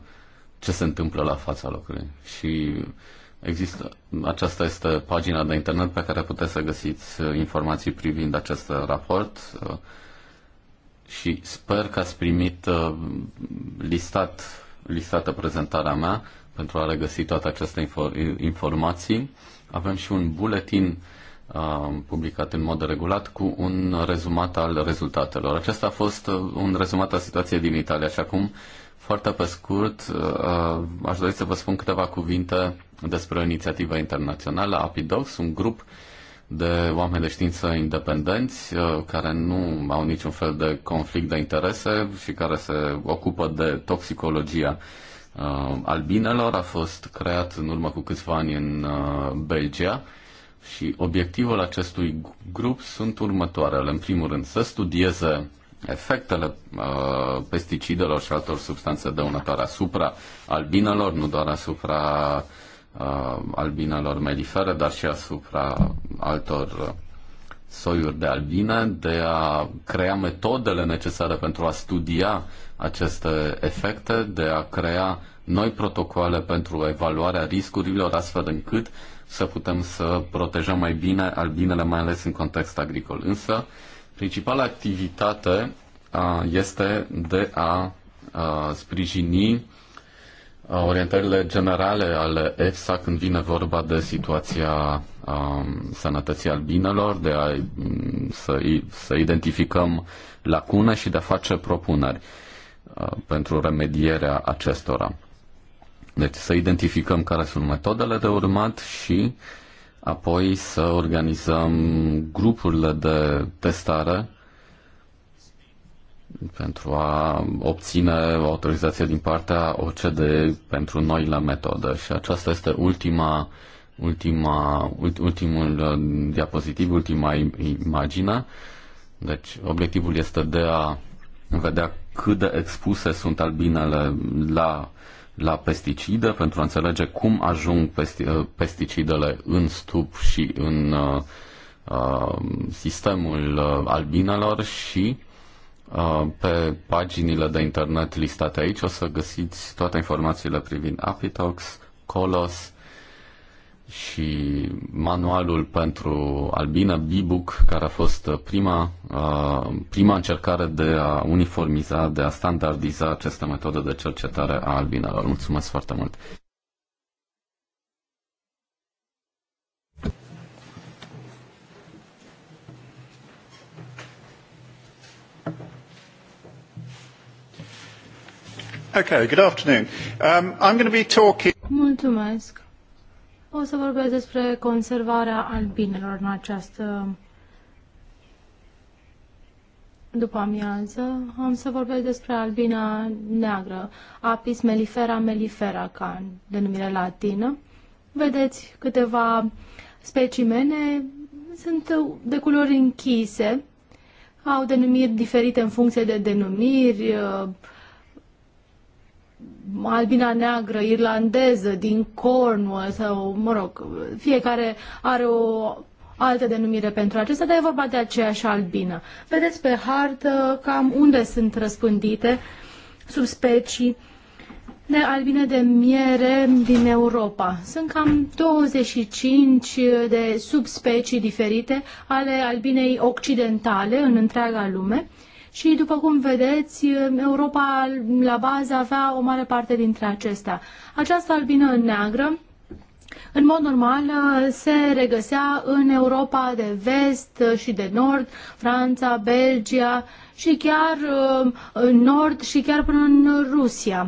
ce se întâmplă la fața locului. Și există, aceasta este pagina de internet pe care puteți să găsiți uh, informații privind acest raport uh, și sper că ați primit listat, listată prezentarea mea pentru a regăsi toate aceste informații. Avem și un buletin publicat în mod regulat cu un rezumat al rezultatelor. Acesta a fost un rezumat al situației din Italia și acum uh, foarte pe scurt, uh, uh, aș dori să vă spun câteva cuvinte despre o inițiativă internațională, APIDOX, un grup de oameni de știință independenți uh, care nu au niciun fel de conflict de interese și care se ocupă de toxicologia albinelor. A fost creat în urmă cu câțiva ani în Belgia și obiectivul acestui grup sunt următoarele. În primul rând, să studieze efectele uh, pesticidelor și altor substanțe dăunătoare asupra albinelor, nu doar asupra uh, albinelor melifere, dar și asupra altor soiuri de albine, de a crea metodele necesare pentru a studia aceste efecte, de a crea noi protocoale pentru evaluarea riscurilor, astfel încât să putem să protejăm mai bine albinele, mai ales în context agricol. Însă, uh, Principala activitate este de a sprijini orientările generale ale EFSA când vine vorba de situația sănătății albinelor, de a să, să identificăm lacune și de a face propuneri pentru remedierea acestora. Deci să identificăm care sunt metodele de urmat și uh, apoi să organizăm grupurile de testare pentru a obține o autorizație din partea OCD pentru noi la metodă. Și aceasta este ultima, ultima, ultimul uh, diapozitiv, ultima imagine. Deci obiectivul este de a vedea cât de expuse sunt albinele la uh, la pesticide pentru a înțelege cum ajung uh, pesticidele în stup și în uh, uh, sistemul albinelor și pe paginile de internet listate aici o să găsiți toate informațiile privind Apitox, Colos, și manualul pentru albină, B-Book, care a fost uh, prima, uh, prima încercare de a uniformiza, de a standardiza această metodă de cercetare a albinelor. Mulțumesc foarte mult! Okay, good afternoon. Um, I'm going to be talking... Mulțumesc. O să vorbesc despre conservarea albinelor în această după amiază. Am să vorbesc despre albina neagră, Apis mellifera mellifera, ca în denumire latină. Vedeți câteva specimene, sunt de culori închise, au denumiri diferite în funcție de denumiri, albina neagră, irlandeză, din Cornwall sau, mă rog, fiecare are o altă denumire pentru acesta, dar e vorba de aceeași albină. Vedeți pe hartă cam unde sunt răspândite subspecii de albine de miere din Europa. Sunt cam 25 de subspecii diferite ale albinei occidentale în întreaga lume și, după cum vedeți, Europa la bază avea o mare parte dintre acestea. Această albină neagră în mod normal se regăsea în Europa de vest și de nord, Franța, Belgia și chiar uh, în nord și chiar până în Rusia.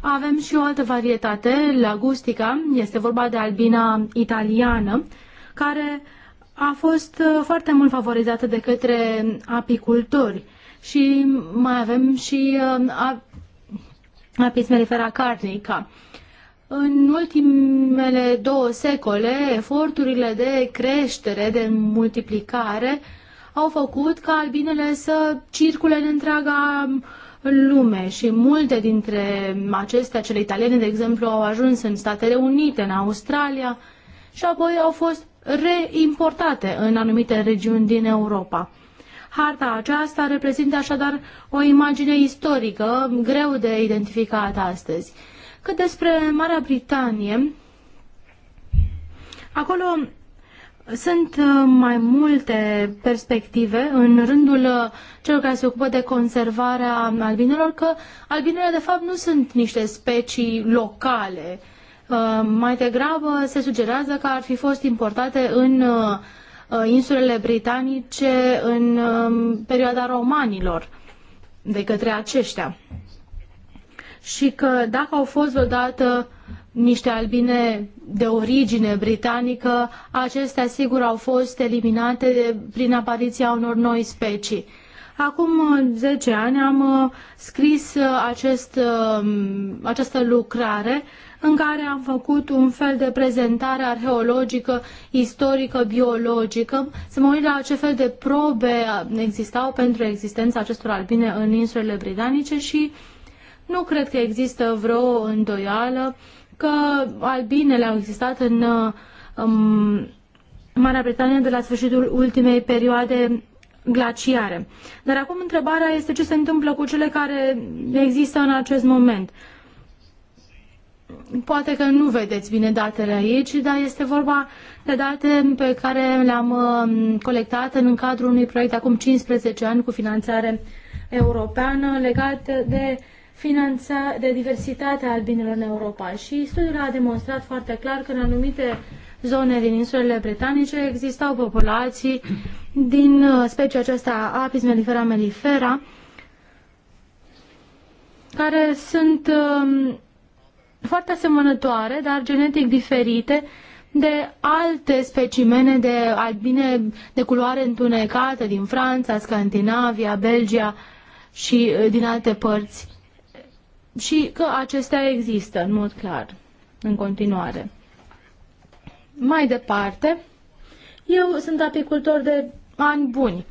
Avem și o altă varietate, lagustica, este vorba de albina italiană, care a fost uh, foarte mult favorizată de către apicultori și mai avem și uh, apis mellifera carnica. În ultimele două secole, eforturile de creștere, de multiplicare, au făcut ca albinele să circule în întreaga lume și multe dintre acestea, cele italiene, de exemplu, au ajuns în Statele Unite, în Australia și apoi au fost reimportate în anumite regiuni din Europa. Harta aceasta reprezintă așadar o imagine istorică greu de identificat astăzi. Cât despre Marea Britanie, acolo sunt uh, mai multe perspective în rândul uh, celor care se ocupă de conservarea albinelor, că albinele de fapt nu sunt niște specii locale, Uh, mai degrabă se sugerează că ar fi fost importate în uh, uh, insulele britanice în um, perioada romanilor de către aceștia. Și că dacă au fost vreodată niște albine de origine britanică, acestea sigur au fost eliminate de, prin apariția unor noi specii. Acum 10 ani am scris acest, această lucrare în care am făcut un fel de prezentare arheologică, istorică, biologică, să mă uit la ce fel de probe existau pentru existența acestor albine în insulele britanice și nu cred că există vreo îndoială că albinele au existat în în um, Marea Britanie de la sfârșitul ultimei perioade glaciare. Dar acum întrebarea este ce se întâmplă cu cele care există în acest moment poate că nu vedeți bine datele aici, dar este vorba de date pe care le-am uh, colectat în cadrul unui proiect acum 15 ani cu finanțare europeană legat de finanța, de diversitatea albinelor în Europa. Și studiul a demonstrat foarte clar că în anumite zone din insulele britanice existau populații din uh, specia aceasta Apis mellifera mellifera, care sunt um, foarte asemănătoare, dar genetic diferite de alte specimene de albine de culoare întunecată din Franța, Scandinavia, Belgia și uh, din alte părți. Și că acestea există în mod clar în continuare. Mai departe, eu sunt apicultor de ani buni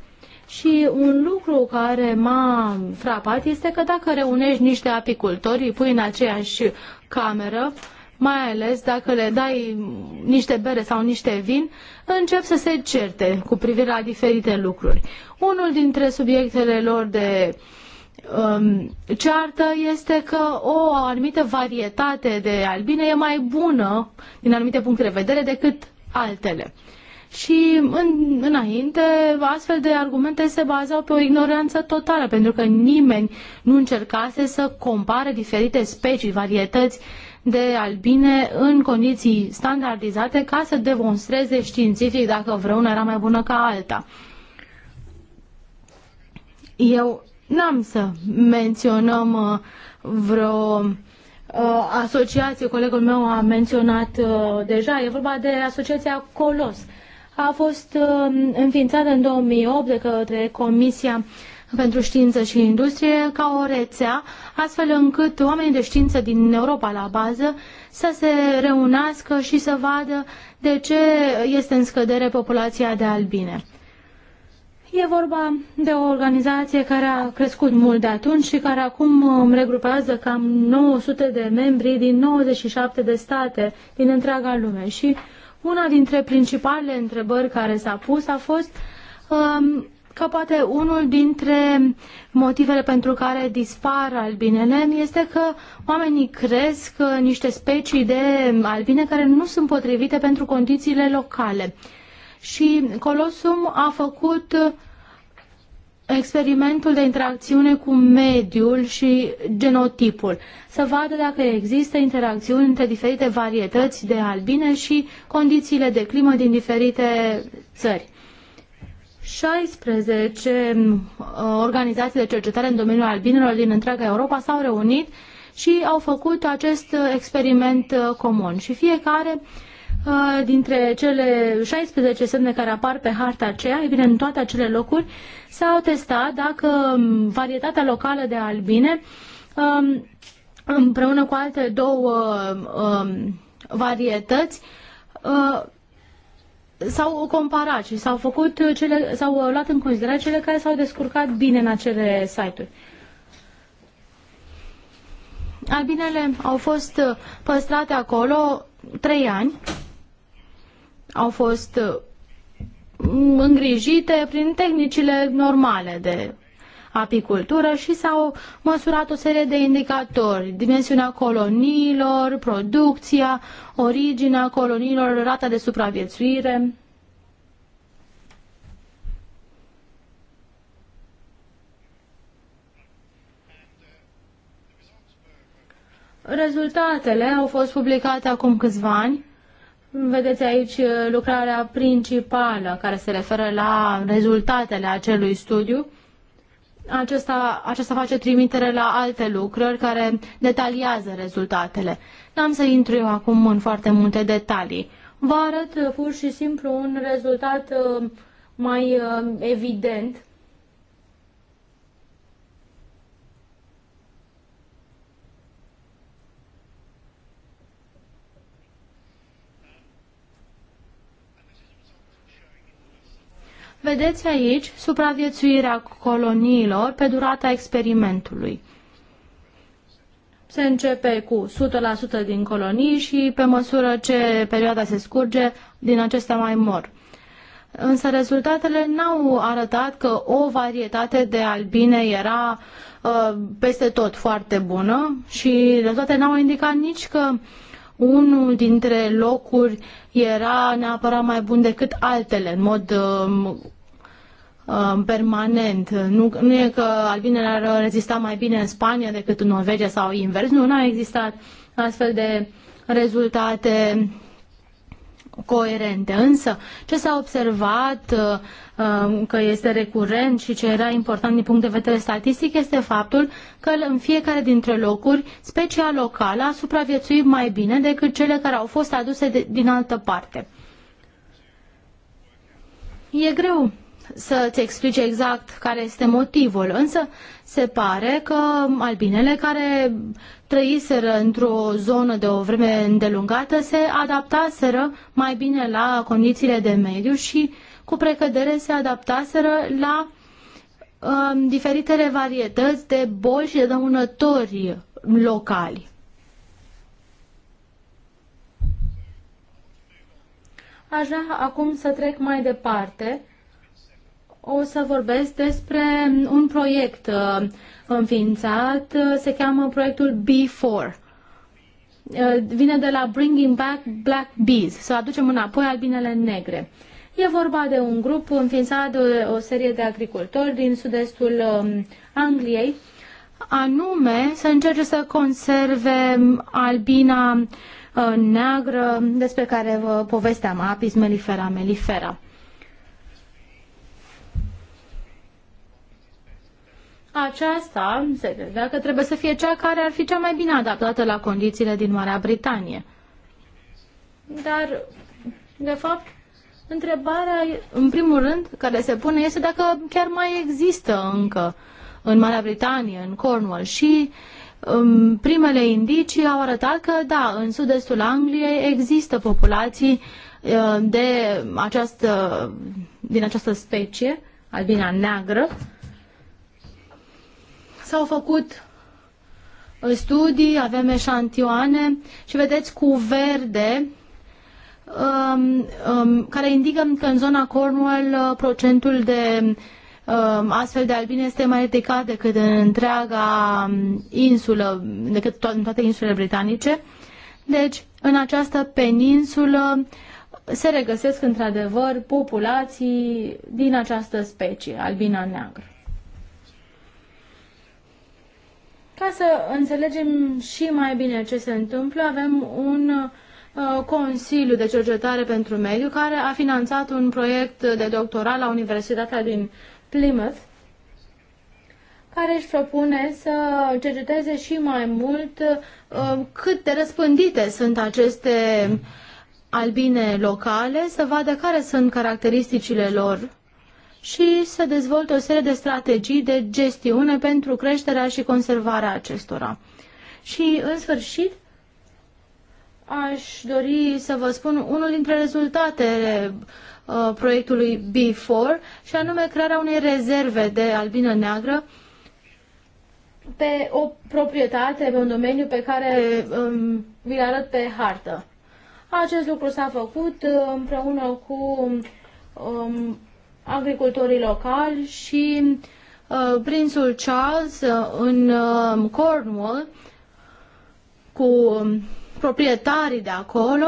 și un lucru care m-a frapat este că dacă reunești niște apicultori, îi pui în aceeași cameră, mai ales dacă le dai niște bere sau niște vin, încep să se certe cu privire la diferite lucruri. Unul dintre subiectele lor de um, ceartă este că o anumită varietate de albine e mai bună din anumite puncte de vedere decât altele și în, înainte astfel de argumente se bazau pe o ignoranță totală, pentru că nimeni nu încercase să compare diferite specii, varietăți de albine în condiții standardizate ca să demonstreze științific dacă vreuna era mai bună ca alta. Eu n-am să menționăm uh, vreo uh, asociație, colegul meu a menționat uh, deja, e vorba de asociația Colos, a fost uh, înființată în 2008 de către Comisia pentru Știință și Industrie ca o rețea, astfel încât oamenii de știință din Europa la bază să se reunească și să vadă de ce este în scădere populația de albine. E vorba de o organizație care a crescut mult de atunci și care acum um, regrupează cam 900 de membri din 97 de state din întreaga lume și una dintre principalele întrebări care s-a pus a fost um, că poate unul dintre motivele pentru care dispar albinele este că oamenii cresc uh, niște specii de albine care nu sunt potrivite pentru condițiile locale. Și Colosum a făcut uh, experimentul de interacțiune cu mediul și genotipul, să vadă dacă există interacțiuni între diferite varietăți de albine și condițiile de climă din diferite țări. 16 mm, organizații de cercetare în domeniul albinelor din întreaga Europa s-au reunit și au făcut acest experiment uh, comun și fiecare uh, Uh, dintre cele 16 semne care apar pe harta aceea, evident, în toate acele locuri, s-au testat dacă um, varietatea locală de albine um, împreună cu alte două um, varietăți uh, s-au comparat și s-au făcut cele, s-au luat în considerare cele care s-au descurcat bine în acele site-uri. Albinele au fost uh, păstrate acolo trei ani au fost uh, îngrijite prin tehnicile normale de apicultură și s-au măsurat o serie de indicatori, dimensiunea coloniilor, producția, originea coloniilor, rata de supraviețuire. Rezultatele au fost publicate acum câțiva ani Vedeți aici uh, lucrarea principală care se referă la rezultatele acelui studiu. Acesta, acesta face trimitere la alte lucrări care detaliază rezultatele. N-am să intru eu acum în foarte multe detalii. Vă arăt uh, pur și simplu un rezultat uh, mai evident Vedeți aici supraviețuirea coloniilor pe durata experimentului. Se începe cu 100% din colonii și pe măsură ce perioada se scurge, din acestea mai mor. Însă rezultatele n-au arătat că o varietate de albine era uh, peste tot foarte bună și rezultatele n-au indicat nici că uh, unul dintre locuri era neapărat mai bun decât altele, în mod um, um, permanent. Nu, nu e că albinele ar rezista mai bine în Spania decât în Norvegia sau invers. Nu, nu au existat astfel de rezultate coerente. Însă, ce s-a observat uh, um, că este recurent și ce era important din punct de vedere statistic este faptul că în fiecare dintre locuri specia locală a supraviețuit mai bine decât cele care au fost aduse de, din altă parte. E greu să-ți explice exact care este motivul, însă se pare că albinele care trăiseră într-o zonă de o vreme îndelungată se adaptaseră mai bine la condițiile de mediu și cu precădere se adaptaseră la um, diferitele varietăți de boli și de dăunători locali. Așa vrea acum să trec mai departe o să vorbesc despre un proiect uh, înființat, uh, se cheamă proiectul B4. Uh, vine de la Bringing Back Black Bees, să aducem înapoi albinele negre. E vorba de un grup înființat de o serie de agricultori din sud-estul um, Angliei, anume să încerce să conserve um, albina neagră despre care vă povesteam, Apis mellifera mellifera. aceasta se credea că trebuie să fie cea care ar fi cea mai bine adaptată la condițiile din Marea Britanie. Dar, de fapt, întrebarea, în primul rând, care se pune este dacă chiar mai există încă în Marea Britanie, în Cornwall și um, primele indicii au arătat că, da, în sud-estul Angliei există populații uh, de această, din această specie, albina neagră, uh, S-au făcut uh, studii, avem eșantioane și vedeți cu verde um, um, care indică că în zona Cornwall uh, procentul de um, astfel de albine este mai ridicat decât în întreaga um, insulă, decât to- în toate insulele britanice. Deci, în această peninsulă se regăsesc într-adevăr populații din această specie, albina neagră. Ca să înțelegem și mai bine ce se întâmplă, avem un uh, Consiliu de Cercetare pentru Mediu care a finanțat un proiect de doctorat la Universitatea din Plymouth care își propune să cerceteze și mai mult uh, cât de răspândite sunt aceste albine locale, să vadă care sunt caracteristicile lor și să dezvolte o serie de strategii de gestiune pentru creșterea și conservarea acestora. Și, în sfârșit, aș dori să vă spun unul dintre rezultatele uh, proiectului Before, și anume crearea unei rezerve de albină neagră pe o proprietate, pe un domeniu pe care um, vi-l arăt pe hartă. Acest lucru s-a făcut uh, împreună cu um, agricultorii locali și uh, prințul Charles uh, în uh, Cornwall cu um, proprietarii de acolo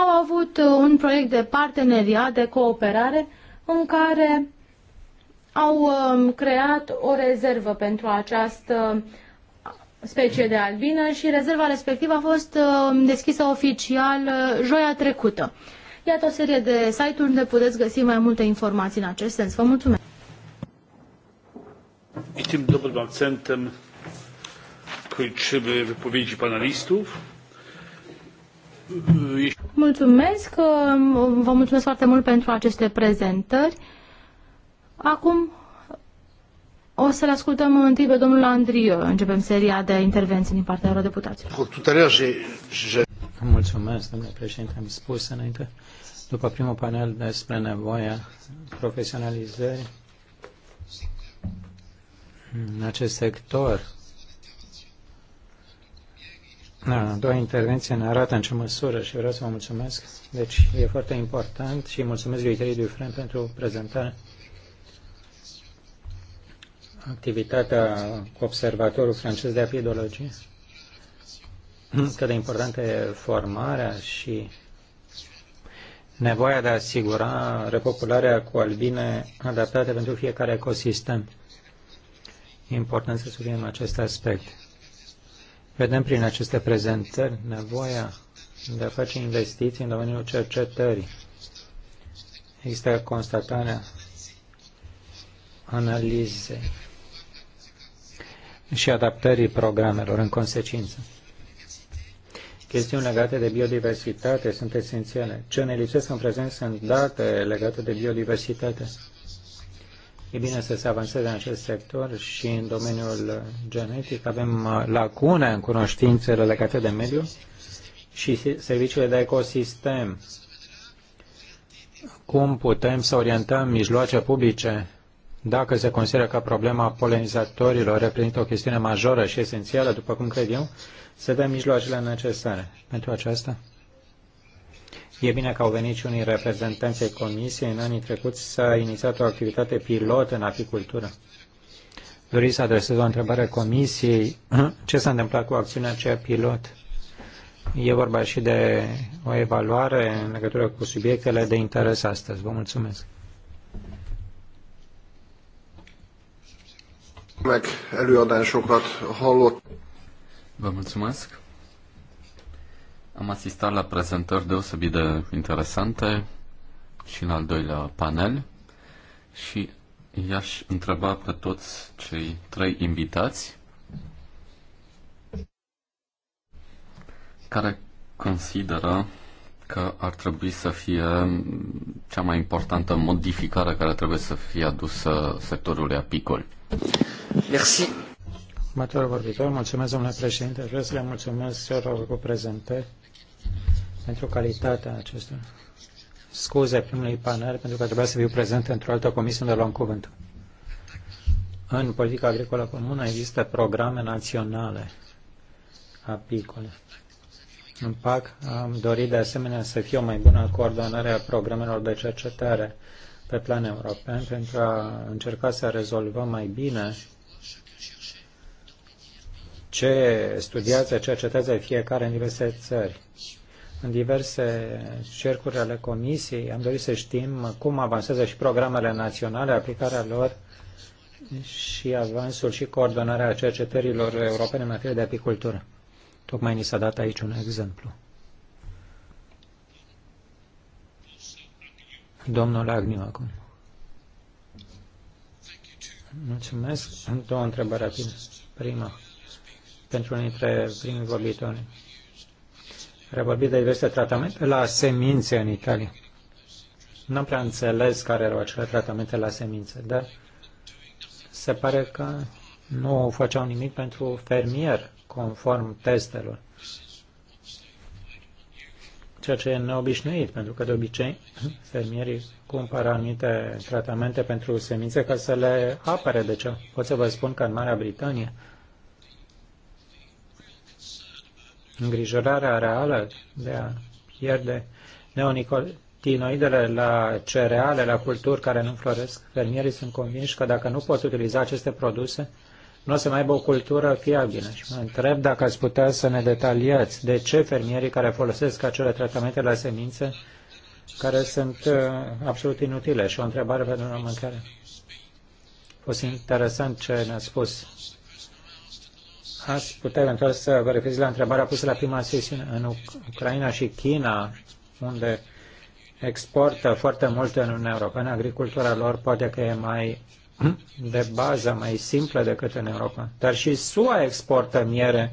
au avut uh, un proiect de parteneriat, de cooperare în care au uh, creat o rezervă pentru această specie de albină și rezerva respectivă a fost uh, deschisă oficial uh, joia trecută. Uh, Iată o serie de site-uri unde puteți găsi mai multe informații în acest sens. Vă mulțumesc! I tym dobrym akcentem kończymy wypowiedzi panelistów. Mulțumesc, um, vă mulțumesc foarte mult pentru aceste prezentări. Acum o să-l ascultăm întâi pe domnul Andriu. Începem seria de intervenții din partea eurodeputaților. Mulțumesc, domnule președinte. Am spus înainte, după primul panel despre nevoia profesionalizării în acest sector, Da, două intervenții ne arată în ce măsură și vreau să vă mulțumesc. Deci e foarte important și mulțumesc lui Italie Dufren pentru prezentare. Activitatea cu observatorul francez de apidologie cât de importantă e formarea și nevoia de a asigura repopularea cu albine adaptate pentru fiecare ecosistem. E important să subliniem acest aspect. Vedem prin aceste prezentări nevoia de a face investiții în domeniul cercetării. Există constatarea analizei și adaptării programelor în consecință chestiuni legate de biodiversitate sunt esențiale. Ce ne lipsesc în prezent sunt date legate de biodiversitate. E bine să se avanseze în acest sector și în domeniul genetic. Avem uh, lacune în cunoștințele legate de mediu și serviciile de ecosistem. Cum putem să orientăm mijloace publice dacă se consideră că problema polenizatorilor reprezintă o chestiune majoră și esențială, după cum cred eu, să dăm mijloacele necesare. Pentru aceasta, e bine că au venit și unii reprezentanți ai Comisiei. În anii trecuți s-a inițiat o activitate pilot în apicultură. Doriți să adresez o întrebare Comisiei. Ce s-a întâmplat cu acțiunea aceea pilot? E vorba și de o evaluare în legătură cu subiectele de interes astăzi. Vă mulțumesc. Meg előadásokat hallott. Vă mulțumesc. Am asistat la prezentări deosebit de interesante și în al doilea panel și i-aș întreba pe toți cei trei invitați care consideră că ar trebui să fie cea mai importantă modificare care trebuie să fie adusă sectorului apicol. Merci. Următorul vorbitor, mulțumesc, domnule președinte. Vreau să le mulțumesc celor cu prezente pentru calitatea acestor scuze primului panel pentru că trebuia să fiu prezent într-o altă comisie unde luam cuvântul. În politica agricolă comună există programe naționale apicole. În PAC am dorit de asemenea să fie o mai bună coordonare a programelor de cercetare pe plan european pentru a încerca să rezolvăm mai bine ce studiază, cercetează fiecare în diverse țări. În diverse cercuri ale comisiei am dorit să știm cum avansează și programele naționale, aplicarea lor și avansul și coordonarea cercetărilor europene în materie de apicultură. Tocmai ni s-a dat aici un exemplu. Domnul Agniu acum. Mulțumesc. Două întrebări rapide. Prima pentru unii dintre primii vorbitori. A vorbit de diverse tratamente la semințe în Italia. Nu am prea înțeles care erau acele tratamente la semințe, dar se pare că nu făceau nimic pentru fermier, conform testelor. Ceea ce e neobișnuit, pentru că de obicei fermierii cumpără anumite tratamente pentru semințe ca să le apere. De deci, ce? Pot să vă spun că în Marea Britanie îngrijorarea reală de a pierde neonicotinoidele la cereale, la culturi care nu floresc. Fermierii sunt convinși că dacă nu pot utiliza aceste produse, nu o să mai aibă o cultură fiabilă. Și mă întreb dacă ați putea să ne detaliați de ce fermierii care folosesc acele tratamente la semințe care sunt uh, absolut inutile. Și o întrebare pentru mâncare. A fost interesant ce ne-a spus Ați putea eventual să vă referiți la întrebarea pusă la prima sesiune în Ucraina și China, unde exportă foarte mult în Uniunea Europeană. Agricultura lor poate că e mai de bază, mai simplă decât în Europa. Dar și SUA exportă miere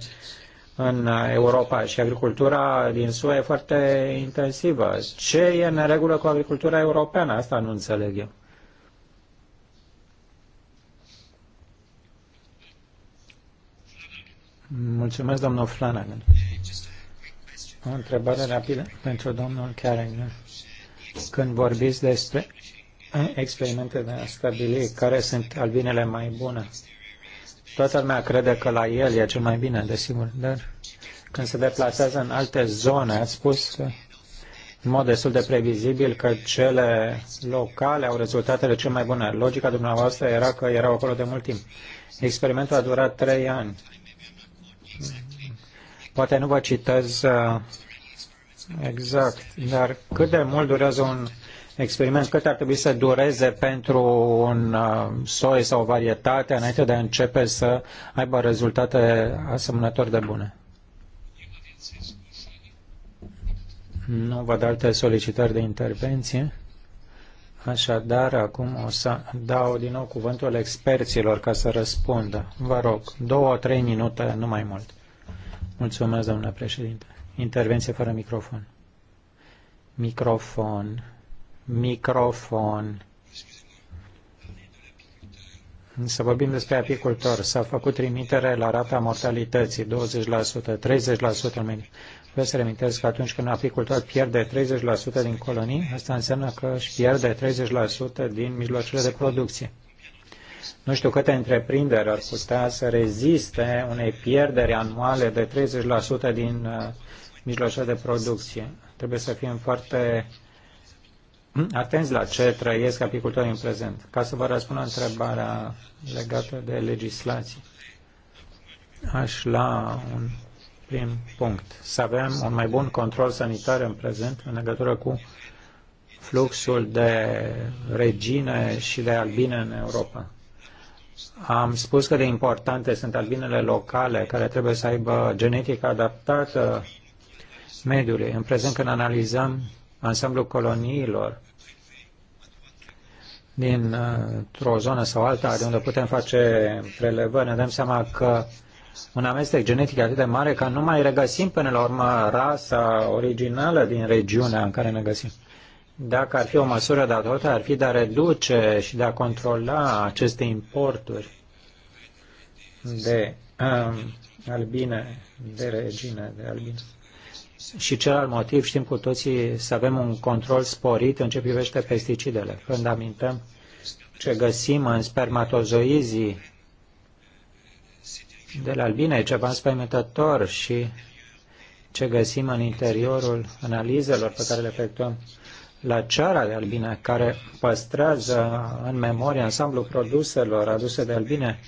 în Europa și agricultura din SUA e foarte intensivă. Ce e în regulă cu agricultura europeană? Asta nu înțeleg eu. Mulțumesc, domnul Flanagan. O întrebare rapidă pentru domnul Carrigan. Când vorbiți despre experimente de a stabili care sunt albinele mai bune, toată lumea crede că la el e cel mai bine, desigur, dar când se deplasează în alte zone, ați spus că în mod destul de previzibil că cele locale au rezultatele cel mai bune. Logica dumneavoastră era că erau acolo de mult timp. Experimentul a durat trei ani Poate nu vă citez uh, exact, dar cât de mult durează un experiment, cât ar trebui să dureze pentru un uh, soi sau o varietate înainte de a începe să aibă rezultate asemănător de bune. Nu văd alte solicitări de intervenție. Așadar, acum o să dau din nou cuvântul experților ca să răspundă. Vă rog, două, trei minute, nu mai mult. Mulțumesc, domnule președinte. Intervenție fără microfon. Microfon. Microfon. Să vorbim despre apicultor. S-a făcut trimitere la rata mortalității, 20%, 30% în mediu. Vreau să reamintesc că atunci când apicultor pierde 30% din colonii, asta înseamnă că își pierde 30% din mijloacele de producție. Nu știu câte întreprinderi ar putea să reziste unei pierderi anuale de 30% din uh, mijloace de producție. Trebuie să fim foarte atenți la ce trăiesc apicultorii în prezent. Ca să vă răspund la întrebarea legată de legislație, aș la un prim punct. Să avem un mai bun control sanitar în prezent în legătură cu fluxul de regine și de albine în Europa. Am spus că de importante sunt albinele locale care trebuie să aibă genetică adaptată mediului. În prezent când analizăm ansamblul coloniilor dintr-o zonă sau alta de unde putem face prelevări, ne dăm seama că un amestec genetic atât de mare ca nu mai regăsim până la urmă rasa originală din regiunea în care ne găsim. Dacă ar fi o măsură de adoptă, ar fi de a reduce și de a controla aceste importuri de um, albine, de regine, de albine. Și celălalt motiv, știm cu toții, să avem un control sporit în ce privește pesticidele. Când amintăm ce găsim în spermatozoizii de la albine, e ceva înspăimântător și ce găsim în interiorul analizelor pe care le efectuăm la ceara de albine, care păstrează în memorie ansamblul produselor aduse de albine.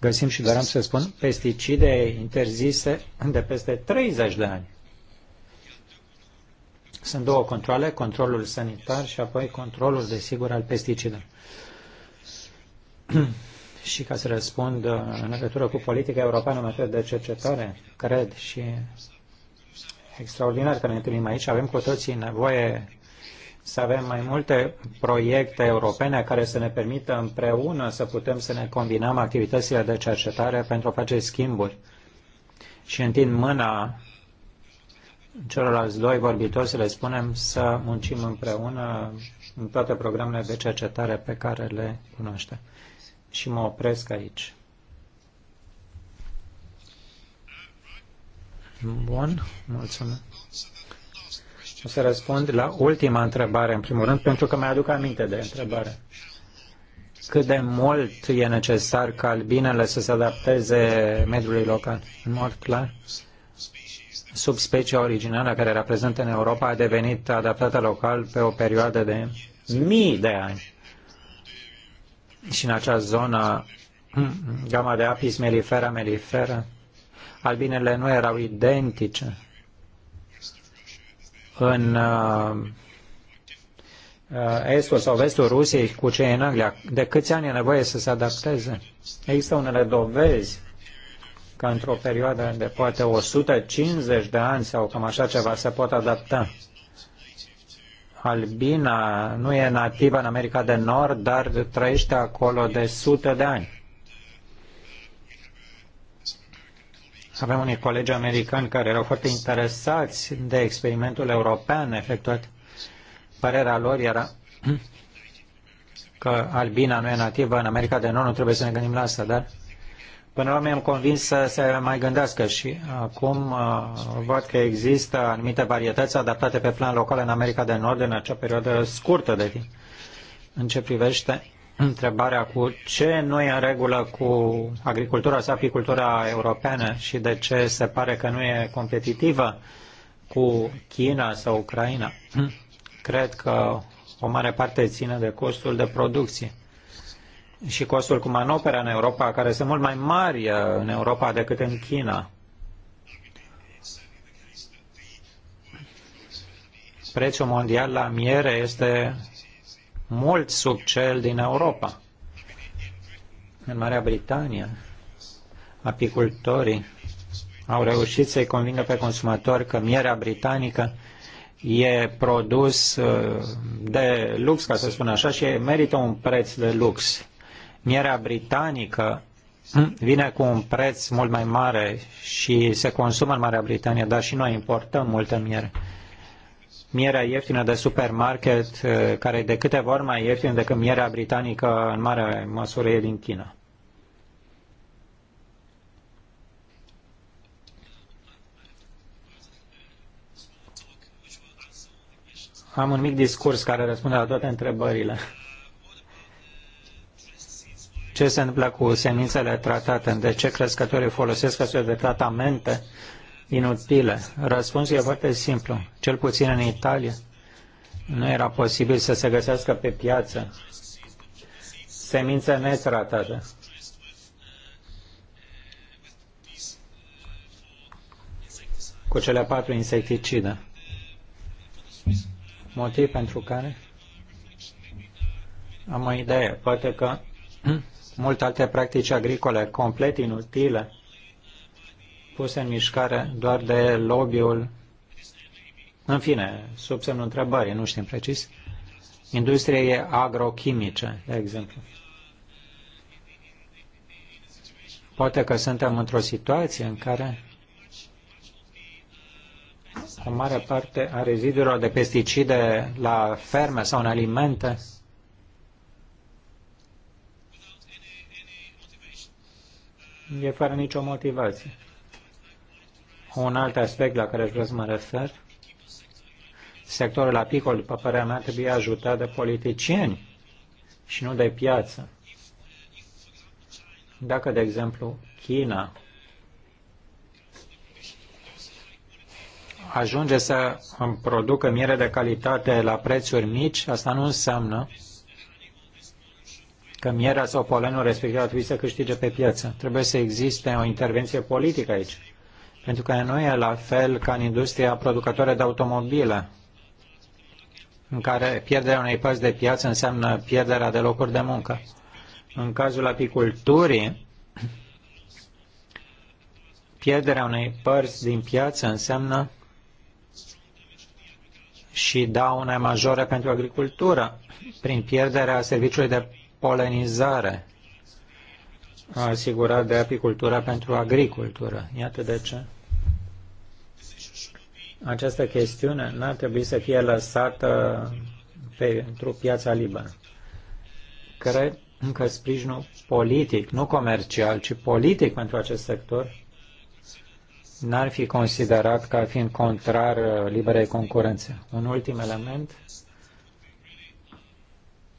Găsim și doream să spun pesticide interzise de peste 30 de ani. Sunt două controle, controlul sanitar și apoi controlul, sigur al pesticidelor. și ca să răspund uh, în legătură cu politica europeană în materie de cercetare, cred și extraordinar că ne întâlnim aici, avem cu toții nevoie să avem mai multe proiecte europene care să ne permită împreună să putem să ne combinăm activitățile de cercetare pentru a face schimburi. Și întind mâna celorlalți doi vorbitori să le spunem să muncim împreună în toate programele de cercetare pe care le cunoaște Și mă opresc aici. Bun, mulțumesc. O să răspund la ultima întrebare, în primul rând, pentru că mi-aduc aminte de întrebare. Cât de mult e necesar ca albinele să se adapteze mediului local? În mod clar, subspecia originală care era prezentă în Europa a devenit adaptată local pe o perioadă de mii de ani. Și în acea zonă, gama de apis melifera melifera, albinele nu erau identice în uh, uh, estul sau vestul Rusiei cu cei în Anglia. De câți ani e nevoie să se adapteze? Există unele dovezi că într-o perioadă de poate 150 de ani sau cam așa ceva se pot adapta. Albina nu e nativă în America de Nord, dar trăiește acolo de sute de ani. să avem unii colegi americani care erau foarte interesați de experimentul european efectuat. Părerea lor era că albina nu e nativă în America de Nord, nu trebuie să ne gândim la asta, dar până la urmă am convins să se mai gândească și acum uh, văd că există anumite varietăți adaptate pe plan local în America de Nord în acea perioadă scurtă de timp. În ce privește întrebarea cu ce nu e în regulă cu agricultura sau apicultura europeană și de ce se pare că nu e competitivă cu China sau Ucraina. Cred că o mare parte ține de costul de producție și costul cu manopera în Europa, care sunt mult mai mari uh, în Europa decât în China. Prețul mondial la miere este mult sub cel din Europa. În Marea Britanie, apicultorii au reușit să-i convingă pe consumatori că mierea britanică e produs uh, de lux, ca să spun așa, și merită un preț de lux. Mierea britanică vine cu un preț mult mai mare și se consumă în Marea Britanie, dar și noi importăm multă miere mierea ieftină de supermarket, uh, care e de câteva ori mai ieftină decât mierea britanică, în mare măsură e din China. Am un mic discurs care răspunde la toate întrebările. Ce se întâmplă cu semințele tratate? De ce crescătorii folosesc astfel de tratamente inutile. Răspunsul e foarte simplu. Cel puțin în Italia nu era posibil să se găsească pe piață semințe netratate. cu cele patru insecticide. Motiv pentru care am o idee. Poate că multe alte practici agricole complet inutile puse în mișcare doar de lobby-ul, în fine, sub semnul întrebării, nu știm precis, industriei agrochimice, de exemplu. Poate că suntem într-o situație în care o mare parte a rezidurilor de pesticide la ferme sau în alimente e fără nicio motivație. Un alt aspect la care aș vrea să mă refer, sectorul apicol, după părerea mea, trebuie ajutat de politicieni și nu de piață. Dacă, de exemplu, China ajunge să producă miere de calitate la prețuri mici, asta nu înseamnă că mierea sau polenul respectiv ar trebui să câștige pe piață. Trebuie să existe o intervenție politică aici. Pentru că nu e la fel ca în industria producătoare de automobile, în care pierderea unei părți de piață înseamnă pierderea de locuri de muncă. În cazul apiculturii, pierderea unei părți din piață înseamnă și daune majore pentru agricultură prin pierderea serviciului de polenizare asigurat de apicultura pentru agricultură. Iată de ce. Această chestiune nu ar trebui să fie lăsată pentru piața liberă. Cred că sprijinul politic, nu comercial, ci politic pentru acest sector, n-ar fi considerat ca fiind contrar liberei concurențe. Un ultim element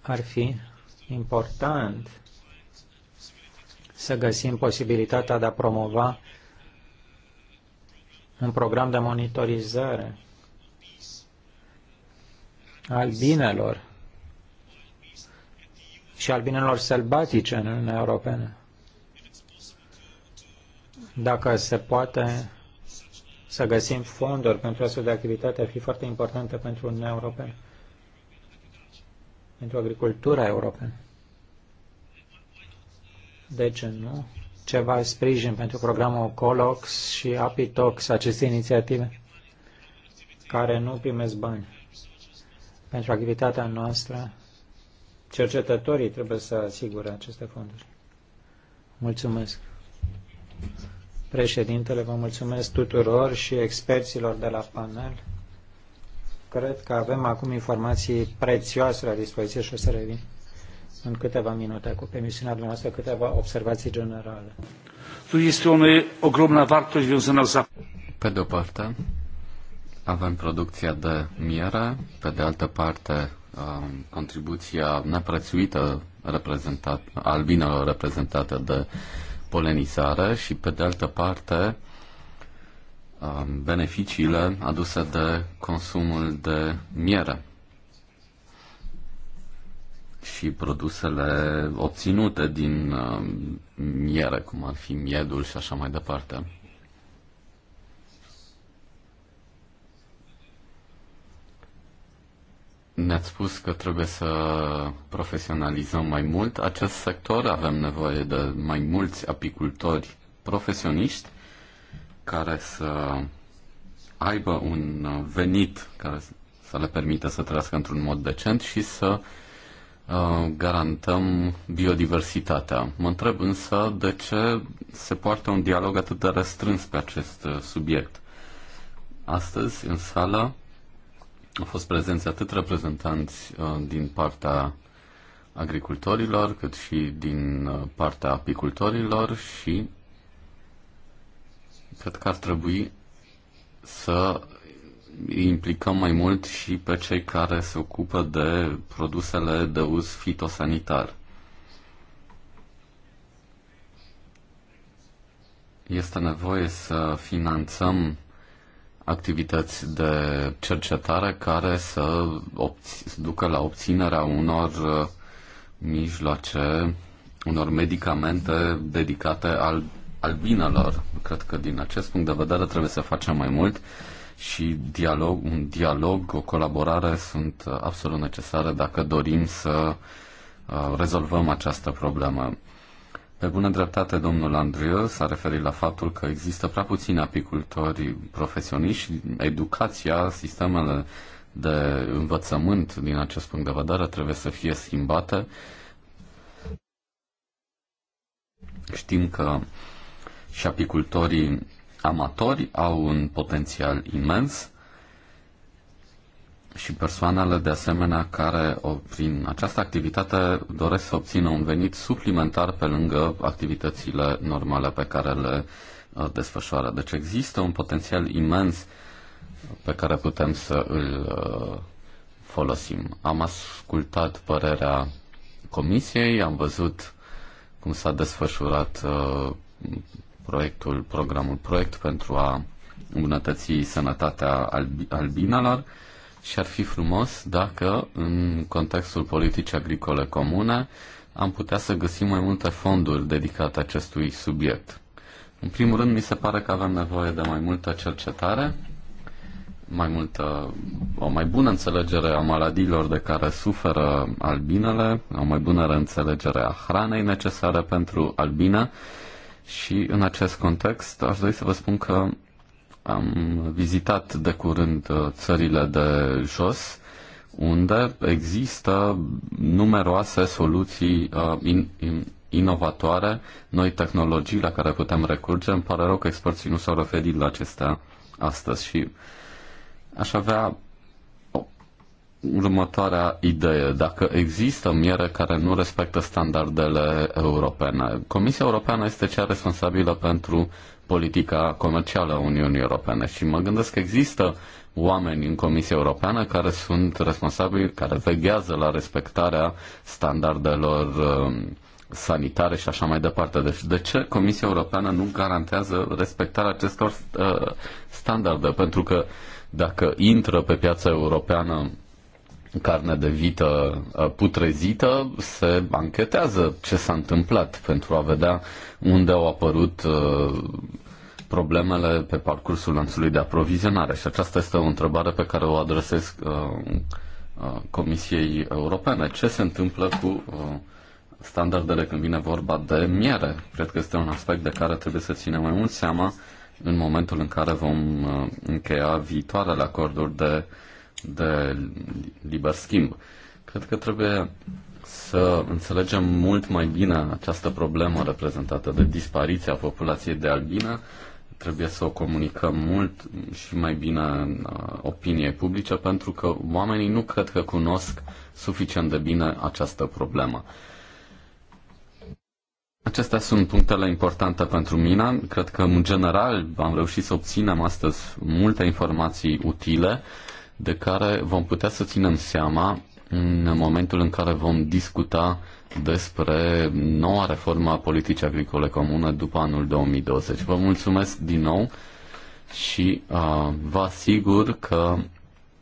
ar fi important să găsim posibilitatea de a promova un program de monitorizare al binelor și al binelor sălbatice în Uniunea Europeană. Dacă se poate să găsim fonduri pentru astfel de activitate, ar fi foarte importantă pentru Uniunea Europeană, pentru agricultura europeană de ce nu, ceva sprijin pentru programul Colox și Apitox, aceste inițiative care nu primesc bani. Pentru activitatea noastră, cercetătorii trebuie să asigure aceste fonduri. Mulțumesc. Președintele, vă mulțumesc tuturor și experților de la panel. Cred că avem acum informații prețioase la dispoziție și o să revin în câteva minute, cu permisiunea dumneavoastră, câteva observații generale. Tu este o ogromna wartość związana z Pe de o parte, avem producția de miere, pe de altă parte, um, contribuția neprețuită reprezentat, albinelor reprezentată de polenizare și, pe de altă parte, um, beneficiile aduse de consumul de miere și produsele obținute din uh, miere, cum ar fi miedul și așa mai departe. Ne-ați spus că trebuie să profesionalizăm mai mult acest sector, avem nevoie de mai mulți apicultori profesioniști care să aibă un venit care să le permită să trăiască într-un mod decent și să uh, Uh, garantăm biodiversitatea. Mă întreb însă de ce se poartă un dialog atât de restrâns pe acest uh, subiect. Astăzi, în sală, au fost prezenți atât reprezentanți uh, din partea agricultorilor, cât și din partea apicultorilor și cred că ar trebui să implicăm mai mult și pe cei care se ocupă de produsele de uz fitosanitar. Este nevoie să finanțăm activități de cercetare care să, să ducă la obținerea unor uh, mijloace, unor medicamente dedicate al albinelor. Cred că din acest punct de vedere trebuie să facem mai mult și dialog, un dialog, o colaborare sunt uh, absolut necesare dacă dorim să uh, rezolvăm această problemă. Pe bună dreptate, domnul Andriu s-a referit la faptul că există prea puțini apicultori profesioniști și educația, sistemele de învățământ din acest punct de vedere trebuie să fie schimbate. Știm că și apicultorii amatori au un potențial imens și persoanele de asemenea care prin această activitate doresc să obțină un venit suplimentar pe lângă activitățile normale pe care le uh, desfășoară. Deci există un potențial imens pe care putem să îl uh, folosim. Am ascultat părerea comisiei, am văzut cum s-a desfășurat uh, proiectul, programul proiect pentru a îmbunătăți sănătatea albinelor și ar fi frumos dacă în contextul politicii agricole comune am putea să găsim mai multe fonduri dedicate acestui subiect. În primul rând, mi se pare că avem nevoie de mai multă cercetare, mai multă, o mai bună înțelegere a maladiilor de care suferă albinele, o mai bună înțelegere a hranei necesare pentru albine și în acest context aș dori să vă spun că am vizitat de curând uh, țările de jos, unde există numeroase soluții uh, in, in, inovatoare, noi tehnologii la care putem recurge. Îmi pare rău că experții nu s-au referit la acestea astăzi și aș avea următoarea idee. Dacă există miere care nu respectă standardele europene, Comisia Europeană este cea responsabilă pentru politica comercială a Uniunii Europene și mă gândesc că există oameni în Comisia Europeană care sunt responsabili, care veghează la respectarea standardelor um, sanitare și așa mai departe. Deci de ce Comisia Europeană nu garantează respectarea acestor uh, standarde? Pentru că dacă intră pe piața europeană carne de vită uh, putrezită, se anchetează ce s-a întâmplat pentru a vedea unde au apărut uh, problemele pe parcursul lanțului de aprovizionare. Și aceasta este o întrebare pe care o adresez uh, Comisiei Europene. Ce se întâmplă cu standardele când vine vorba de miere? Cred că este un aspect de care trebuie să ținem mai mult seama în momentul în care vom încheia viitoarele acorduri de uh, de liber schimb. Cred că trebuie să înțelegem mult mai bine această problemă reprezentată de dispariția populației de albine. Trebuie să o comunicăm mult și mai bine în uh, opinie publice, pentru că oamenii nu cred că cunosc suficient de bine această problemă. Acestea sunt punctele importante pentru mine. Cred că, în general, am reușit să obținem astăzi multe informații utile de care vom putea să ținem seama în momentul în care vom discuta despre noua reformă a politicii agricole comune după anul 2020. Vă mulțumesc din nou și uh, vă asigur că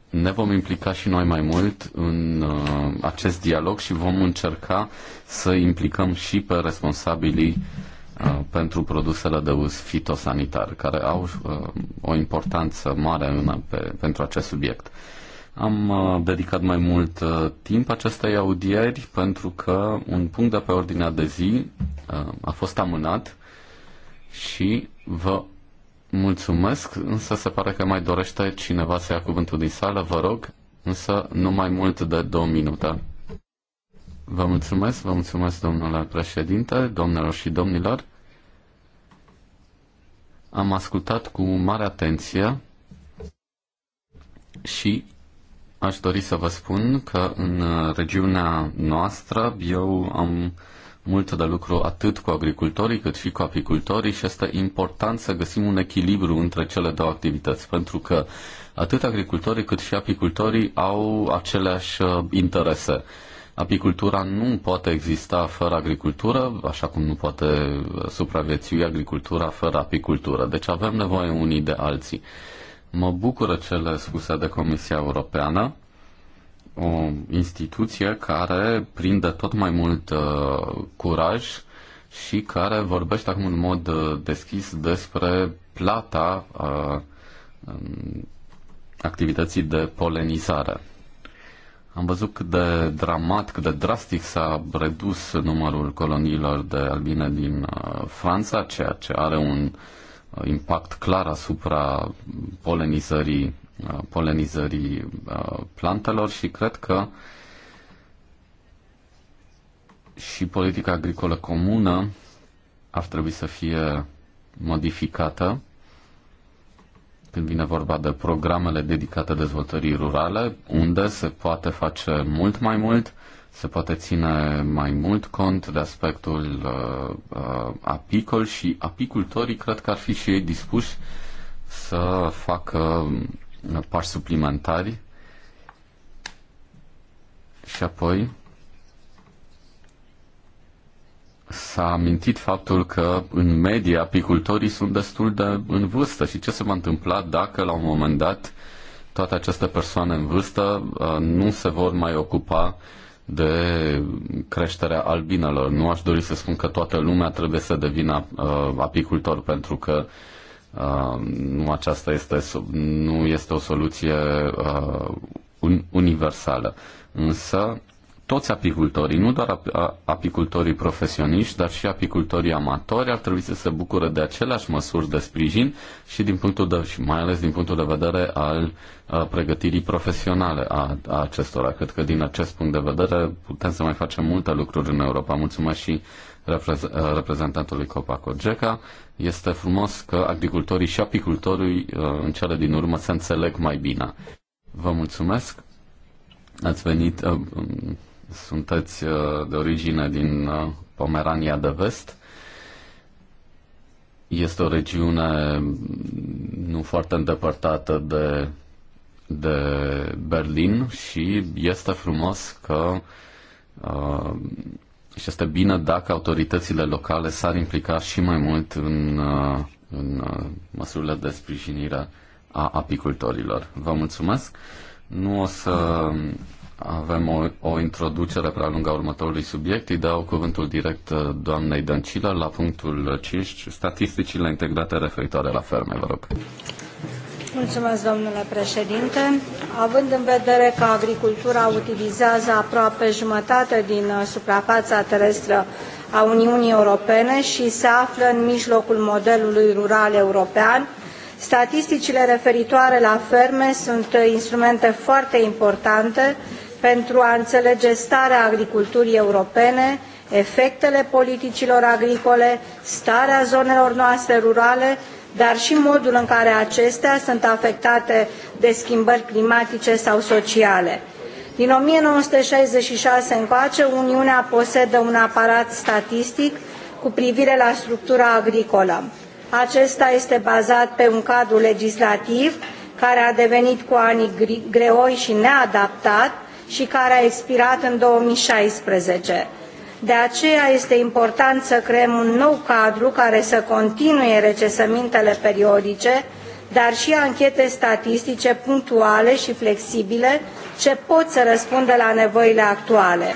ne vom implica și noi mai mult în uh, acest dialog și vom încerca să implicăm și pe responsabilii uh, Uh, pentru produsele de uz fitosanitar, care au uh, o importanță mare în, pe, pentru acest subiect. Am uh, dedicat mai mult timp acestei audieri pentru că un punct de pe ordinea de zi a fost amânat și vă mulțumesc, însă se pare că mai dorește cineva să ia cuvântul din sală, vă rog, însă nu mai mult de două minute. Vă mulțumesc, vă mulțumesc, domnule președinte, domnilor și domnilor. Am ascultat cu mare atenție și aș dori să vă spun că în regiunea noastră eu am multe de lucru atât cu agricultorii cât și cu apicultorii și este important să găsim un echilibru între cele două activități, pentru că atât agricultorii cât și apicultorii au aceleași uh, interese Apicultura nu poate exista fără agricultură, așa cum nu poate supraviețui agricultura fără apicultură. Deci avem nevoie unii de alții. Mă bucură cele spuse de Comisia Europeană, o instituție care prinde tot mai mult uh, curaj și care vorbește acum în mod uh, deschis despre plata uh, um, activității de polenizare. Am văzut cât de dramat, cât de drastic s-a redus numărul coloniilor de albine din uh, Franța, ceea ce are un uh, impact clar asupra polenizării, uh, polenizării plantelor și cred că și politica agricolă comună ar trebui să fie modificată când vine vorba de programele dedicate dezvoltării rurale, unde se poate face mult mai mult, se poate ține mai mult cont de aspectul uh, uh apicol și apicultorii cred că ar fi și ei dispuși să facă uh, pași suplimentari și apoi s-a amintit faptul că în media apicultorii sunt destul de în vârstă și ce se va întâmpla dacă la un moment dat toate aceste persoane în vârstă uh, nu se vor mai ocupa de creșterea albinelor. Nu aș dori să spun că toată lumea trebuie să devină uh, apicultor pentru că uh, nu aceasta este, nu este o soluție universală. Însă toți apicultorii, nu doar apicultorii profesioniști, dar și apicultorii amatori ar trebui să se bucure de aceleași măsuri de sprijin și din punctul de, și mai ales din punctul de vedere al pregătirii profesionale a, a acestora. Cred că din acest punct de vedere putem să mai facem multe lucruri în Europa. Mulțumesc și reprezentantului Copaco Geca. Este frumos că agricultorii și apicultorii în cele din urmă se înțeleg mai bine. Vă mulțumesc. Ați venit, sunteți uh, de origine din uh, Pomerania de Vest. Este o regiune mm, nu foarte îndepărtată de, de Berlin și este frumos că uh, și este bine dacă autoritățile locale s-ar implica și mai mult în, uh, în uh, măsurile de sprijinire a apicultorilor. Vă mulțumesc! Nu o să avem o, o introducere prea lungă a următorului subiect. Îi dau cuvântul direct uh, doamnei Dăncilă la punctul 5, statisticile integrate referitoare la ferme, vă rog. Mulțumesc, domnule președinte. Având în vedere că agricultura utilizează aproape jumătate din uh, suprafața terestră a Uniunii Europene și se află în mijlocul modelului rural european, statisticile referitoare la ferme sunt uh, instrumente foarte importante pentru a înțelege starea agriculturii europene, efectele politicilor agricole, starea zonelor noastre rurale, dar și modul în care acestea sunt afectate de schimbări climatice sau sociale. Din 1966 încoace, Uniunea posedă un aparat statistic cu privire la structura agricolă. Acesta este bazat pe un cadru legislativ care a devenit cu anii greoi și neadaptat, și care a expirat în 2016. De aceea este important să creăm un nou cadru care să continue recesămintele periodice, dar și anchete statistice punctuale și flexibile ce pot să răspundă la nevoile actuale.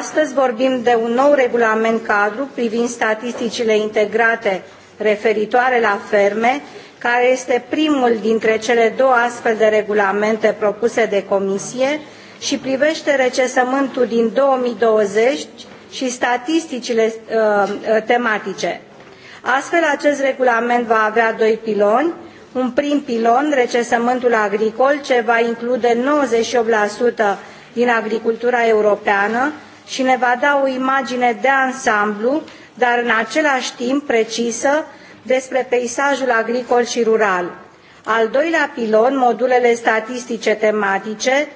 Astăzi vorbim de un nou regulament cadru privind statisticile integrate referitoare la ferme, care este primul dintre cele două astfel de regulamente propuse de Comisie și privește recesământul din 2020 și statisticile uh, tematice. Astfel, acest regulament va avea doi piloni. Un prim pilon, recesământul agricol, ce va include 98% din agricultura europeană și ne va da o imagine de ansamblu, dar în același timp precisă, despre peisajul agricol și rural. Al doilea pilon, modulele statistice tematice,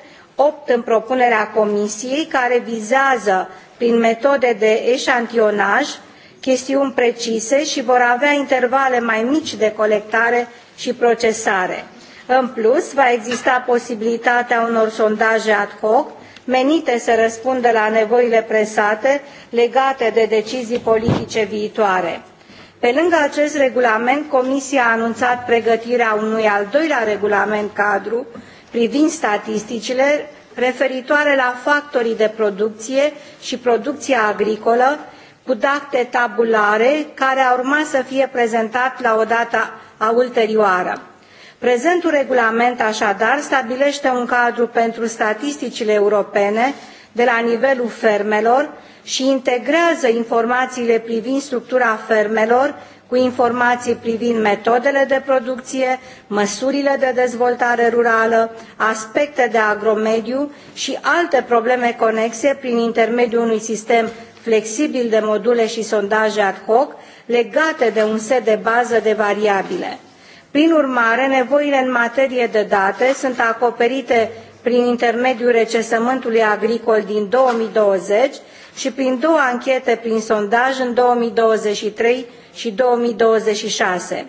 opt în propunerea Comisiei, care vizează, prin metode de eșantionaj, chestiuni precise și vor avea intervale mai mici de colectare și procesare. În plus, va exista posibilitatea unor sondaje ad hoc menite să răspundă la nevoile presate legate de decizii politice viitoare. Pe lângă acest regulament, Comisia a anunțat pregătirea unui al doilea regulament cadru privind statisticile referitoare la factorii de producție și producția agricolă cu date tabulare care a urmat să fie prezentat la o dată a ulterioară. Prezentul regulament așadar stabilește un cadru pentru statisticile europene de la nivelul fermelor și integrează informațiile privind structura fermelor cu informații privind metodele de producție, măsurile de dezvoltare rurală, aspecte de agromediu și alte probleme conexe prin intermediul unui sistem flexibil de module și sondaje ad hoc legate de un set de bază de variabile. Prin urmare, nevoile în materie de date sunt acoperite prin intermediul recensământului agricol din 2020 și prin două anchete prin sondaj în 2023 și 2026.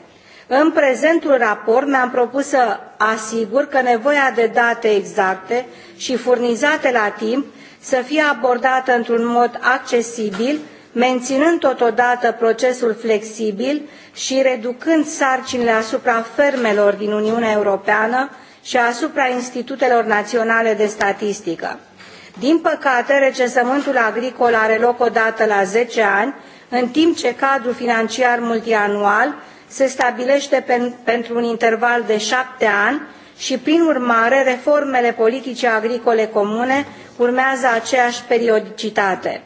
În prezentul raport mi-am propus să asigur că nevoia de date exacte și furnizate la timp să fie abordată într-un mod accesibil, menținând totodată procesul flexibil și reducând sarcinile asupra fermelor din Uniunea Europeană și asupra institutelor naționale de statistică. Din păcate, recensământul agricol are loc o dată la zece ani în timp ce cadrul financiar multianual se stabilește pen, pentru un interval de șapte ani și, prin urmare, reformele politice agricole comune urmează aceeași periodicitate.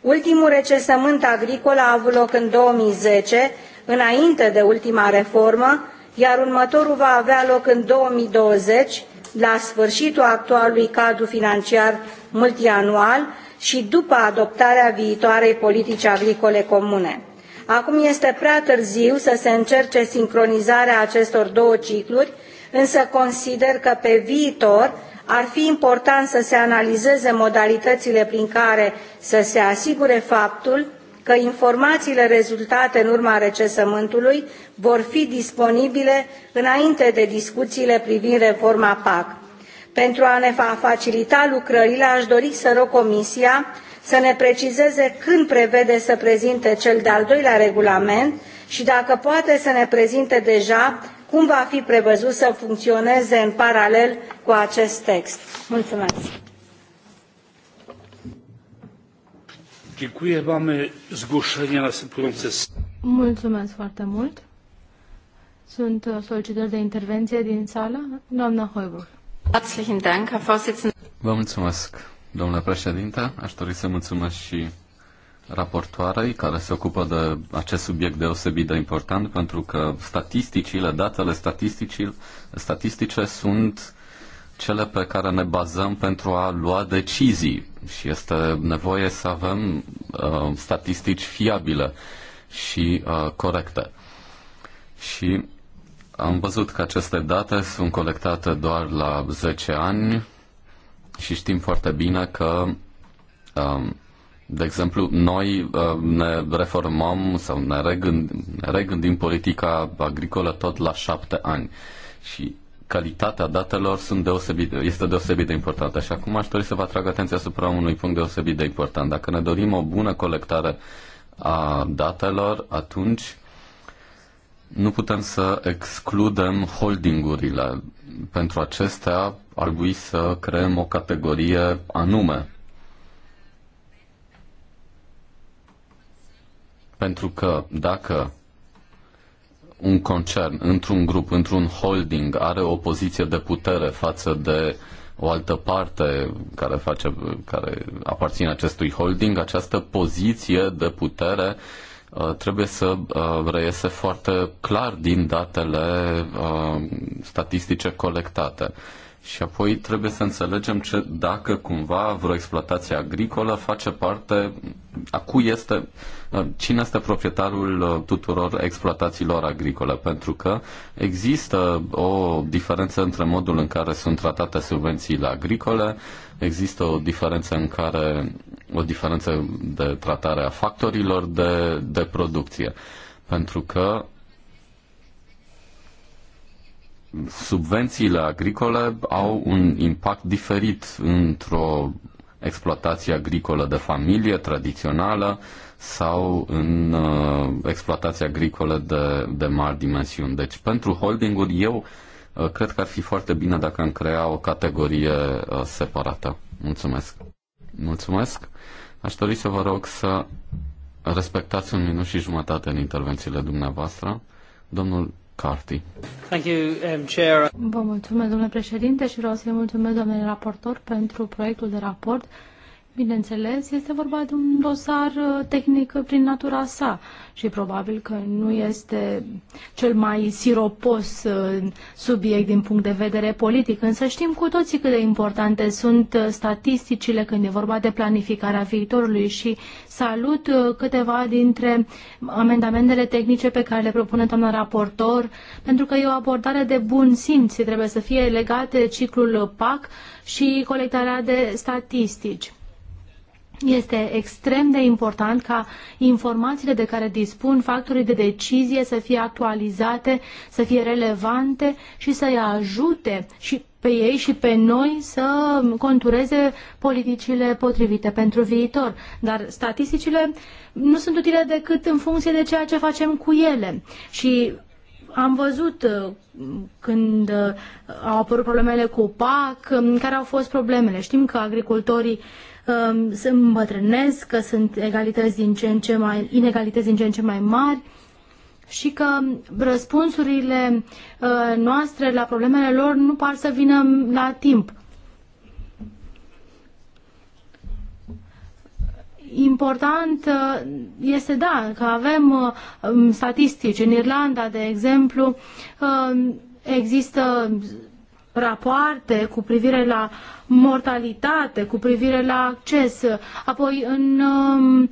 Ultimul recesământ agricol a avut loc în 2010, înainte de ultima reformă, iar următorul va avea loc în 2020, la sfârșitul actualului cadru financiar multianual, și după adoptarea viitoarei politici agricole comune. Acum este prea târziu să se încerce sincronizarea acestor două cicluri, însă consider că pe viitor ar fi important să se analizeze modalitățile prin care să se asigure faptul că informațiile rezultate în urma recesământului vor fi disponibile înainte de discuțiile privind reforma PAC. Pentru a ne facilita lucrările, aș dori să rog Comisia să ne precizeze când prevede să prezinte cel de-al doilea regulament și dacă poate să ne prezinte deja cum va fi prevăzut să funcționeze în paralel cu acest text. Mulțumesc! Mulțumesc foarte mult! Sunt solicitări de intervenție din sală. Doamna Hoiburg. Vă mulțumesc, domnule președinte. Aș dori să mulțumesc și raportoarei care se ocupă de acest subiect deosebit de important pentru că statisticile, datele statistici, statistice sunt cele pe care ne bazăm pentru a lua decizii și este nevoie să avem uh, statistici fiabile și uh, corecte. Și am văzut că aceste date sunt colectate doar la 10 ani și știm foarte bine că, um, de exemplu, noi um, ne reformăm sau ne, regândim, ne regândim politica agricolă tot la 7 ani și calitatea datelor sunt deosebit, este deosebit de importantă. Și acum aș dori să vă atrag atenția asupra unui punct deosebit de important. Dacă ne dorim o bună colectare a datelor, atunci nu putem să excludem holdingurile. Pentru acestea ar trebui să creăm o categorie anume. Pentru că dacă un concern într-un grup, într-un holding are o poziție de putere față de o altă parte care, face, care aparține acestui holding, această poziție de putere uh, Uh, trebuie să uh, reiese foarte clar din datele uh, statistice colectate. Și apoi trebuie să înțelegem ce, dacă cumva vreo exploatație agricolă face parte, a cui este, cine este proprietarul tuturor exploatațiilor agricole, pentru că există o diferență între modul în care sunt tratate subvențiile agricole, există o diferență în care o diferență de tratare a factorilor de, de producție. Pentru că subvențiile agricole au un impact diferit într-o exploatație agricolă de familie tradițională sau în uh, exploatație agricolă de, de mari dimensiuni. Deci pentru holdinguri eu uh, cred că ar fi foarte bine dacă am crea o categorie uh, separată. Mulțumesc. Mulțumesc. Aș dori să vă rog să respectați un minut și jumătate în intervențiile dumneavoastră. Domnul Carty. Thank you, um, Chair. Vă mulțumesc, domnule președinte, și vreau să-i mulțumesc, domnule raportor, pentru proiectul de raport Bineînțeles, este vorba de un dosar uh, tehnic prin natura sa și probabil că nu este cel mai siropos uh, subiect din punct de vedere politic, însă știm cu toții cât de importante sunt uh, statisticile când e vorba de planificarea viitorului și salut câteva dintre amendamentele tehnice pe care le propune doamna raportor, pentru că e o abordare de bun simț, trebuie să fie legate ciclul PAC și colectarea de statistici este extrem de important ca informațiile de care dispun factorii de decizie să fie actualizate, să fie relevante și să-i ajute și pe ei și pe noi să contureze politicile potrivite pentru viitor. Dar statisticile nu sunt utile decât în funcție de ceea ce facem cu ele. Și am văzut uh, când uh, au apărut problemele cu PAC, um, care au fost problemele. Știm că agricultorii Um, se îmbătrânesc, că sunt egalități din ce în ce mai, inegalități din ce în ce mai mari și că răspunsurile uh, noastre la problemele lor nu par să vină la timp. important uh, este, da, că avem uh, statistici. În Irlanda, de exemplu, există rapoarte cu privire la mortalitate, cu privire la acces. Apoi în, um,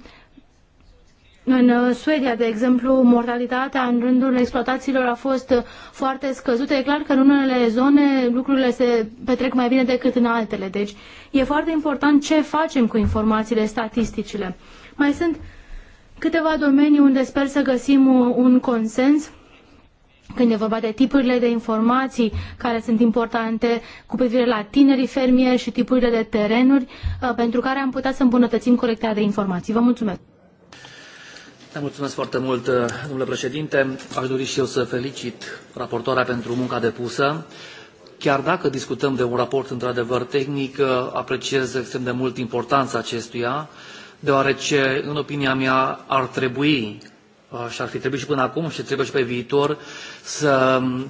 în Suedia, de exemplu, mortalitatea în rândul exploatațiilor a fost foarte scăzută. E clar că în unele zone lucrurile se petrec mai bine decât în altele. Deci e foarte important ce facem cu informațiile, statisticile. Mai sunt câteva domenii unde sper să găsim un consens când e vorba de tipurile de informații care sunt importante cu privire la tinerii fermieri și tipurile de terenuri uh, pentru care am putea să îmbunătățim colectarea de informații. Vă mulțumesc! Da, mulțumesc foarte mult, uh, domnule președinte. Aș dori și eu să felicit raportoarea pentru munca depusă. Chiar dacă discutăm de un raport într-adevăr tehnic, uh, apreciez extrem de mult importanța acestuia, deoarece, în opinia mea, ar trebui Uh, și ar fi trebuit și până acum și trebuie și pe viitor să um,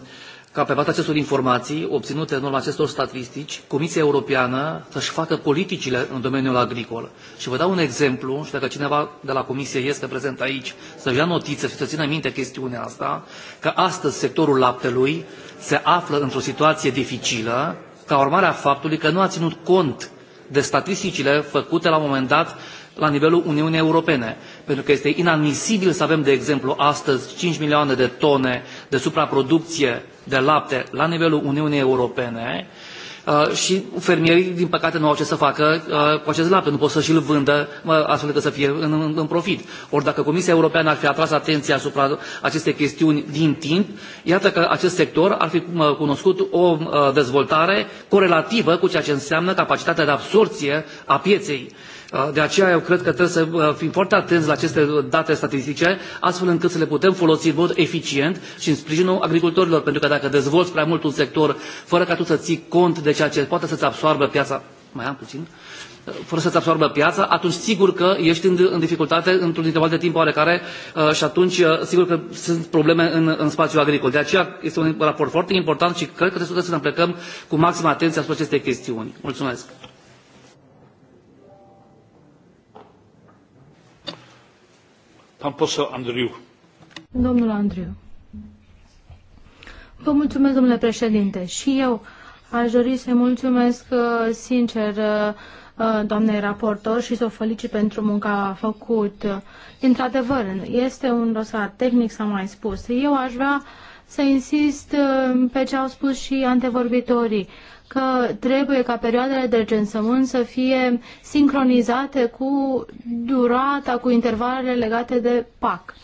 ca pe baza acestor informații obținute în urma acestor statistici, Comisia Europeană să-și facă politicile în domeniul agricol. Și vă dau un exemplu, și dacă cineva de la Comisie este prezent aici, să-și ia notițe și să țină minte chestiunea asta, că astăzi sectorul laptelui se află într-o situație dificilă, ca urmare a faptului că nu a ținut cont de statisticile făcute la un moment dat la nivelul Uniunii Europene pentru că este inadmisibil să avem, de exemplu, astăzi 5 milioane de tone de supraproducție de lapte la nivelul Uniunii Europene uh, și fermierii, din păcate, nu au ce să facă uh, cu acest lapte, nu pot să și-l vândă astfel încât să fie în, în profit. Ori dacă Comisia Europeană ar fi atras atenția asupra acestei chestiuni din timp, iată că acest sector ar fi cunoscut o uh, dezvoltare corelativă cu ceea ce înseamnă capacitatea de absorție a pieței. Uh, de aceea eu cred că trebuie să uh, fim foarte atenți la aceste date statistice, astfel încât să le putem folosi în mod eficient și în sprijinul agricultorilor, pentru că dacă dezvolți prea mult un sector fără ca tu să ții cont de ceea ce poate să-ți absoarbă piața, mai am puțin, uh, fără să-ți absorbă piața, atunci sigur că ești în, în dificultate într-un interval de timp oarecare uh, și atunci uh, sigur că sunt probleme în, în spațiul agricol. De aceea este un raport foarte important și cred că trebuie să ne plecăm cu maximă atenție asupra acestei chestiuni. Mulțumesc! Domnule Andriu. Vă mulțumesc, domnule președinte. Și eu aș dori să mulțumesc uh, sincer uh, uh, doamnei raportor și să o felicit pentru munca făcută. Într-adevăr, este un dosar tehnic, s-a mai spus. Eu aș vrea să insist pe ce au spus și antevorbitorii că trebuie ca perioadele de recensământ să fie sincronizate cu durata, cu intervalele legate de PAC.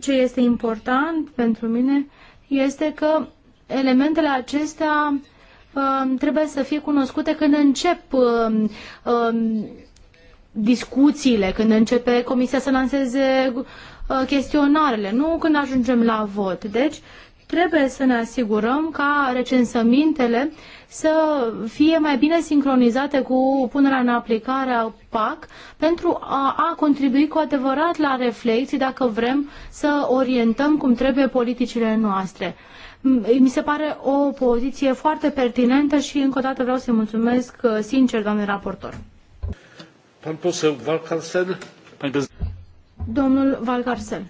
Ce este important pentru mine este că elementele acestea um, trebuie să fie cunoscute când încep um, um, discuțiile, când începe comisia să lanseze uh, chestionarele, nu când ajungem la vot. Deci, trebuie să ne asigurăm ca recensămintele să fie mai bine sincronizate cu punerea în aplicare a PAC pentru a, a contribui cu adevărat la reflexii dacă vrem să orientăm cum trebuie politicile noastre. Mm, mi se pare o poziție foarte pertinentă și încă o dată vreau să-i mulțumesc uh, sincer, doamne raportor. Pan Valcarcel. Domnul Valcarcel.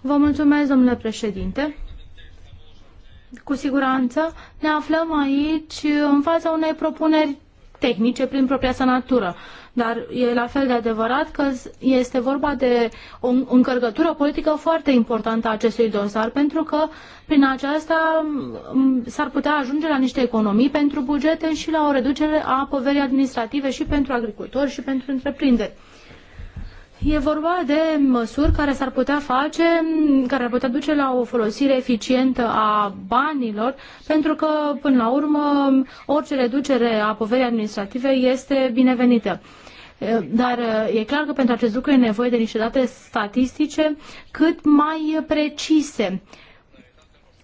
Vă mulțumesc, domnule președinte. Cu siguranță ne aflăm aici în fața unei propuneri tehnice prin propria sa natură. Dar e la fel de adevărat că este vorba de o încărcătură politică foarte importantă a acestui dosar, pentru că prin aceasta s-ar putea ajunge la niște economii pentru bugete și la o reducere a poverii administrative și pentru agricultori și pentru întreprinderi. E vorba de măsuri care s-ar putea face, care ar putea duce la o folosire eficientă a banilor, pentru că, până la urmă, orice reducere a poverii administrative este binevenită. Dar e clar că pentru acest lucru e nevoie de niște date statistice cât mai precise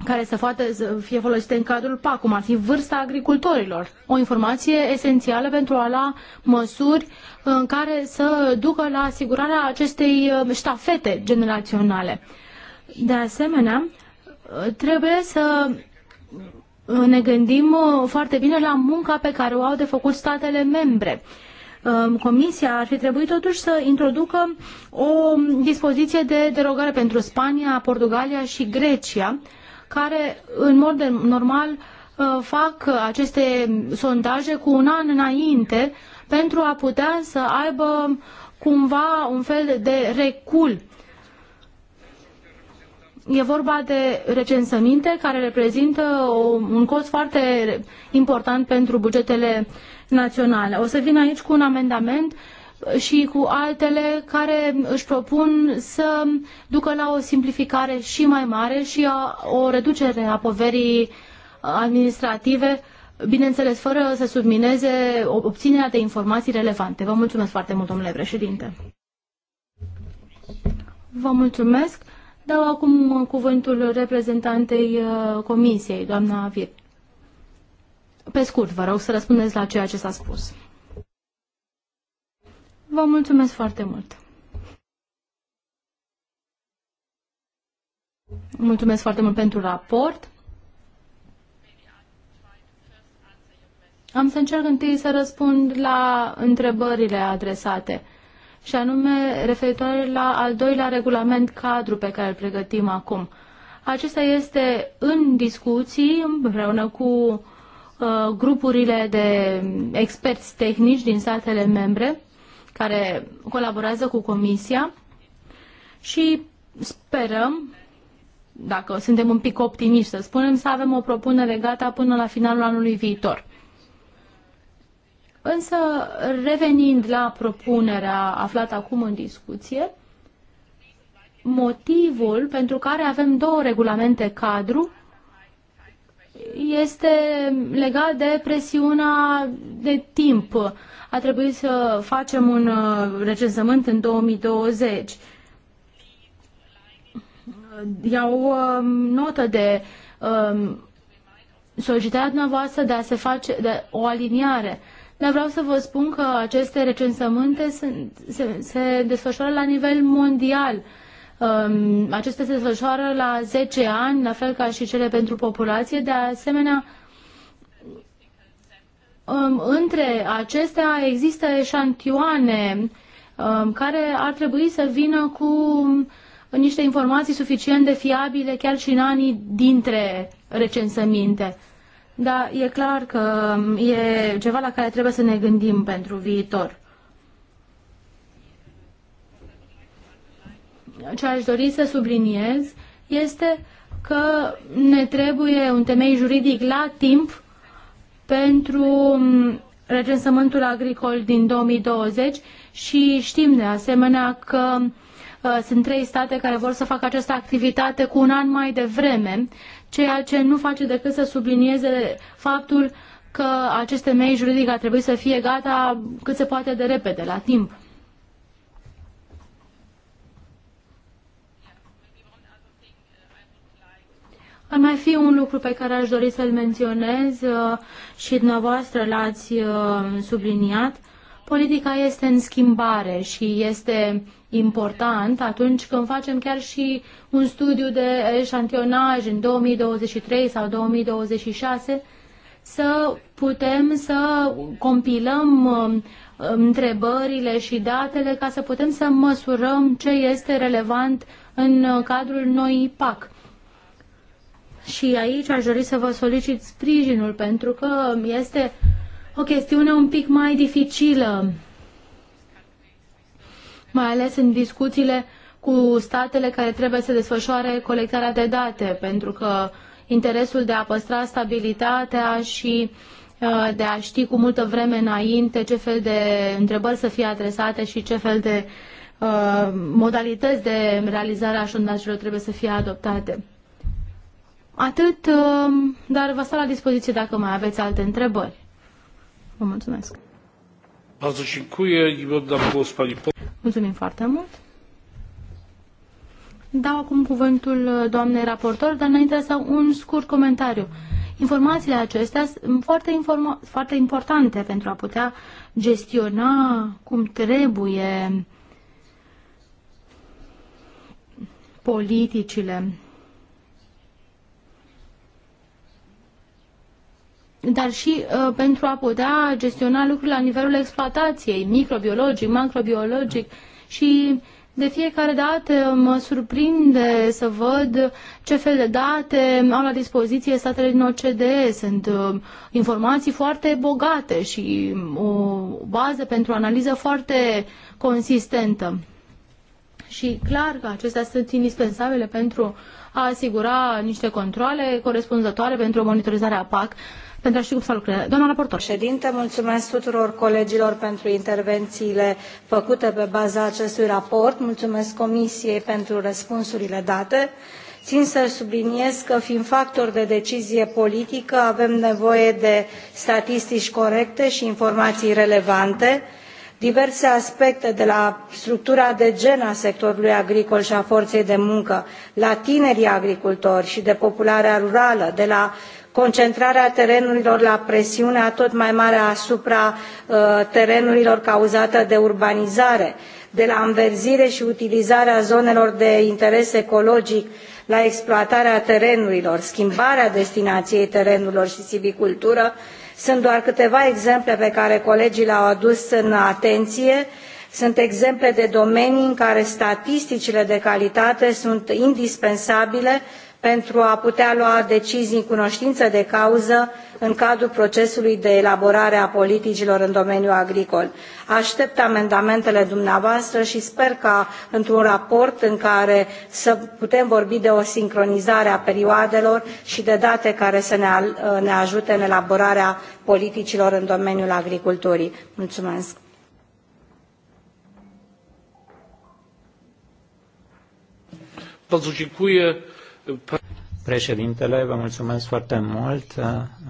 care să, să fie folosite în cadrul PAC, cum ar fi vârsta agricultorilor. O informație esențială pentru a lua măsuri uh, în care să ducă la asigurarea acestei uh, ștafete generaționale. De asemenea, uh, trebuie să ne gândim foarte bine la munca pe care o au de făcut statele membre. Comisia ar fi trebuit totuși să introducă o dispoziție de derogare pentru Spania, Portugalia și Grecia, care în mod normal uh, fac aceste sondaje cu un an înainte pentru a putea să aibă cumva un fel de recul. E vorba de recensăminte care reprezintă un cost foarte important pentru bugetele naționale. O să vin aici cu un amendament și cu altele care își propun să ducă la o simplificare și mai mare și a, o reducere a poverii administrative, bineînțeles fără să submineze obținerea de informații relevante. Vă mulțumesc foarte mult, domnule președinte. Vă mulțumesc. Dau acum cuvântul reprezentantei uh, comisiei, doamna Vir. Pe scurt, vă rog să răspundeți la ceea ce s-a spus. Vă mulțumesc foarte mult! Mulțumesc foarte mult pentru raport. Am să încerc întâi să răspund la întrebările adresate și anume referitoare la al doilea regulament cadru pe care îl pregătim acum. Acesta este în discuții împreună cu uh, grupurile de experți tehnici din statele membre care colaborează cu Comisia și sperăm, dacă suntem un pic optimiști să spunem, să avem o propunere gata până la finalul anului viitor. Însă, revenind la propunerea aflată acum în discuție, motivul pentru care avem două regulamente cadru este legat de presiunea de timp. A trebuit să facem un uh, recensământ în 2020. Iau um, notă de um, solicitarea dumneavoastră de a se face de o aliniare. Dar vreau să vă spun că aceste recensământe sunt, se, se desfășoară la nivel mondial. Uh, Um, acestea se desfășoară la 10 ani, la fel ca și cele pentru populație. De asemenea, um, între acestea există eșantioane um, care ar trebui să vină cu niște informații suficient de fiabile chiar și în anii dintre recensăminte. Dar e clar că e ceva la care trebuie să ne gândim pentru viitor. ce aș dori să subliniez este că ne trebuie un temei juridic la timp pentru mm, recensământul agricol din 2020 și știm de asemenea că uh, sunt trei state care vor să facă această activitate cu un an mai devreme, ceea ce nu face decât să sublinieze faptul că aceste mei juridic ar trebui să fie gata cât se poate de repede, la timp. Ar mai fi un lucru pe care aș dori să-l menționez uh, și dumneavoastră l-ați uh, subliniat. Politica este în schimbare și este important atunci când facem chiar și un studiu de eșantionaj în 2023 sau 2026 să putem să compilăm uh, întrebările și datele ca să putem să măsurăm ce este relevant în cadrul noii PAC și aici aș dori să vă solicit sprijinul pentru că este o chestiune un pic mai dificilă, mai ales în discuțiile cu statele care trebuie să desfășoare colectarea de date, pentru că interesul de a păstra stabilitatea și uh, de a ști cu multă vreme înainte ce fel de întrebări să fie adresate și ce fel de uh, modalități de realizare a sondajelor trebuie să fie adoptate. Atât, um, dar vă stau la dispoziție dacă mai aveți alte întrebări. Vă mulțumesc. Mulțumim foarte mult. Dau acum cuvântul doamnei raportor, dar înainte să un scurt comentariu. Informațiile acestea sunt foarte, informa- foarte importante pentru a putea gestiona cum trebuie politicile dar și uh, pentru a putea gestiona lucrurile la nivelul exploatației, microbiologic, macrobiologic și de fiecare dată mă surprinde să văd ce fel de date au la dispoziție statele din OCDE. Sunt uh, informații foarte bogate și um, o bază pentru o analiză foarte consistentă. Și clar că acestea sunt indispensabile pentru a asigura niște controle corespunzătoare pentru monitorizarea PAC, pentru a ști cum să lucreze. Doamna raportor. Președinte, mulțumesc tuturor colegilor pentru intervențiile făcute pe baza acestui raport. Mulțumesc Comisiei pentru răspunsurile date. Țin să subliniez că, fiind factor de decizie politică, avem nevoie de statistici corecte și informații relevante, diverse aspecte de la structura de gen a sectorului agricol și a forței de muncă la tinerii agricultori și depopularea rurală de la concentrarea terenurilor la presiunea tot mai mare asupra uh, terenurilor cauzată de urbanizare de la înverzire și utilizarea zonelor de interes ecologic la exploatarea terenurilor schimbarea destinației terenurilor și silvicultură sunt doar câteva exemple pe care colegii le au adus în atenție sunt exemple de domenii în care statisticile de calitate sunt indispensabile pentru pentru a putea lua decizii în cunoștință de cauză în cadrul procesului de elaborare a politicilor în domeniul agricol. Aștept amendamentele dumneavoastră și sper ca într-un raport în care să putem vorbi de o sincronizare a perioadelor și de date care să ne, ne ajute în elaborarea politicilor în domeniul agriculturii. Mulțumesc! Bardzo dziękuję. Președintele, vă mulțumesc foarte mult.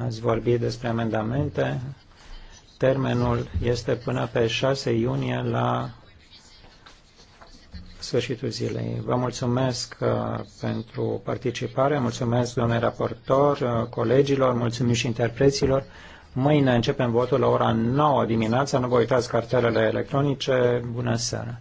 Ați vorbit despre amendamente. Termenul este până pe 6 iunie la sfârșitul zilei. Vă mulțumesc uh, pentru participare, mulțumesc domnule raportor, uh, colegilor, mulțumim și interpreților. Mâine începem votul la ora 9 dimineața. Nu vă uitați cartelele electronice. Bună seara!